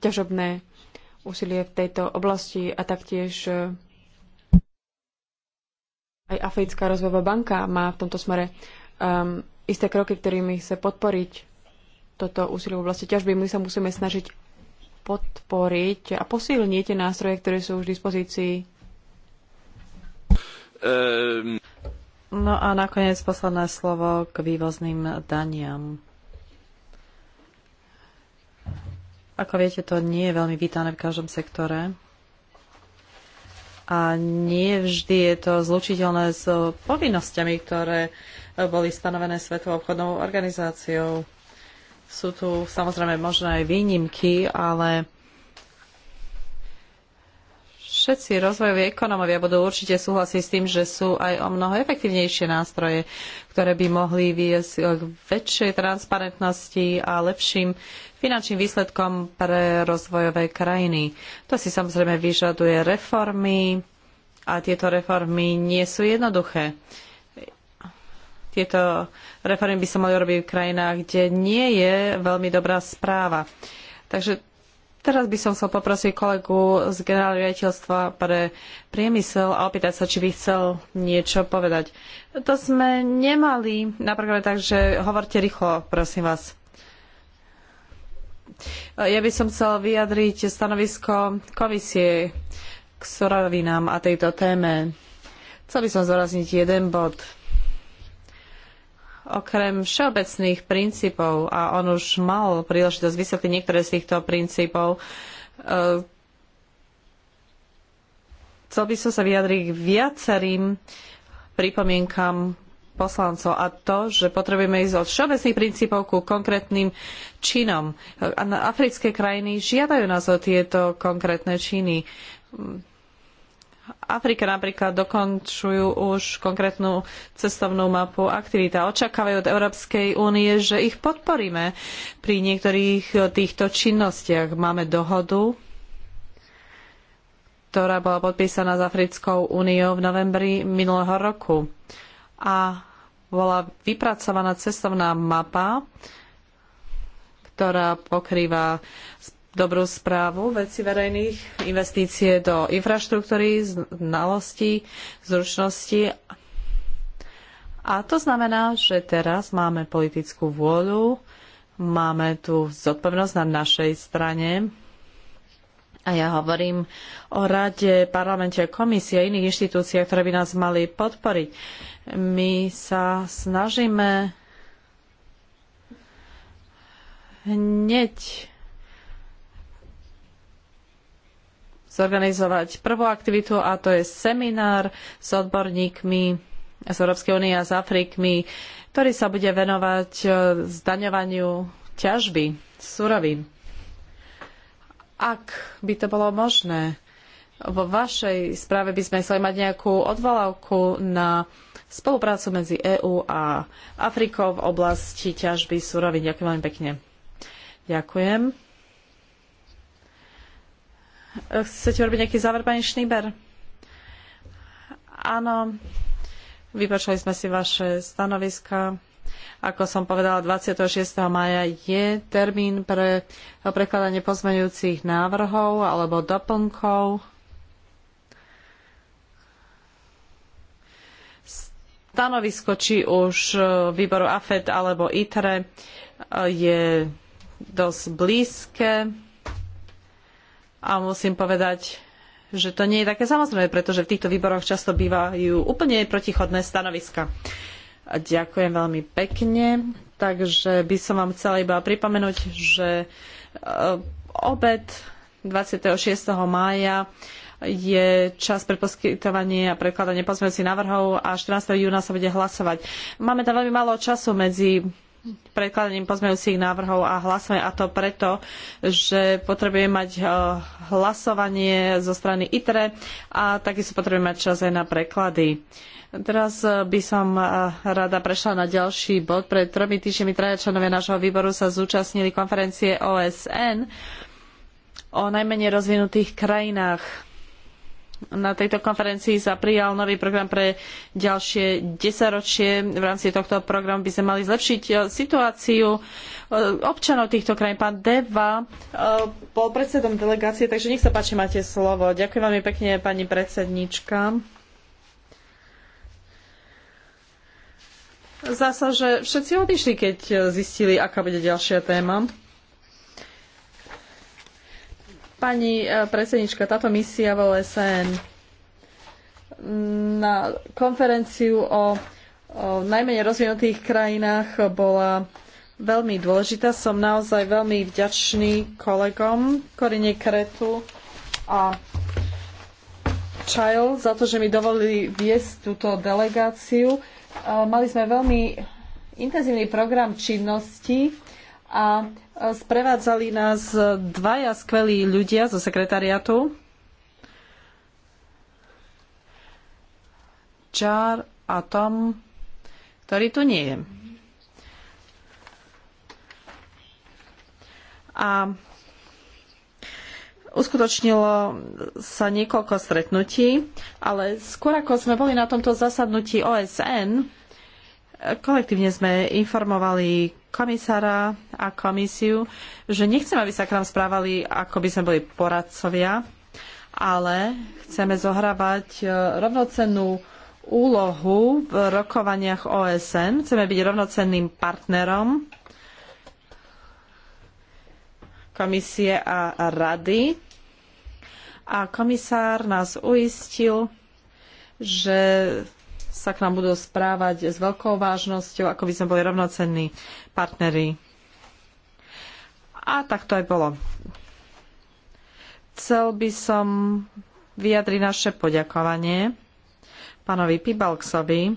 ťažobné úsilie v tejto oblasti a taktiež aj Africká rozvojová banka má v tomto smere um, isté kroky, ktorými chce podporiť toto úsilie v oblasti ťažby. My sa musíme snažiť podporiť a posilniť tie nástroje, ktoré sú už v dispozícii.
Um.
No a nakoniec posledné slovo k vývozným
daniam. Ako viete, to nie je veľmi vítané v každom sektore. A nie vždy je to zlučiteľné s povinnosťami, ktoré boli stanovené Svetovou obchodnou organizáciou. Sú tu samozrejme možno aj výnimky, ale všetci rozvojoví ekonomovia budú určite súhlasiť s tým, že sú aj o mnoho efektívnejšie nástroje, ktoré by mohli viesť k väčšej transparentnosti a lepším finančným výsledkom pre rozvojové krajiny. To si samozrejme vyžaduje reformy a tieto reformy nie sú jednoduché. Tieto reformy by sa mali robiť v krajinách, kde nie je veľmi dobrá správa. Takže teraz by som chcel poprosiť kolegu z generálneho riaditeľstva pre priemysel a opýtať sa, či by chcel niečo povedať. To sme nemali na programe, takže hovorte rýchlo, prosím vás. Ja by som chcel vyjadriť stanovisko komisie k surovinám a tejto téme. Chcel by som zdôrazniť jeden bod okrem všeobecných princípov, a on už mal príležitosť vysvetliť niektoré z týchto princípov, e, chcel by som sa vyjadriť k viacerým pripomienkam poslancov a to, že potrebujeme ísť od všeobecných princípov ku konkrétnym činom. Africké krajiny žiadajú nás o tieto konkrétne činy Afrike napríklad dokončujú už konkrétnu cestovnú mapu aktivita. Očakávajú od Európskej únie, že ich podporíme pri niektorých týchto činnostiach. Máme dohodu, ktorá bola podpísaná s Africkou úniou v novembri minulého roku. A bola vypracovaná cestovná mapa, ktorá pokrýva dobrú správu veci verejných, investície do infraštruktúry, znalosti, zručnosti. A to znamená, že teraz máme politickú vôľu, máme tu zodpovednosť na našej strane. A ja hovorím o rade, parlamente, komisii a iných inštitúciách, ktoré by nás mali podporiť. My sa snažíme hneď zorganizovať prvú aktivitu a to je seminár s odborníkmi z Európskej únie a z Afrikmi, ktorý sa bude venovať e, zdaňovaniu ťažby surovín. Ak by to bolo možné, vo vašej správe by sme chceli mať nejakú odvolávku na spoluprácu medzi EÚ a Afrikou v oblasti ťažby surovín. Ďakujem veľmi pekne. Ďakujem. Chcete robiť nejaký záver, pani Áno, vypočuli sme si vaše stanoviska. Ako som povedala, 26. maja je termín pre prekladanie pozmeňujúcich návrhov alebo doplnkov. Stanovisko či už výboru AFED alebo ITRE je dosť blízke a musím povedať, že to nie je také samozrejme, pretože v týchto výboroch často bývajú úplne protichodné stanoviska. ďakujem veľmi pekne. Takže by som vám chcela iba pripomenúť, že eh, obed 26. mája je čas pre poskytovanie a prekladanie pozmeňujúcich návrhov a 14. júna sa bude hlasovať. Máme tam veľmi málo času medzi predkladaním pozmeňujúcich návrhov a hlasovanie. A to preto, že potrebujeme mať eh, hlasovanie zo strany ITRE a takisto potrebujeme mať čas aj na preklady. Teraz eh, by som eh, rada prešla na ďalší bod. Pred tromi týždňami traja členovia nášho výboru sa zúčastnili konferencie OSN o najmenej rozvinutých krajinách na tejto konferencii sa prijal nový program pre ďalšie desaťročie. V rámci tohto programu by sme mali zlepšiť eh, situáciu eh, občanov týchto krajín. Pán Deva eh, bol predsedom delegácie, takže nech sa páči, máte slovo. Ďakujem veľmi pekne, pani predsednička. Zdá sa, že všetci odišli, keď zistili, aká bude ďalšia téma. Pani e, predsednička, táto misia v OSN na konferenciu o, o najmenej rozvinutých krajinách bola veľmi dôležitá. Som naozaj veľmi vďačný kolegom Korine Kretu a Child za to, že mi dovolili viesť túto delegáciu. E, mali sme veľmi intenzívny program činnosti a Sprevádzali nás dvaja skvelí ľudia zo sekretariatu. Čar a Tom, ktorý tu nie je. A uskutočnilo sa niekoľko stretnutí, ale skôr ako sme boli na tomto zasadnutí OSN, kolektívne sme informovali komisára a komisiu, že nechcem, aby sa k nám správali, ako by sme boli poradcovia, ale chceme zohrávať e, rovnocennú úlohu v rokovaniach OSN. Chceme byť rovnocenným partnerom komisie a rady. A komisár nás uistil, že sa k nám budú správať s veľkou vážnosťou, ako by sme boli rovnocenní partneri. A tak to aj bolo. Chcel by som vyjadriť naše poďakovanie pánovi Pibalksovi,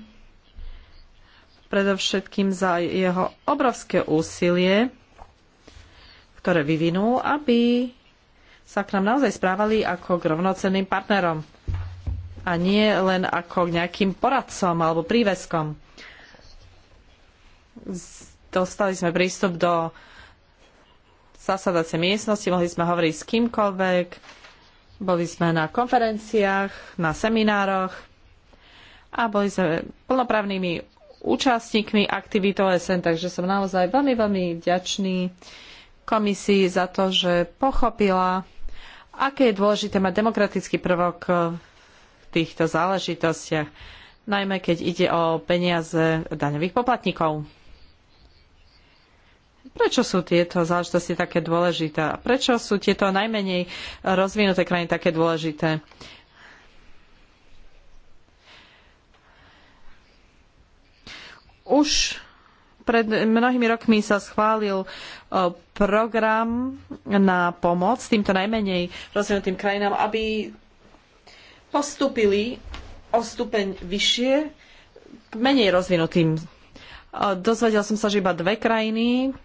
predovšetkým za jeho obrovské úsilie, ktoré vyvinul, aby sa k nám naozaj správali ako k rovnocenným partnerom a nie len ako k nejakým poradcom alebo príveskom. Dostali sme prístup do zasadacej miestnosti, mohli sme hovoriť s kýmkoľvek, boli sme na konferenciách, na seminároch a boli sme plnoprávnymi účastníkmi aktivít OSN, takže som naozaj veľmi, veľmi vďačný komisii za to, že pochopila, aké je dôležité mať demokratický prvok týchto záležitostiach, najmä keď ide o peniaze daňových poplatníkov. Prečo sú tieto záležitosti také dôležité? Prečo sú tieto najmenej rozvinuté krajiny také dôležité? Už pred mnohými rokmi sa schválil e, program na pomoc týmto najmenej rozvinutým krajinám, aby postupili o stupeň vyššie k menej rozvinutým. E, dozvedel som sa, že iba dve krajiny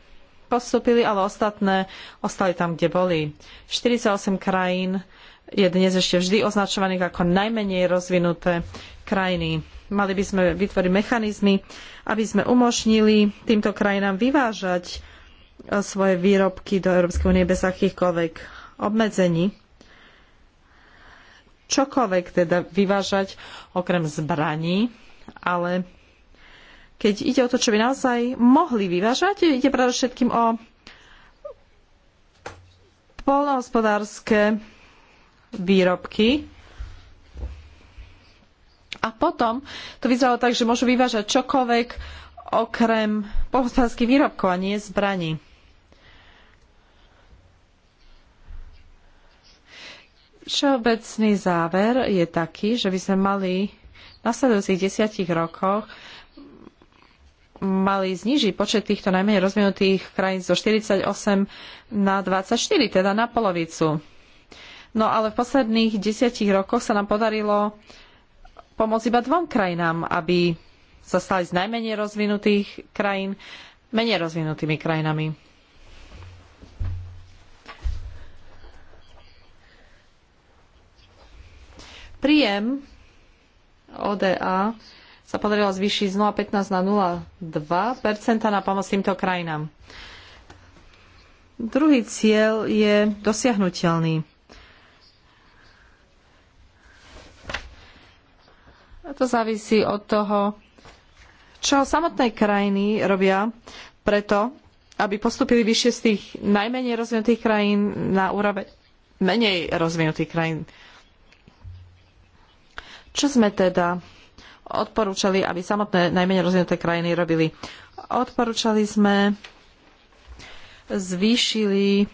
postupili, ale ostatné ostali tam, kde boli. 48 krajín je dnes ešte vždy označovaných ako najmenej rozvinuté krajiny. Mali by sme vytvoriť mechanizmy, aby sme umožnili týmto krajinám vyvážať e, svoje výrobky do Európskej únie bez akýchkoľvek obmedzení čokoľvek teda vyvážať okrem zbraní, ale keď ide o to, čo by naozaj mohli vyvážať, ide predovšetkým o polnohospodárske výrobky. A potom to vyzeralo tak, že môžu vyvážať čokoľvek okrem polnohospodárskych výrobkov a nie zbraní. Všeobecný záver je taký, že by sme mali v nasledujúcich desiatich rokoch mali znižiť počet týchto najmenej rozvinutých krajín zo 48 na 24, teda na polovicu. No ale v posledných desiatich rokoch sa nám podarilo pomôcť iba dvom krajinám, aby sa stali z najmenej rozvinutých krajín menej rozvinutými krajinami. Príjem ODA sa podarilo zvýšiť z 0,15 na 0,2 na pomoc týmto krajinám. Druhý cieľ je dosiahnutelný. A to závisí od toho, čo samotné krajiny robia preto, aby postupili vyššie z tých najmenej rozvinutých krajín na úroveň menej rozvinutých krajín. Čo sme teda odporúčali, aby samotné najmenej rozvinuté krajiny robili? Odporúčali sme, zvýšili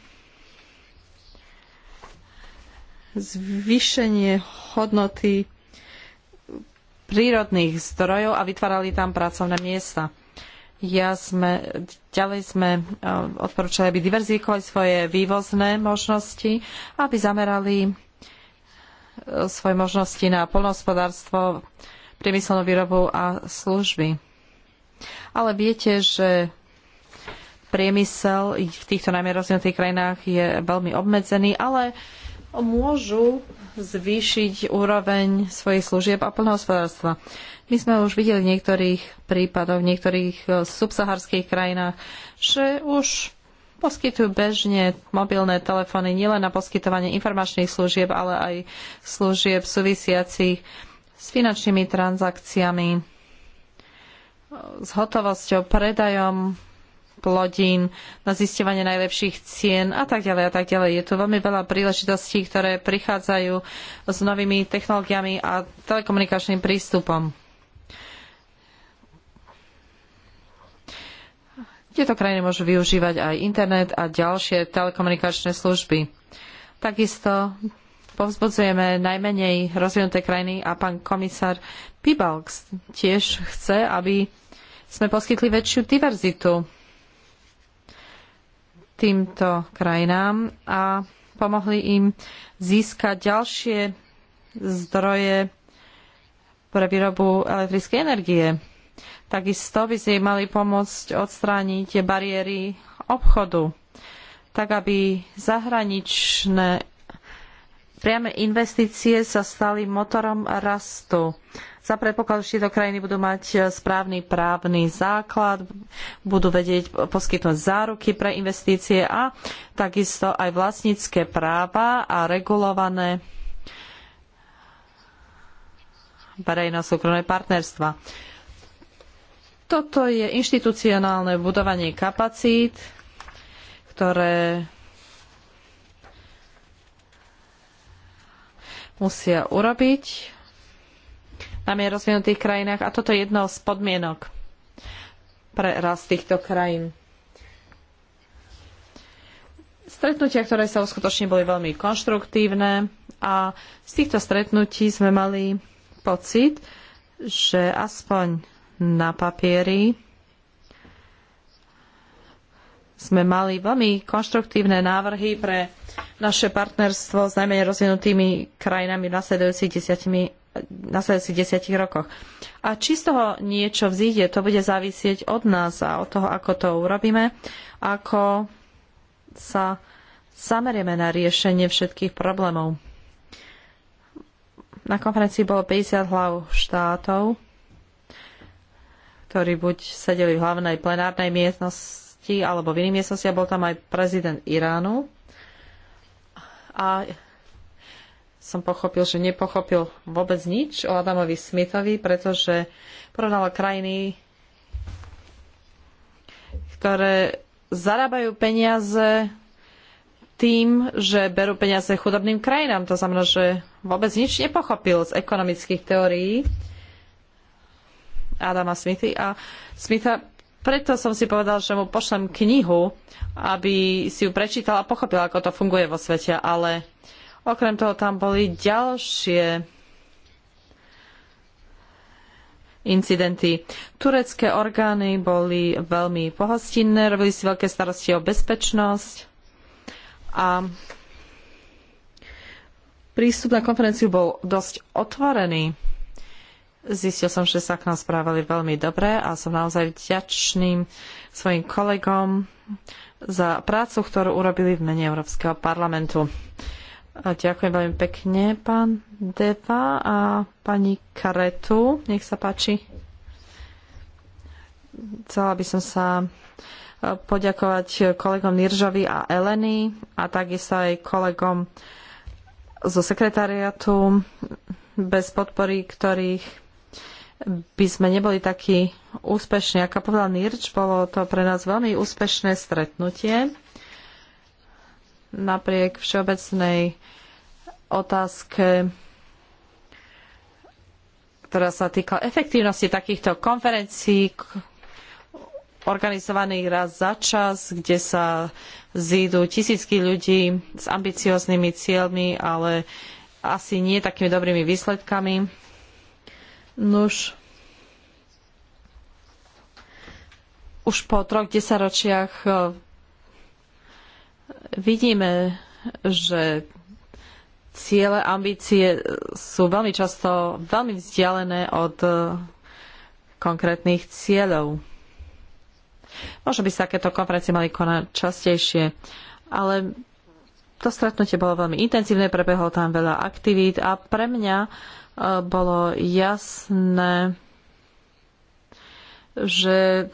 zvýšenie hodnoty prírodných zdrojov a vytvárali tam pracovné miesta. Ja sme, ďalej sme e, odporúčali, aby diverzifikovali svoje vývozné možnosti, aby zamerali E, svoje možnosti na poľnohospodárstvo, priemyselnú výrobu a služby. Ale viete, že priemysel v týchto najmä rozvinutých krajinách je veľmi obmedzený, ale môžu zvýšiť úroveň svojich služieb a poľnohospodárstva. My sme už videli v niektorých prípadoch, v niektorých e, subsaharských krajinách, že už poskytujú bežne mobilné telefóny nielen na poskytovanie informačných služieb, ale aj služieb súvisiacich s finančnými transakciami, s hotovosťou, predajom plodín, na zisťovanie najlepších cien a tak ďalej a tak ďalej. Je tu veľmi veľa príležitostí, ktoré prichádzajú s novými technológiami a telekomunikačným prístupom. Tieto krajiny môžu využívať aj internet a ďalšie telekomunikačné služby. Takisto povzbudzujeme najmenej rozvinuté krajiny a pán komisár Pibalx tiež chce, aby sme poskytli väčšiu diverzitu týmto krajinám a pomohli im získať ďalšie zdroje pre výrobu elektrickej energie. Takisto by sme mali pomôcť odstrániť bariéry obchodu, tak aby zahraničné priame investície sa stali motorom rastu. Za predpokladu, že tieto krajiny budú mať správny právny základ, budú vedieť poskytnúť záruky pre investície a takisto aj vlastnícke práva a regulované verejno-súkromné partnerstva. Toto je inštitucionálne budovanie kapacít, ktoré musia urobiť na mier rozvinutých krajinách a toto je jedno z podmienok pre rast týchto krajín. Stretnutia, ktoré sa uskutočnili, boli veľmi konštruktívne a z týchto stretnutí sme mali pocit, že aspoň na papieri sme mali veľmi konštruktívne návrhy pre naše partnerstvo s najmenej rozvinutými krajinami v nasledujúcich desiatimi sledujúcich desiatich rokoch. A či z toho niečo vzíde, to bude závisieť od nás a od toho, ako to urobíme, ako sa zamerieme na riešenie všetkých problémov. Na konferencii bolo 50 hlav štátov ktorí buď sedeli v hlavnej plenárnej miestnosti alebo v iných miestnosti a bol tam aj prezident Iránu. A som pochopil, že nepochopil vôbec nič o Adamovi Smithovi, pretože porovnala krajiny, ktoré zarábajú peniaze tým, že berú peniaze chudobným krajinám. To znamená, že vôbec nič nepochopil z ekonomických teórií Adama Smithy a Smitha. Preto som si povedal, že mu pošlem knihu, aby si ju prečítal a pochopil, ako to funguje vo svete. Ale okrem toho tam boli ďalšie incidenty. Turecké orgány boli veľmi pohostinné, robili si veľké starosti o bezpečnosť a prístup na konferenciu bol dosť otvorený. Zistil som, že sa k nám správali veľmi dobre a som naozaj vďačným svojim kolegom za prácu, ktorú urobili v mene Európskeho parlamentu. A ďakujem veľmi pekne, pán Deva a pani Karetu. Nech sa páči. Chcela by som sa e, poďakovať kolegom Niržovi a Eleny a takisto aj kolegom zo sekretariatu, bez podpory ktorých by sme neboli takí úspešní. Ako povedal Nirč, bolo to pre nás veľmi úspešné stretnutie. Napriek všeobecnej otázke, ktorá sa týka efektívnosti takýchto konferencií, organizovaných raz za čas, kde sa zídu tisícky ľudí s ambicióznymi cieľmi, ale asi nie takými dobrými výsledkami Nuž, už po troch desaťročiach e, vidíme, že ciele, ambície sú veľmi často veľmi vzdialené od e, konkrétnych cieľov. Možno by sa takéto konferencie mali konať častejšie, ale to stretnutie bolo veľmi intenzívne, prebehlo tam veľa aktivít a pre mňa bolo jasné, že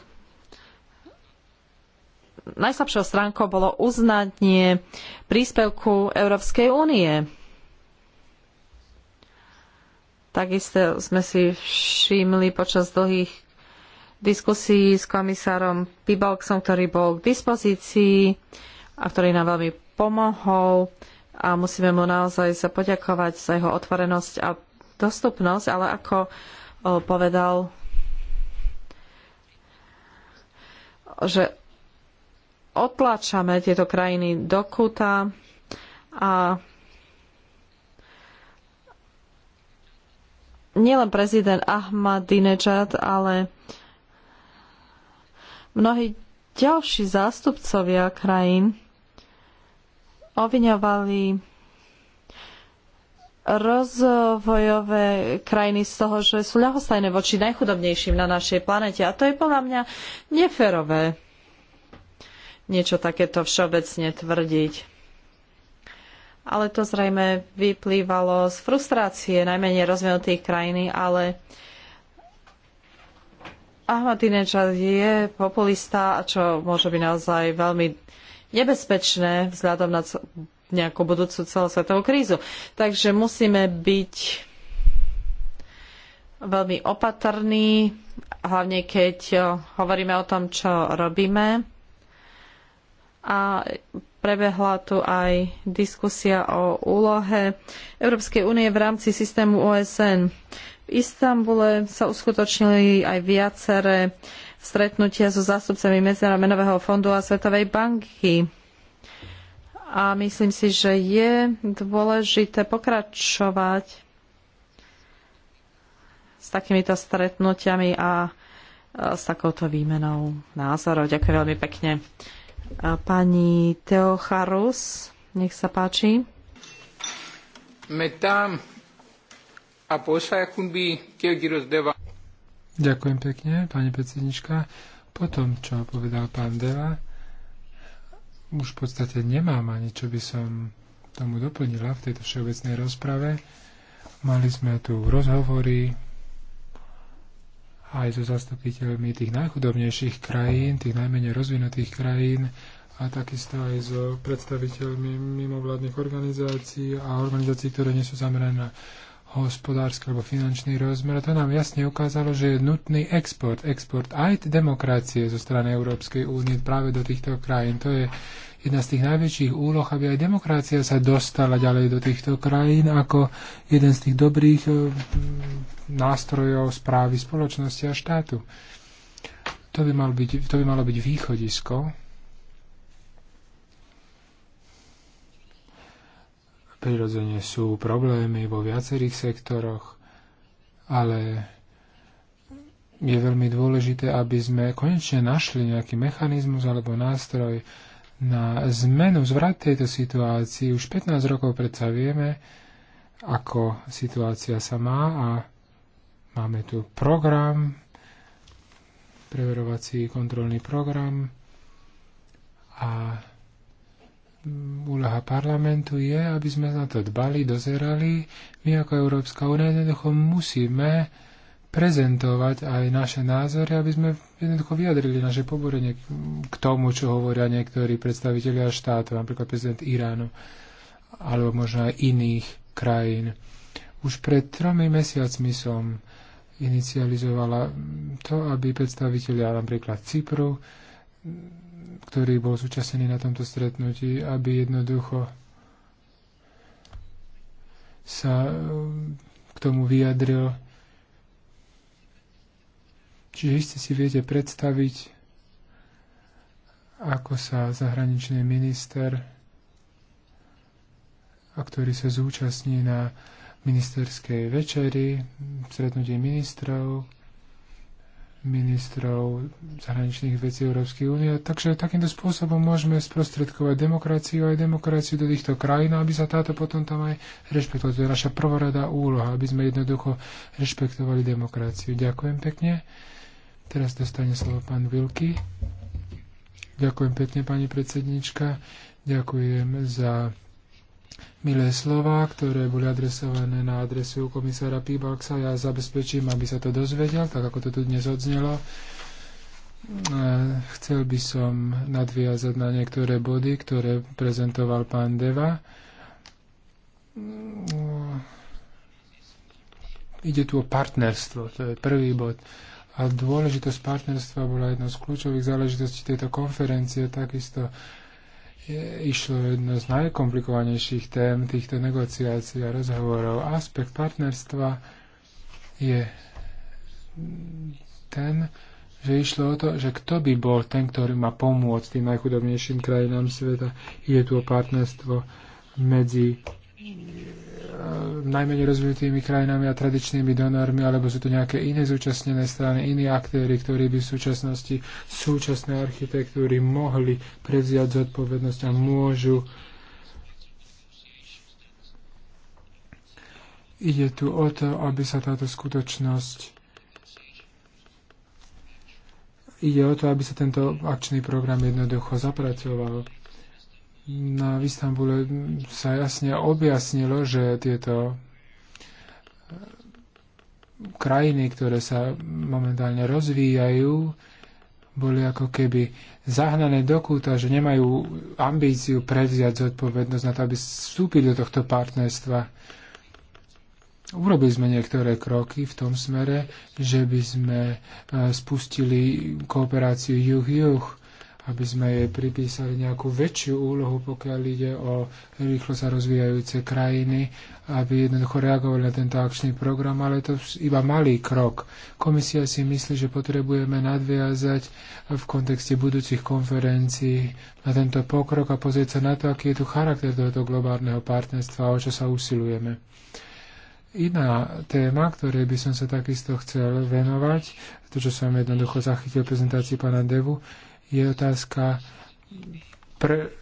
najslabšou stránkou bolo uznanie príspevku Európskej únie. Takisto sme si všimli počas dlhých diskusí s komisárom Pibalksom, ktorý bol k dispozícii a ktorý nám veľmi pomohol a musíme mu naozaj sa poďakovať za jeho otvorenosť a dostupnosť, ale ako povedal, že otláčame tieto krajiny do kúta a nielen prezident Ahmadinejad, ale mnohí ďalší zástupcovia krajín obviňovali rozvojové krajiny z toho, že sú ľahostajné voči najchudobnejším na našej planete. A to je podľa mňa neferové niečo takéto všeobecne tvrdiť. Ale to zrejme vyplývalo z frustrácie najmenej rozvinutých krajiny, ale Ahmadinejad je populista, čo môže byť naozaj veľmi nebezpečné vzhľadom na nejakú budúcu celosvetovú krízu. Takže musíme byť veľmi opatrní, hlavne keď eh, hovoríme o tom, čo robíme. A prebehla tu aj diskusia o úlohe Európskej únie v rámci systému OSN. V Istambule sa uskutočnili aj viaceré stretnutia so zástupcami Medzinárodného menového fondu a Svetovej banky a myslím si, že je dôležité pokračovať s takýmito stretnutiami a s takouto výmenou názorov. Ďakujem veľmi pekne. Pani Teocharus, nech sa páči.
Ďakujem pekne, pani predsednička. Potom, čo povedal pán Deva, už v podstate nemám ani čo by som tomu doplnila v tejto všeobecnej rozprave. Mali sme tu rozhovory aj so zastupiteľmi tých najchudobnejších krajín, tých najmenej rozvinutých krajín a takisto aj so predstaviteľmi mimovládnych organizácií a organizácií, ktoré nie sú zamerané na hospodársky alebo finančný rozmer. A to nám jasne ukázalo, že je nutný export, export aj demokracie zo strany Európskej únie práve do týchto krajín. To je jedna z tých najväčších úloh, aby aj demokracia sa dostala ďalej do týchto krajín ako jeden z tých dobrých eh, nástrojov správy spoločnosti a štátu. To by, mal byť, to by malo byť východisko Prirodzene sú problémy vo viacerých sektoroch, ale je veľmi dôležité, aby sme konečne našli nejaký mechanizmus alebo nástroj na zmenu, zvrat tejto situácii. Už 15 rokov predsa vieme, ako situácia sa má a máme tu program, preverovací kontrolný program a úloha parlamentu je, aby sme na to dbali, dozerali. My ako Európska únia jednoducho musíme prezentovať aj naše názory, aby sme jednoducho vyjadrili naše poborenie k tomu, čo hovoria niektorí predstavitelia štátov, napríklad prezident Iránu, alebo možno aj iných krajín. Už pred tromi mesiacmi som inicializovala to, aby predstavitelia napríklad Cypru ktorý bol zúčastnený na tomto stretnutí, aby jednoducho sa eh, k tomu vyjadril. Čiže iste si viete predstaviť, ako sa zahraničný minister, a ktorý sa zúčastní na ministerskej večeri, stretnutí ministrov, ministrov zahraničných vecí Európskej únie. Takže takýmto spôsobom môžeme sprostredkovať demokraciu aj demokraciu do týchto krajín, aby sa táto potom tam aj rešpektovala. To je naša prvoradá úloha, aby sme jednoducho rešpektovali demokraciu. Ďakujem pekne. Teraz dostane slovo pán Vilky. Ďakujem pekne, pani predsednička. Ďakujem za milé slova, ktoré boli adresované na adresu komisára Pibalksa. Ja zabezpečím, aby sa to dozvedel, tak ako to tu dnes odznelo. Chcel by som nadviazať na niektoré body, ktoré prezentoval pán Deva. Ide tu o partnerstvo, to je prvý bod. A dôležitosť partnerstva bola jednou z kľúčových záležitostí tejto konferencie, takisto išlo jedno z najkomplikovanejších tém týchto negociácií a rozhovorov. Aspekt partnerstva je ten, že išlo o to, že kto by bol ten, ktorý má pomôcť tým najchudobnejším krajinám sveta. Ide tu o partnerstvo medzi E, najmenej rozvinutými krajinami a tradičnými donormi, alebo sú to nejaké iné zúčastnené strany, iní aktéry, ktorí by v súčasnosti súčasnej architektúry mohli prevziať zodpovednosť a môžu. Ide tu o to, aby sa táto skutočnosť ide o to, aby sa tento akčný program jednoducho zapracoval na Istanbule sa jasne objasnilo, že tieto e, krajiny, ktoré sa momentálne rozvíjajú, boli ako keby zahnané do kúta, že nemajú ambíciu prevziať zodpovednosť na to, aby vstúpili do tohto partnerstva. Urobili sme niektoré kroky v tom smere, že by sme e, spustili kooperáciu juh-juh aby sme jej pripísali nejakú väčšiu úlohu, pokiaľ ide o rýchlo sa rozvíjajúce krajiny, aby jednoducho reagovali na tento akčný program, ale to iba malý krok. Komisia si myslí, že potrebujeme nadviazať v kontexte budúcich konferencií na tento pokrok a pozrieť sa na to, aký je tu charakter tohoto globálneho partnerstva a o čo sa usilujeme. Iná téma, ktorej by som sa takisto chcel venovať, to, čo som jednoducho zachytil v prezentácii pána Devu, je otázka pre,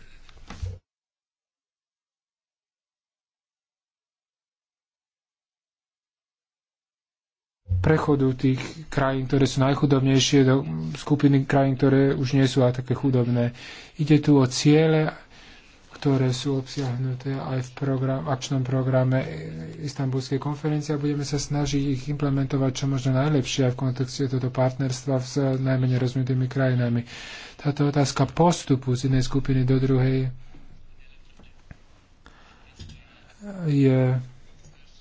prechodu tých krajín, ktoré sú najchudobnejšie, do skupiny krajín, ktoré už nie sú aj také chudobné. Ide tu o ciele ktoré sú obsiahnuté aj v program, akčnom programe Istanbulskej konferencie a budeme sa snažiť ich implementovať čo možno najlepšie aj v kontexte tohto partnerstva s najmenej rozvinutými krajinami. Táto otázka postupu z jednej skupiny do druhej je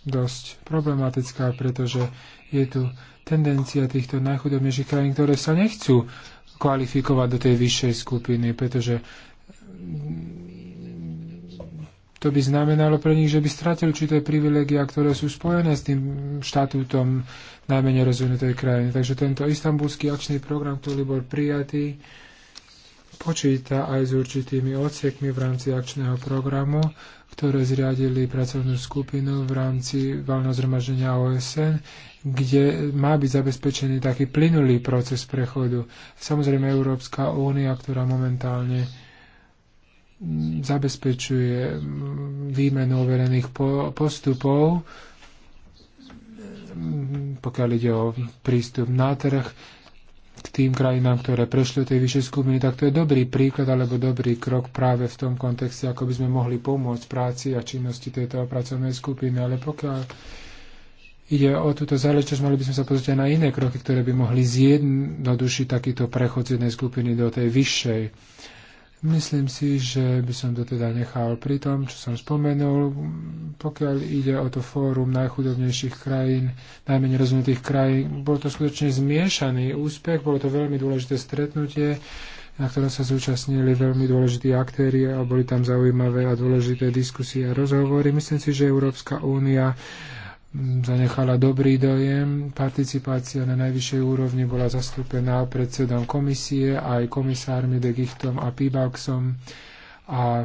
dosť problematická, pretože je tu tendencia týchto najchudobnejších krajín, ktoré sa nechcú kvalifikovať do tej vyššej skupiny, pretože to by znamenalo pre nich, že by stratili určité privilegia, ktoré sú spojené s tým štatútom najmenej rozvinutej krajiny. Takže tento istambulský akčný program, ktorý bol prijatý, počíta aj s určitými odsekmi v rámci akčného programu, ktoré zriadili pracovnú skupinu v rámci valného zhromaždenia OSN, kde má byť zabezpečený taký plynulý proces prechodu. Samozrejme Európska únia, ktorá momentálne zabezpečuje výmenu overených postupov, pokiaľ ide o prístup na trh k tým krajinám, ktoré prešli tej vyššej skupiny, tak to je dobrý príklad alebo dobrý krok práve v tom kontexte, ako by sme mohli pomôcť práci a činnosti tejto pracovnej skupiny. Ale pokiaľ ide o túto záležitosť, mali by sme sa pozrieť aj na iné kroky, ktoré by mohli zjednodušiť takýto prechod z jednej skupiny do tej vyššej. Myslím si, že by som to teda nechal pri tom, čo som spomenul. Pokiaľ ide o to fórum najchudobnejších krajín, najmenej rozvinutých krajín, bol to skutočne zmiešaný úspech, bolo to veľmi dôležité stretnutie, na ktorom sa zúčastnili veľmi dôležití aktéry a boli tam zaujímavé a dôležité diskusie a rozhovory. Myslím si, že Európska únia zanechala dobrý dojem. Participácia na najvyššej úrovni bola zastúpená predsedom komisie aj komisármi De Gichtom a Pibaxom a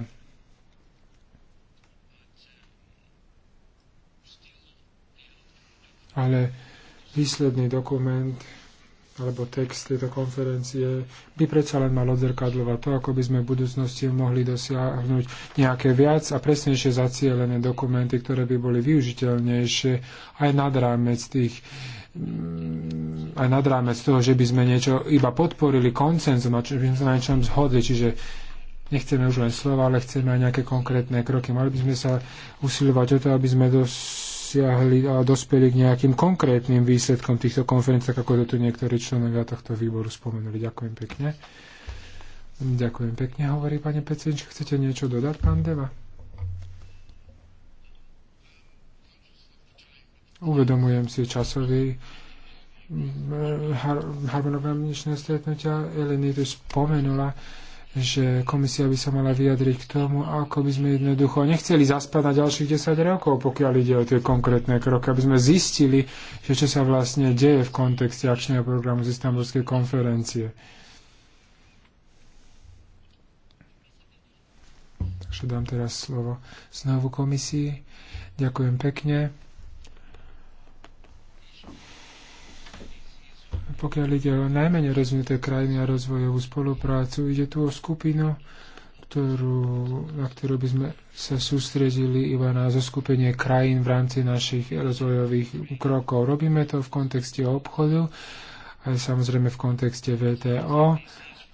ale výsledný dokument alebo text tejto konferencie by predsa len mal odzrkadľovať to, ako by sme v budúcnosti mohli dosiahnuť nejaké viac a presnejšie zacielené dokumenty, ktoré by boli využiteľnejšie aj nad rámec tých mm, aj nad rámec toho, že by sme niečo iba podporili koncenzum a že by sme sa na niečom zhodli, čiže nechceme už len slova, ale chceme aj nejaké konkrétne kroky. Mali by sme sa usilovať o to, aby sme dosť dosiahli a dospeli k nejakým konkrétnym výsledkom týchto konferencií, tak ako to tu niektorí členovia tohto výboru spomenuli. Ďakujem pekne. Ďakujem pekne, hovorí pani Pecinč. Chcete niečo dodať, pán Deva? Uvedomujem si časový mm, harmonogram dnešného stretnutia. Eleny tu spomenula, že komisia by sa mala vyjadriť k tomu, ako by sme jednoducho nechceli zaspať na ďalších 10 rokov, pokiaľ ide o tie konkrétne kroky, aby sme zistili, že čo sa vlastne deje v kontexte akčného programu z Istanbulskej konferencie. Takže dám teraz slovo znovu komisii. Ďakujem pekne. pokiaľ ide o najmenej rozvinuté krajiny a rozvojovú spoluprácu, ide tu o skupinu, ktorú, na ktorú by sme sa sústredili iba na zoskupenie krajín v rámci našich rozvojových krokov. Robíme to v kontexte obchodu, aj samozrejme v kontexte VTO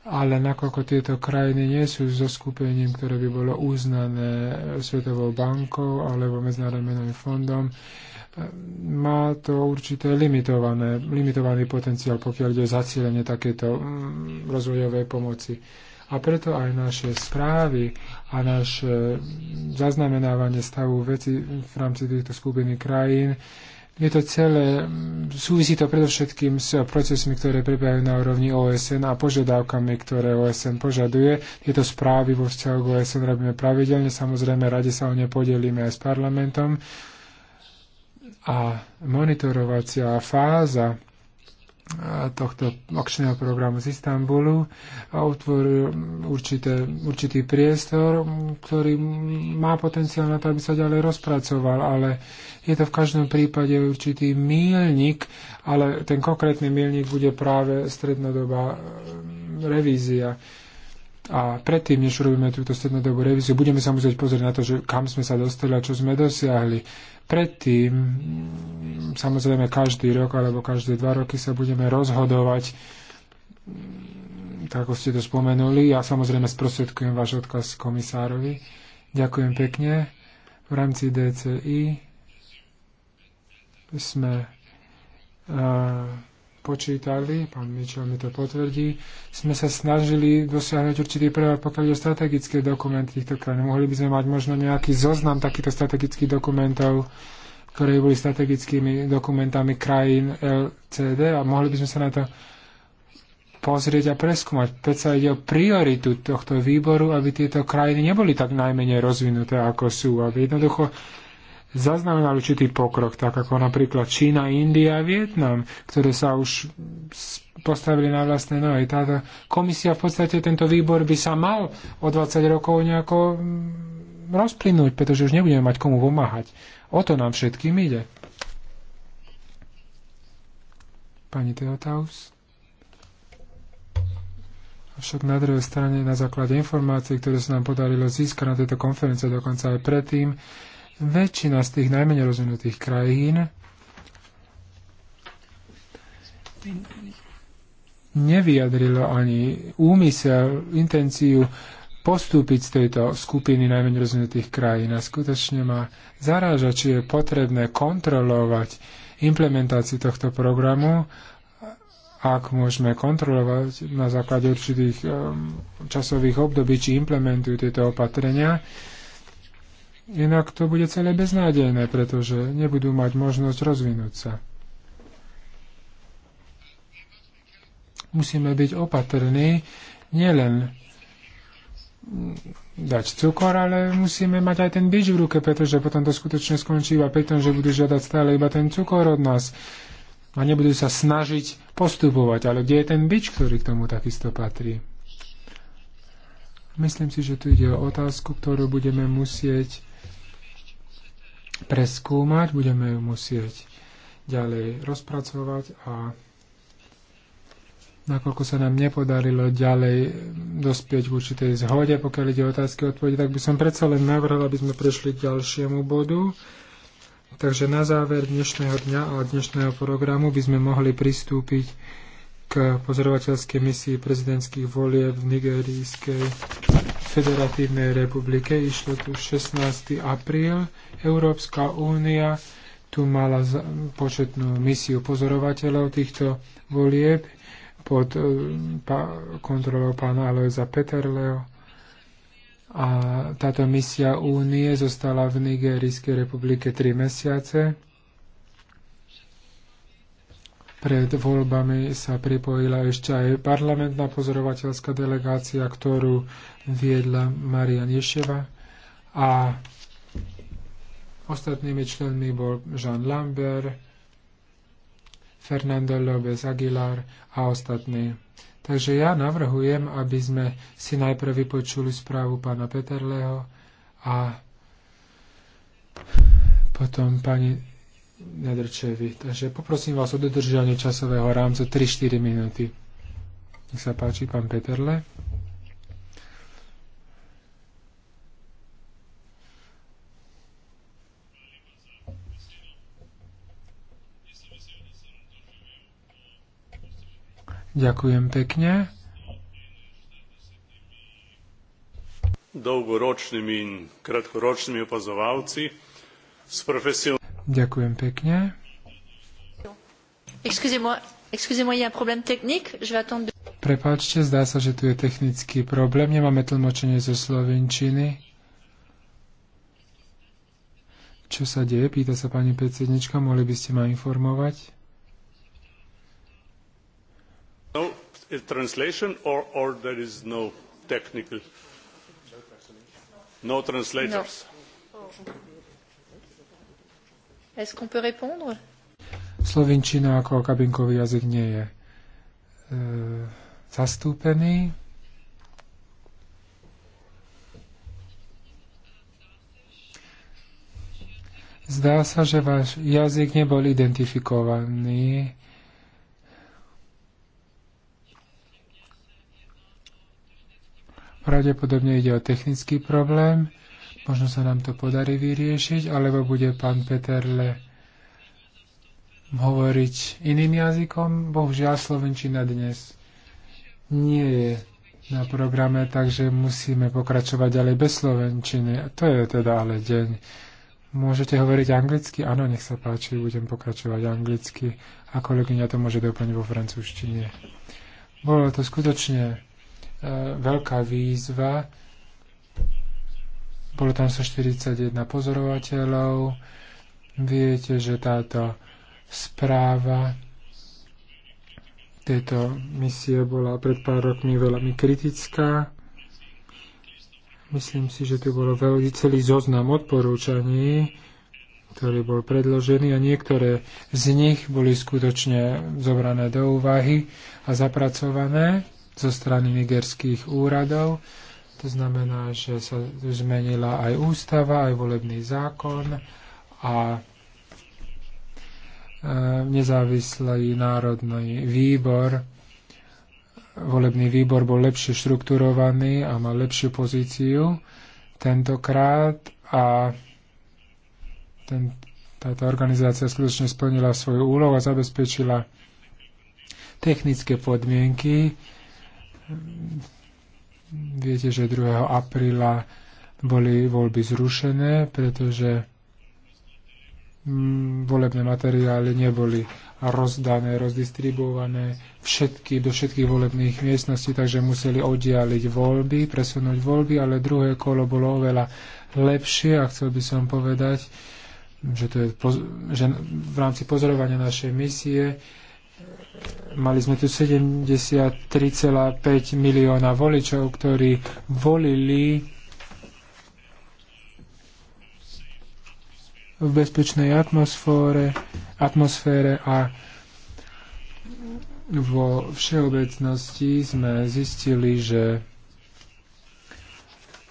ale nakoľko tieto krajiny nie sú so skupením, ktoré by bolo uznané Svetovou bankou alebo Medzinárodným fondom, má to určité limitované, limitovaný potenciál, pokiaľ ide o zacielenie takéto mm, rozvojovej pomoci. A preto aj naše správy a naše zaznamenávanie stavu veci v rámci týchto skupiny krajín je to celé, súvisí to predovšetkým s procesmi, ktoré prebiehajú na úrovni OSN a požiadavkami, ktoré OSN požaduje. Tieto správy vo vzťahu k OSN robíme pravidelne, samozrejme rade sa o ne podelíme aj s parlamentom. A monitorovacia fáza tohto akčného programu z Istanbulu a utvoril určité, určitý priestor, ktorý má potenciál na to, aby sa ďalej rozpracoval, ale je to v každom prípade určitý mílnik, ale ten konkrétny mílnik bude práve strednodobá eh, revízia. A predtým, než robíme túto strednodobú revíziu, budeme sa musieť pozrieť na to, že kam sme sa dostali a čo sme dosiahli. Predtým, mm, samozrejme, každý rok alebo každé dva roky sa budeme rozhodovať, mm, tak ako ste to spomenuli. Ja samozrejme sprostredkujem váš odkaz komisárovi. Ďakujem pekne. V rámci DCI sme uh, počítali, pán Mičel mi to potvrdí, sme sa snažili dosiahnuť určitý prehľad, pokiaľ je strategické dokumenty týchto krajín. Mohli by sme mať možno nejaký zoznam takýchto strategických dokumentov, ktoré boli strategickými dokumentami krajín LCD a mohli by sme sa na to pozrieť a preskúmať. Veď sa ide o prioritu tohto výboru, aby tieto krajiny neboli tak najmenej rozvinuté, ako sú. Aby jednoducho zaznamenali určitý pokrok, tak ako napríklad Čína, India a Vietnam, ktoré sa už postavili na vlastné nohy. Táto komisia v podstate, tento výbor by sa mal o 20 rokov nejako mm, rozplynúť, pretože už nebudeme mať komu pomáhať. O to nám všetkým ide. Pani Teotaus? Však na druhej strane, na základe informácií, ktoré sa nám podarilo získať na tejto konferencie, dokonca aj predtým, väčšina z tých najmenej rozvinutých krajín nevyjadrilo ani úmysel, intenciu postúpiť z tejto skupiny najmenej rozvinutých krajín. A skutočne ma zaráža, či je potrebné kontrolovať implementáciu tohto programu, ak môžeme kontrolovať na základe určitých um, časových období, či implementujú tieto opatrenia Inak to bude celé beznádejné, pretože nebudú mať možnosť rozvinúť sa. Musíme byť opatrní, nielen dať cukor, ale musíme mať aj ten bič v ruke, pretože potom to skutočne skončí iba pri tom, že budú žiadať stále iba ten cukor od nás a nebudú sa snažiť postupovať. Ale kde je ten bič, ktorý k tomu takisto patrí? Myslím si, že tu ide o otázku, ktorú budeme musieť preskúmať, budeme ju musieť ďalej rozpracovať a nakoľko sa nám nepodarilo ďalej dospieť v určitej zhode, pokiaľ ide otázky odpovede, tak by som predsa len navrhol, aby sme prešli k ďalšiemu bodu. Takže na záver dnešného dňa a dnešného programu by sme mohli pristúpiť k pozorovateľskej misii prezidentských volieb v Nigerijskej federatívnej republike. Išlo tu 16. apríl. Európska únia tu mala početnú misiu pozorovateľov týchto volieb pod e, kontrolou pána Alojza Peterleo A táto misia únie zostala v Nigerijskej republike 3 mesiace pred voľbami sa pripojila ešte aj parlamentná pozorovateľská delegácia, ktorú viedla Maria Nieševa a ostatnými členmi bol Jean Lambert, Fernando López Aguilar a ostatní. Takže ja navrhujem, aby sme si najprv vypočuli správu pána Peterleho a potom pani Nedrčevi. Takže poprosím vás o dodržanie časového rámca 3-4 minúty. Nech sa páči, pán Peterle. Ďakujem pekne.
Dolgoročnými in kratkoročnými opazovalci s profesionálnymi
Ďakujem pekne. Prepáčte, zdá sa, že tu je technický problém. Nemáme tlmočenie zo slovenčiny. Čo sa deje? Pýta sa pani predsednička. Mohli by ste ma informovať?
No translation or, or there is no technical... No translators.
No. Oh,
Est-ce qu'on peut répondre?
Slovenčina ako kabinkový jazyk nie je e, zastúpený. Zdá sa, že váš jazyk nebol identifikovaný. Pravdepodobne ide o technický problém. E, Možno sa nám to podarí vyriešiť, alebo bude pán Peterle hovoriť iným jazykom. Bohužiaľ, Slovenčina dnes nie je na programe, takže musíme pokračovať ďalej bez Slovenčiny. To je teda ale deň. Môžete hovoriť anglicky? Áno, nech sa páči, budem pokračovať anglicky a kolegyňa to môže doplniť vo francúzštine. Bolo to skutočne e, veľká výzva bolo tam 141 pozorovateľov. Viete, že táto správa tejto misie bola pred pár rokmi veľmi kritická. Myslím si, že tu bolo veľmi celý zoznam odporúčaní, ktorý bol predložený a niektoré z nich boli skutočne zobrané do úvahy a zapracované zo strany nigerských úradov to znamená, že sa zmenila aj ústava, aj volebný zákon a e, nezávislý národný výbor. Volebný výbor bol lepšie štrukturovaný a mal lepšiu pozíciu tentokrát a ten, táto organizácia skutočne splnila svoju úlohu a zabezpečila technické podmienky Viete, že 2. apríla boli voľby zrušené, pretože mm, volebné materiály neboli rozdané, rozdistribuované všetky, do všetkých volebných miestností, takže museli oddialiť voľby, presunúť voľby, ale druhé kolo bolo oveľa lepšie a chcel by som povedať, že, to je, že v rámci pozorovania našej misie mali sme tu 73,5 milióna voličov, ktorí volili v bezpečnej atmosfére, atmosfére a vo všeobecnosti sme zistili, že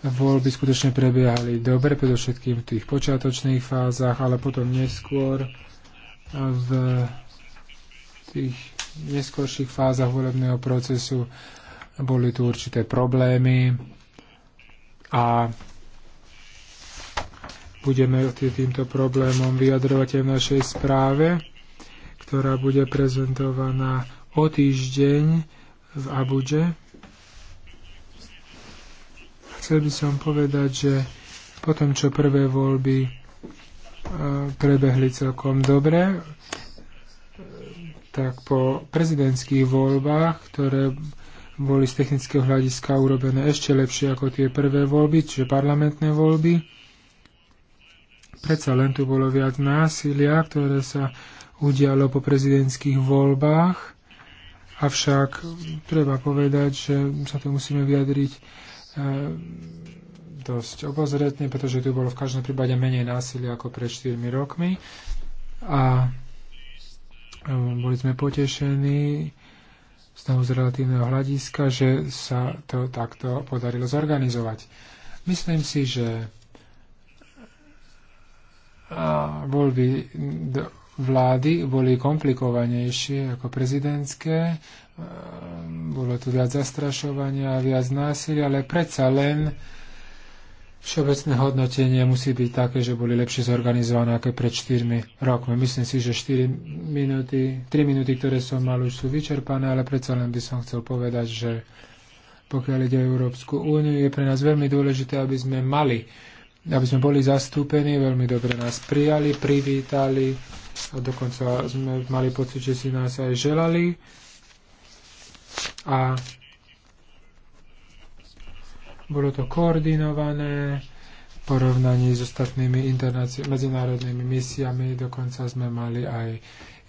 voľby skutočne prebiehali dobre, predovšetkým v tých počiatočných fázach, ale potom neskôr v tých neskôrších fázach volebného procesu boli tu určité problémy a budeme týmto problémom vyjadrovať aj v našej správe, ktorá bude prezentovaná o týždeň v Abuže. Chcel by som povedať, že potom, čo prvé voľby eh, prebehli celkom dobre, tak po prezidentských voľbách, ktoré boli z technického hľadiska urobené ešte lepšie ako tie prvé voľby, čiže parlamentné voľby, predsa len tu bolo viac násilia, ktoré sa udialo po prezidentských voľbách, avšak treba povedať, že sa tu musíme vyjadriť e, dosť obozretne, pretože tu bolo v každom prípade menej násilia ako pred 4 rokmi. A boli sme potešení toho z relatívneho hľadiska, že sa to takto podarilo zorganizovať. Myslím si, že voľby do vlády boli komplikovanejšie ako prezidentské. Bolo tu viac zastrašovania, viac násilia, ale predsa len Všeobecné hodnotenie musí byť také, že boli lepšie zorganizované ako pred 4 rokmi. Myslím si, že 4 minúty, 3 minúty, ktoré som mal, už sú vyčerpané, ale predsa len by som chcel povedať, že pokiaľ ide o Európsku úniu, je pre nás veľmi dôležité, aby sme mali, aby sme boli zastúpení, veľmi dobre nás prijali, privítali a dokonca sme mali pocit, že si nás aj želali. A bolo to koordinované v porovnaní s ostatnými medzinárodnými misiami. Dokonca sme mali aj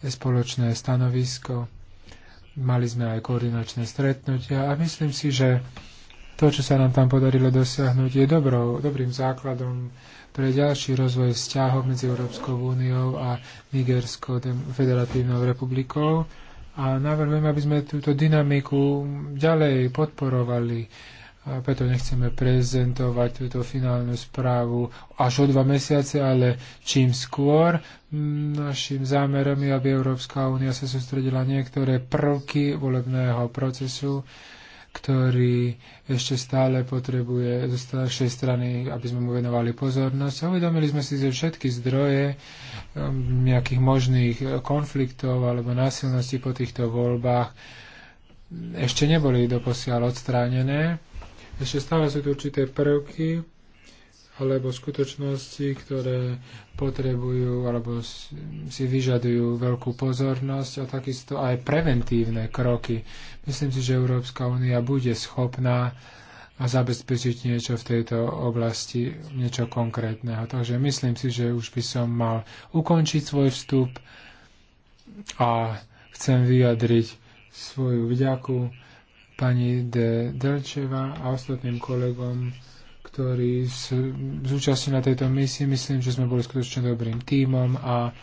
spoločné stanovisko. Mali sme aj koordinačné stretnutia a myslím si, že to, čo sa nám tam podarilo dosiahnuť, je dobrou, dobrým základom pre ďalší rozvoj vzťahov medzi Európskou úniou a Nigerskou federatívnou republikou. A navrhujem, aby sme túto dynamiku ďalej podporovali a preto nechceme prezentovať túto finálnu správu až o dva mesiace, ale čím skôr. Našim zámerom je, aby Európska únia sa sústredila niektoré prvky volebného procesu, ktorý ešte stále potrebuje zo staršej strany, aby sme mu venovali pozornosť. uvedomili sme si, že všetky zdroje um, nejakých možných konfliktov alebo násilností po týchto voľbách ešte neboli doposiaľ odstránené ešte stále sú tu určité prvky alebo skutočnosti, ktoré potrebujú alebo si vyžadujú veľkú pozornosť a takisto aj preventívne kroky. Myslím si, že Európska únia bude schopná a zabezpečiť niečo v tejto oblasti, niečo konkrétneho. Takže myslím si, že už by som mal ukončiť svoj vstup a chcem vyjadriť svoju vďaku pani De Delčeva a ostatným kolegom, ktorí zúčastnili na tejto misii. Myslím, že sme boli skutočne dobrým tímom a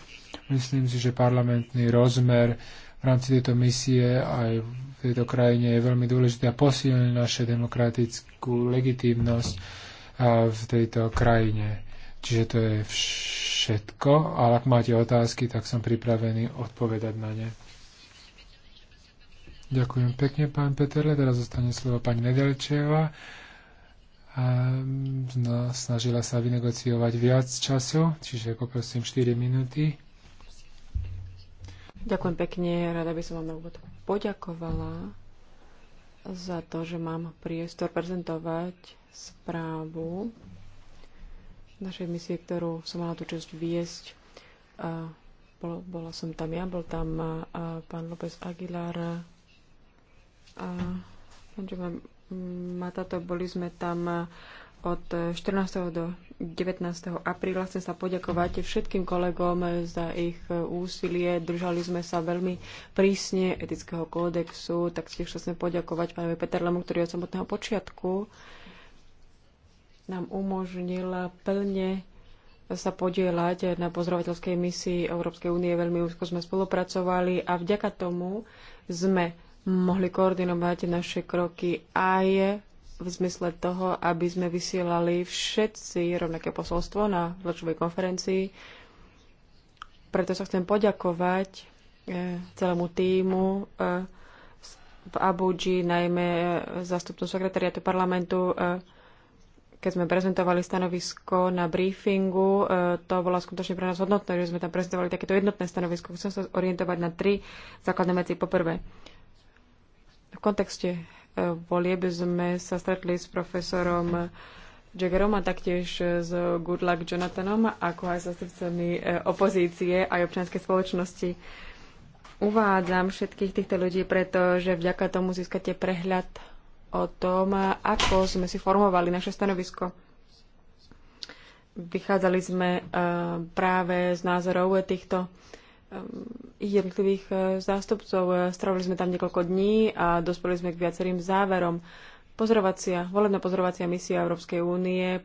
myslím si, že parlamentný rozmer v rámci tejto misie aj v tejto krajine je veľmi dôležité a posilní našu demokratickú legitímnosť v tejto krajine. Čiže to je všetko, ale ak máte otázky, tak som pripravený odpovedať na ne. Ďakujem pekne, pán Peterle. Teraz zostane slovo pani Nedelčeva. A, mm, no, snažila sa vynegociovať viac času, čiže poprosím 4 minúty.
Ďakujem pekne. Rada by som vám na úvod poďakovala za to, že mám priestor prezentovať správu našej misie, ktorú som mala tú čest viesť. Bola som tam ja, bol tam pán López Aguilar, a matato, boli sme tam e, od 14. do 19. apríla. Chcem sa poďakovať všetkým kolegom e, za ich e, úsilie. Držali sme sa veľmi prísne etického kódexu. tak si chcem poďakovať pánovi Peterlemu, ktorý od samotného počiatku nám umožnil plne sa podielať na pozorovateľskej misii Európskej únie. Veľmi úzko sme spolupracovali a vďaka tomu sme mohli koordinovať naše kroky aj v zmysle toho, aby sme vysielali všetci rovnaké posolstvo na tlačovej konferencii. Preto sa chcem poďakovať eh, celému týmu eh, v Abuji, najmä eh, zastupcu sekretariatu parlamentu, keď sme prezentovali stanovisko na briefingu, to bolo skutočne pre nás hodnotné, že sme tam prezentovali takéto jednotné stanovisko. Chcem sa orientovať na tri základné veci. Poprvé. V kontexte e, volieb sme sa stretli s profesorom Jaggerom a taktiež s Good Luck Jonathanom, ako aj so srdcami e, opozície aj občianskej spoločnosti. Uvádzam všetkých týchto ľudí, pretože vďaka tomu získate prehľad o tom, ako sme si formovali naše stanovisko. Vychádzali sme e, práve z názorov týchto Um, jednotlivých e, zástupcov. strávili sme tam niekoľko dní a dospeli sme k viacerým záverom. Pozorovacia, volebná pozorovacia misia Európskej únie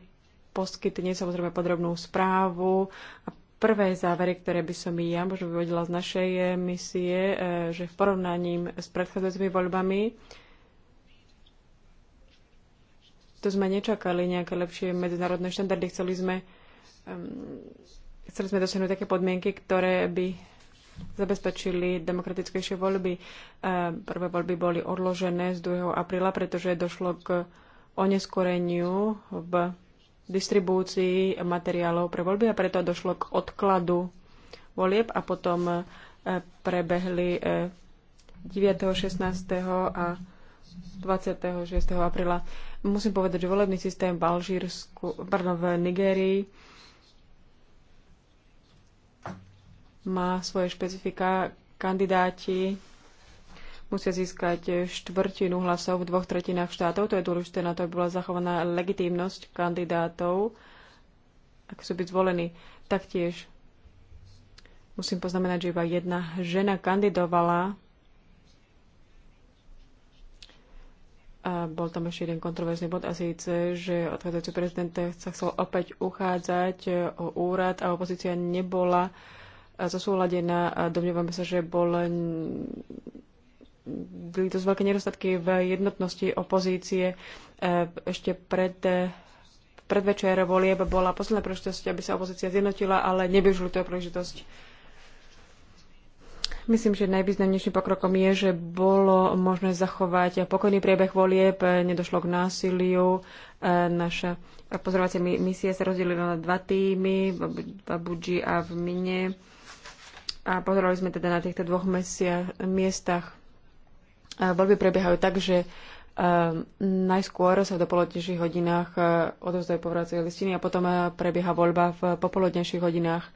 poskytne samozrejme podrobnú správu a prvé závery, ktoré by som i ja možno vyvodila z našej e, misie, e, že v porovnaní s predchádzajúcimi voľbami to sme nečakali nejaké lepšie medzinárodné štandardy. Chceli sme, chceli sme dosiahnuť také podmienky, ktoré by zabezpečili demokratickejšie voľby. E, prvé voľby boli odložené z 2. apríla, pretože došlo k oneskoreniu v distribúcii materiálov pre voľby a preto došlo k odkladu volieb a potom e, prebehli 9., e, 16. a 26. apríla. Musím povedať, že volebný systém v Alžírsku, pardon, v Nigérii má svoje špecifika. Kandidáti musia získať štvrtinu hlasov v dvoch tretinách štátov. To je dôležité na to, aby bola zachovaná legitímnosť kandidátov, ak sú byť zvolení. Taktiež musím poznamenať, že iba jedna žena kandidovala. A bol tam ešte jeden kontroverzný bod a síce, že odchádzajúci prezident sa chcel opäť uchádzať o úrad a opozícia nebola zosúladená a domnievame sa, že bol boli dosť veľké nedostatky v jednotnosti opozície. E, ešte pred e, predvečer volieb bola posledná príležitosť, aby sa opozícia zjednotila, ale nevyužili to príležitosť. Myslím, že najvýznamnejším pokrokom je, že bolo možné zachovať pokojný priebeh volieb, nedošlo k násiliu. E, naša pozorovacia misia sa rozdelila na dva týmy, v Abuji a v Mine a pozerali sme teda na týchto dvoch mesiach, miestach. Voľby prebiehajú tak, že ehm, najskôr sa v dopoludnejších hodinách e, odovzdajú povracie listiny a potom e, prebieha voľba v popoludnejších hodinách. E,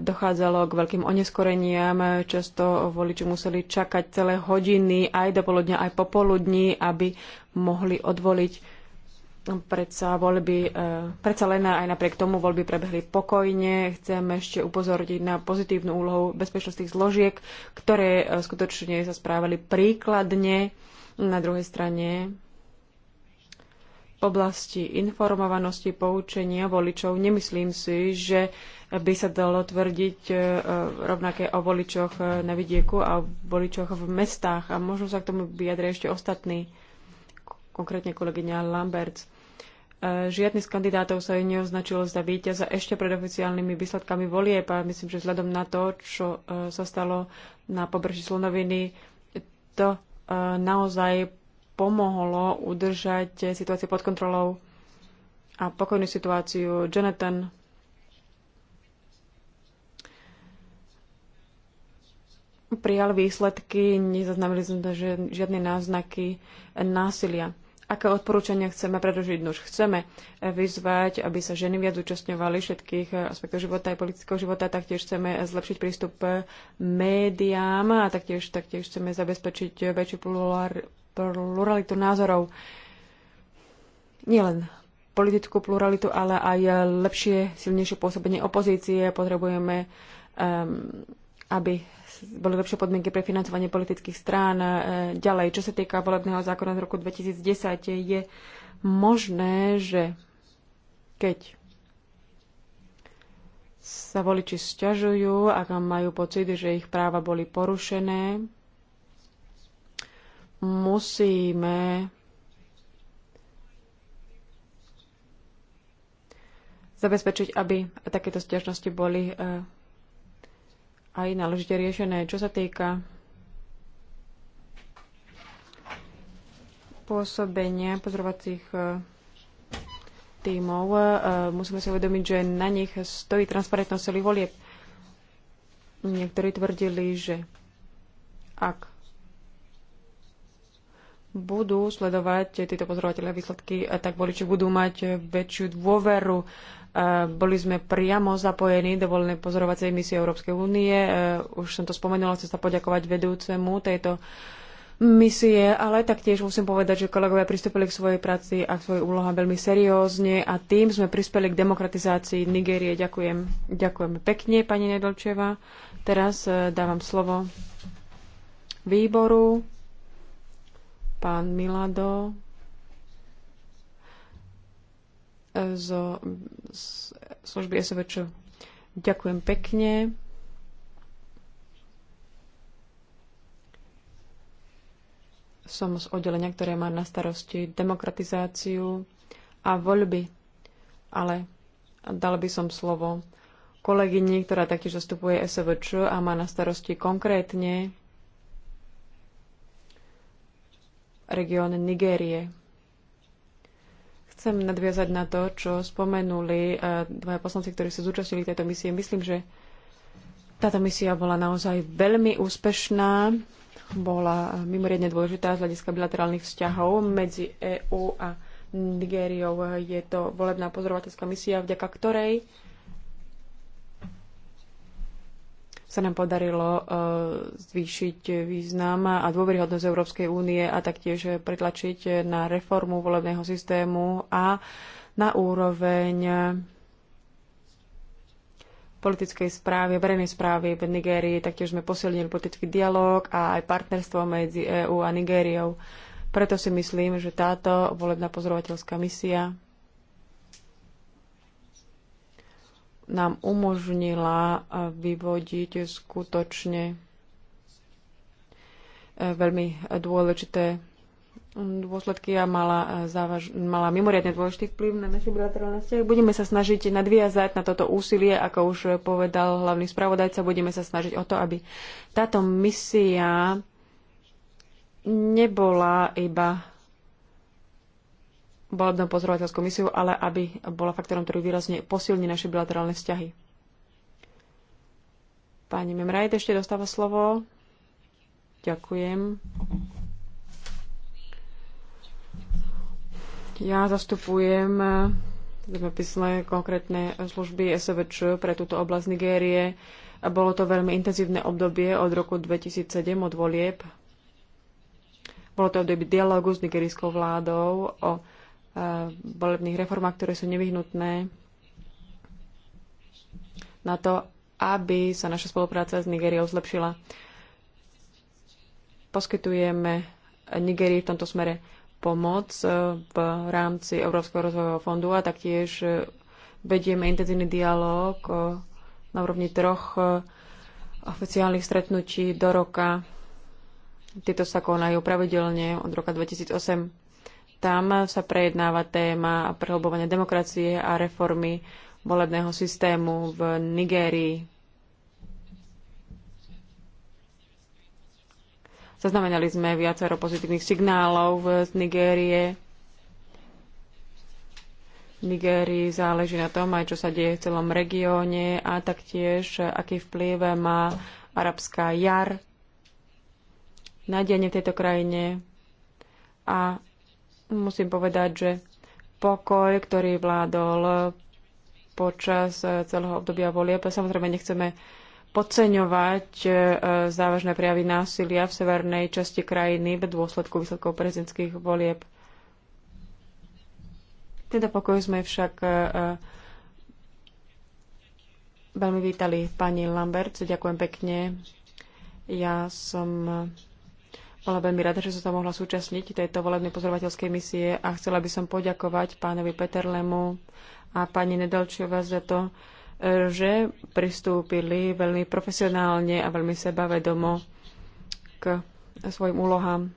dochádzalo k veľkým oneskoreniam, často voliči museli čakať celé hodiny aj do poludňa, aj popoludní, aby mohli odvoliť predsa voľby, e, predsa len aj napriek tomu voľby prebehli pokojne. Chcem ešte upozorniť na pozitívnu úlohu bezpečnostných zložiek, ktoré e, skutočne sa správali príkladne. Na druhej strane v oblasti informovanosti, poučenia voličov, nemyslím si, že by sa dalo tvrdiť e, rovnaké o voličoch na vidieku a o voličoch v mestách. A možno sa k tomu vyjadria ešte ostatní, konkrétne kolegyňa Lamberts Žiadny z kandidátov sa neoznačil za víťaza ešte pred oficiálnymi výsledkami volieb a myslím, že vzhľadom na to, čo e, sa stalo na pobreží Slonoviny, to e, naozaj pomohlo udržať situáciu pod kontrolou a pokojnú situáciu. Jonathan prijal výsledky, nezaznamenali sme žiadne náznaky násilia. Aké odporúčania chceme predložiť? Nož chceme eh, vyzvať, aby sa ženy viac zúčastňovali všetkých eh, aspektov života aj politického života. Taktiež chceme eh, zlepšiť prístup médiám a taktiež, taktiež chceme zabezpečiť väčšiu pluralitu názorov. Nielen politickú pluralitu, ale aj lepšie, silnejšie pôsobenie opozície. Potrebujeme um, aby boli lepšie podmienky pre financovanie politických strán. E, ďalej, čo sa týka volebného zákona z roku 2010, je možné, že keď sa voliči sťažujú, ak majú pocit, že ich práva boli porušené, musíme zabezpečiť, aby takéto stiažnosti boli e, aj náležite riešené. Čo sa týka pôsobenia pozorovacích e, tímov, e, musíme si uvedomiť, že na nich stojí transparentnosť celých volieb. Niektorí tvrdili, že ak budú sledovať títo pozorovateľe výsledky, e, tak voliči budú mať väčšiu dôveru boli sme priamo zapojení do voľnej pozorovacej misie Európskej únie. E, už som to spomenula, chcem sa poďakovať vedúcemu tejto misie, ale taktiež musím povedať, že kolegovia pristúpili k svojej práci a k svojej úloha veľmi seriózne a tým sme prispeli k demokratizácii Nigérie. Ďakujem. Ďakujem pekne, pani Nedolčeva. Teraz e, dávam slovo výboru. Pán Milado. zo služby SVČ. Ďakujem pekne. Som z oddelenia, ktoré má na starosti demokratizáciu a voľby. Ale dal by som slovo kolegyni, ktorá taktiež zastupuje SVČ a má na starosti konkrétne región Nigérie. Chcem nadviazať na to, čo spomenuli eh, dvaja poslanci, ktorí sa zúčastnili tejto misie. Myslím, že táto misia bola naozaj veľmi úspešná. Bola eh, mimoriadne dôležitá z hľadiska bilaterálnych vzťahov medzi EÚ a Nigériou. Je to volebná pozorovateľská misia, vďaka ktorej sa nám podarilo e, zvýšiť význam a dôveryhodnosť Európskej únie a taktiež pretlačiť na reformu volebného systému a na úroveň politickej správy, verejnej správy v Nigérii. Taktiež sme posilnili politický dialog a aj partnerstvo medzi EÚ a Nigériou. Preto si myslím, že táto volebná pozorovateľská misia nám umožnila eh, vyvodiť skutočne eh, veľmi dôležité mm, dôsledky a mala, eh, závaž- mala mimoriadne dôležitý vplyv na naše bilaterálne vzťahy. Budeme sa snažiť nadviazať na toto úsilie, ako už povedal hlavný spravodajca, budeme sa snažiť o to, aby táto misia nebola iba volebnou pozorovateľskou misiou, ale aby bola faktorom, ktorý výrazne posilní naše bilaterálne vzťahy. Pani Memrajt ešte dostáva slovo. Ďakujem. Ja zastupujem zemepisné konkrétne služby SVČ pre túto oblasť Nigérie. Bolo to veľmi intenzívne obdobie od roku 2007 od volieb. Bolo to obdobie dialogu s nigerijskou vládou o volebných reformách, ktoré sú nevyhnutné na to, aby sa naša spolupráca s Nigériou zlepšila. Poskytujeme Nigerii v tomto smere pomoc eh, v rámci Európskeho rozvojového fondu a taktiež eh, vedieme intenzívny dialog eh, na úrovni troch oficiálnych stretnutí do roka. Tieto sa konajú pravidelne od roka 2008 tam sa prejednáva téma prehlbovania demokracie a reformy volebného systému v Nigérii. Zaznamenali sme viacero pozitívnych signálov z Nigérie. Nigérii záleží na tom aj, čo sa deje v celom regióne a taktiež, aký vplyv má arabská jar na v tejto krajine a Musím povedať, že pokoj, ktorý vládol počas eh, celého obdobia volieb, samozrejme nechceme podceňovať eh, závažné prejavy násilia v severnej časti krajiny v dôsledku výsledkov prezidentských volieb. Tento pokoj sme však eh, veľmi vítali pani Lambert. Ďakujem pekne. Ja som bola veľmi rada, že som sa mohla súčasniť tejto volebnej pozorovateľskej misie a chcela by som poďakovať pánovi Peterlemu a pani Nedalčiova za to, e, že pristúpili veľmi profesionálne a veľmi sebavedomo k svojim úlohám.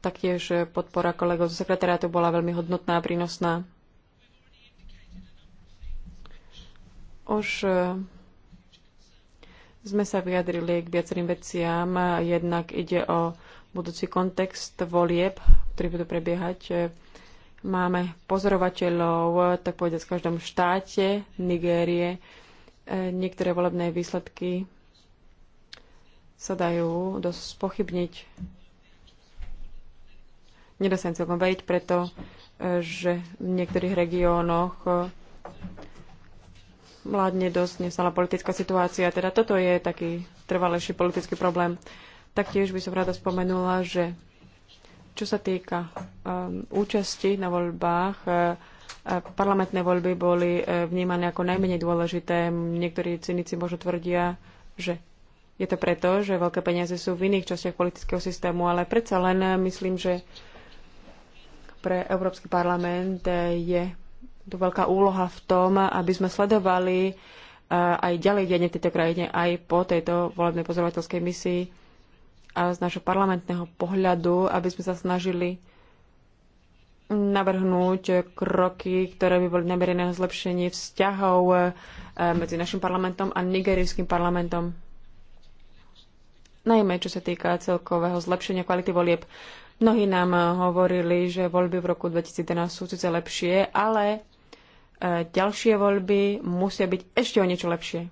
Taktiež podpora kolegov zo sekretariátu bola veľmi hodnotná a prínosná. Už e, sme sa vyjadrili k viacerým veciam. Jednak ide o budúci kontext volieb, ktorý budú prebiehať. Máme pozorovateľov, tak povedať, v každom štáte Nigérie. Niektoré volebné výsledky sa dajú dosť spochybniť. Nedá sa im celkom veriť, pretože v niektorých regiónoch vládne dosť nesala politická situácia. Teda toto je taký trvalejší politický problém. Taktiež by som rada spomenula, že čo sa týka um, účasti na voľbách, uh, uh, parlamentné voľby boli uh, vnímané ako najmenej dôležité. Niektorí cynici možno tvrdia, že je to preto, že veľké peniaze sú v iných častiach politického systému, ale predsa len uh, myslím, že pre Európsky parlament uh, je tu veľká úloha v tom, aby sme sledovali e, aj ďalej dianie v tejto krajine, aj po tejto volebnej pozorovateľskej misii a z našho parlamentného pohľadu, aby sme sa snažili navrhnúť kroky, ktoré by boli namerené na zlepšenie vzťahov e, medzi našim parlamentom a nigerijským parlamentom. Najmä čo sa týka celkového zlepšenia kvality volieb. Mnohí nám hovorili, že voľby v roku 2011 sú síce lepšie, ale ďalšie voľby musia byť ešte o niečo lepšie.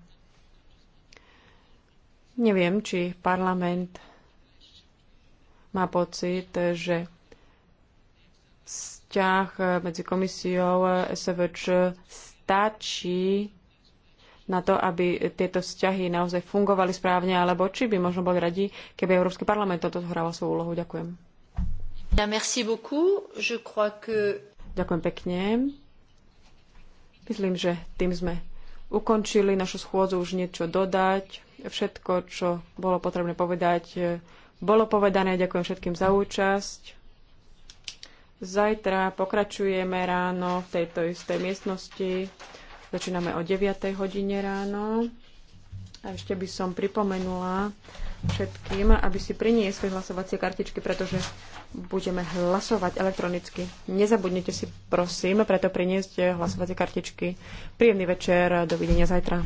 Neviem, či parlament má pocit, že vzťah medzi komisiou SVČ stačí na to, aby tieto vzťahy naozaj fungovali správne, alebo či by možno boli radi, keby Európsky parlament toto hrával svoju úlohu. Ďakujem.
Ja, merci beaucoup. Je crois que...
Ďakujem pekne. Myslím, že tým sme ukončili našu schôdzu, už niečo dodať. Všetko, čo bolo potrebné povedať, e, bolo povedané. Ďakujem všetkým za účasť. Zajtra pokračujeme ráno v tejto istej miestnosti. Začíname o 9. hodine ráno. A ešte by som pripomenula všetkým, aby si priniesli hlasovacie kartičky, pretože budeme hlasovať elektronicky. Nezabudnite si, prosím, preto priniesť hlasovacie kartičky. Príjemný večer, dovidenia zajtra.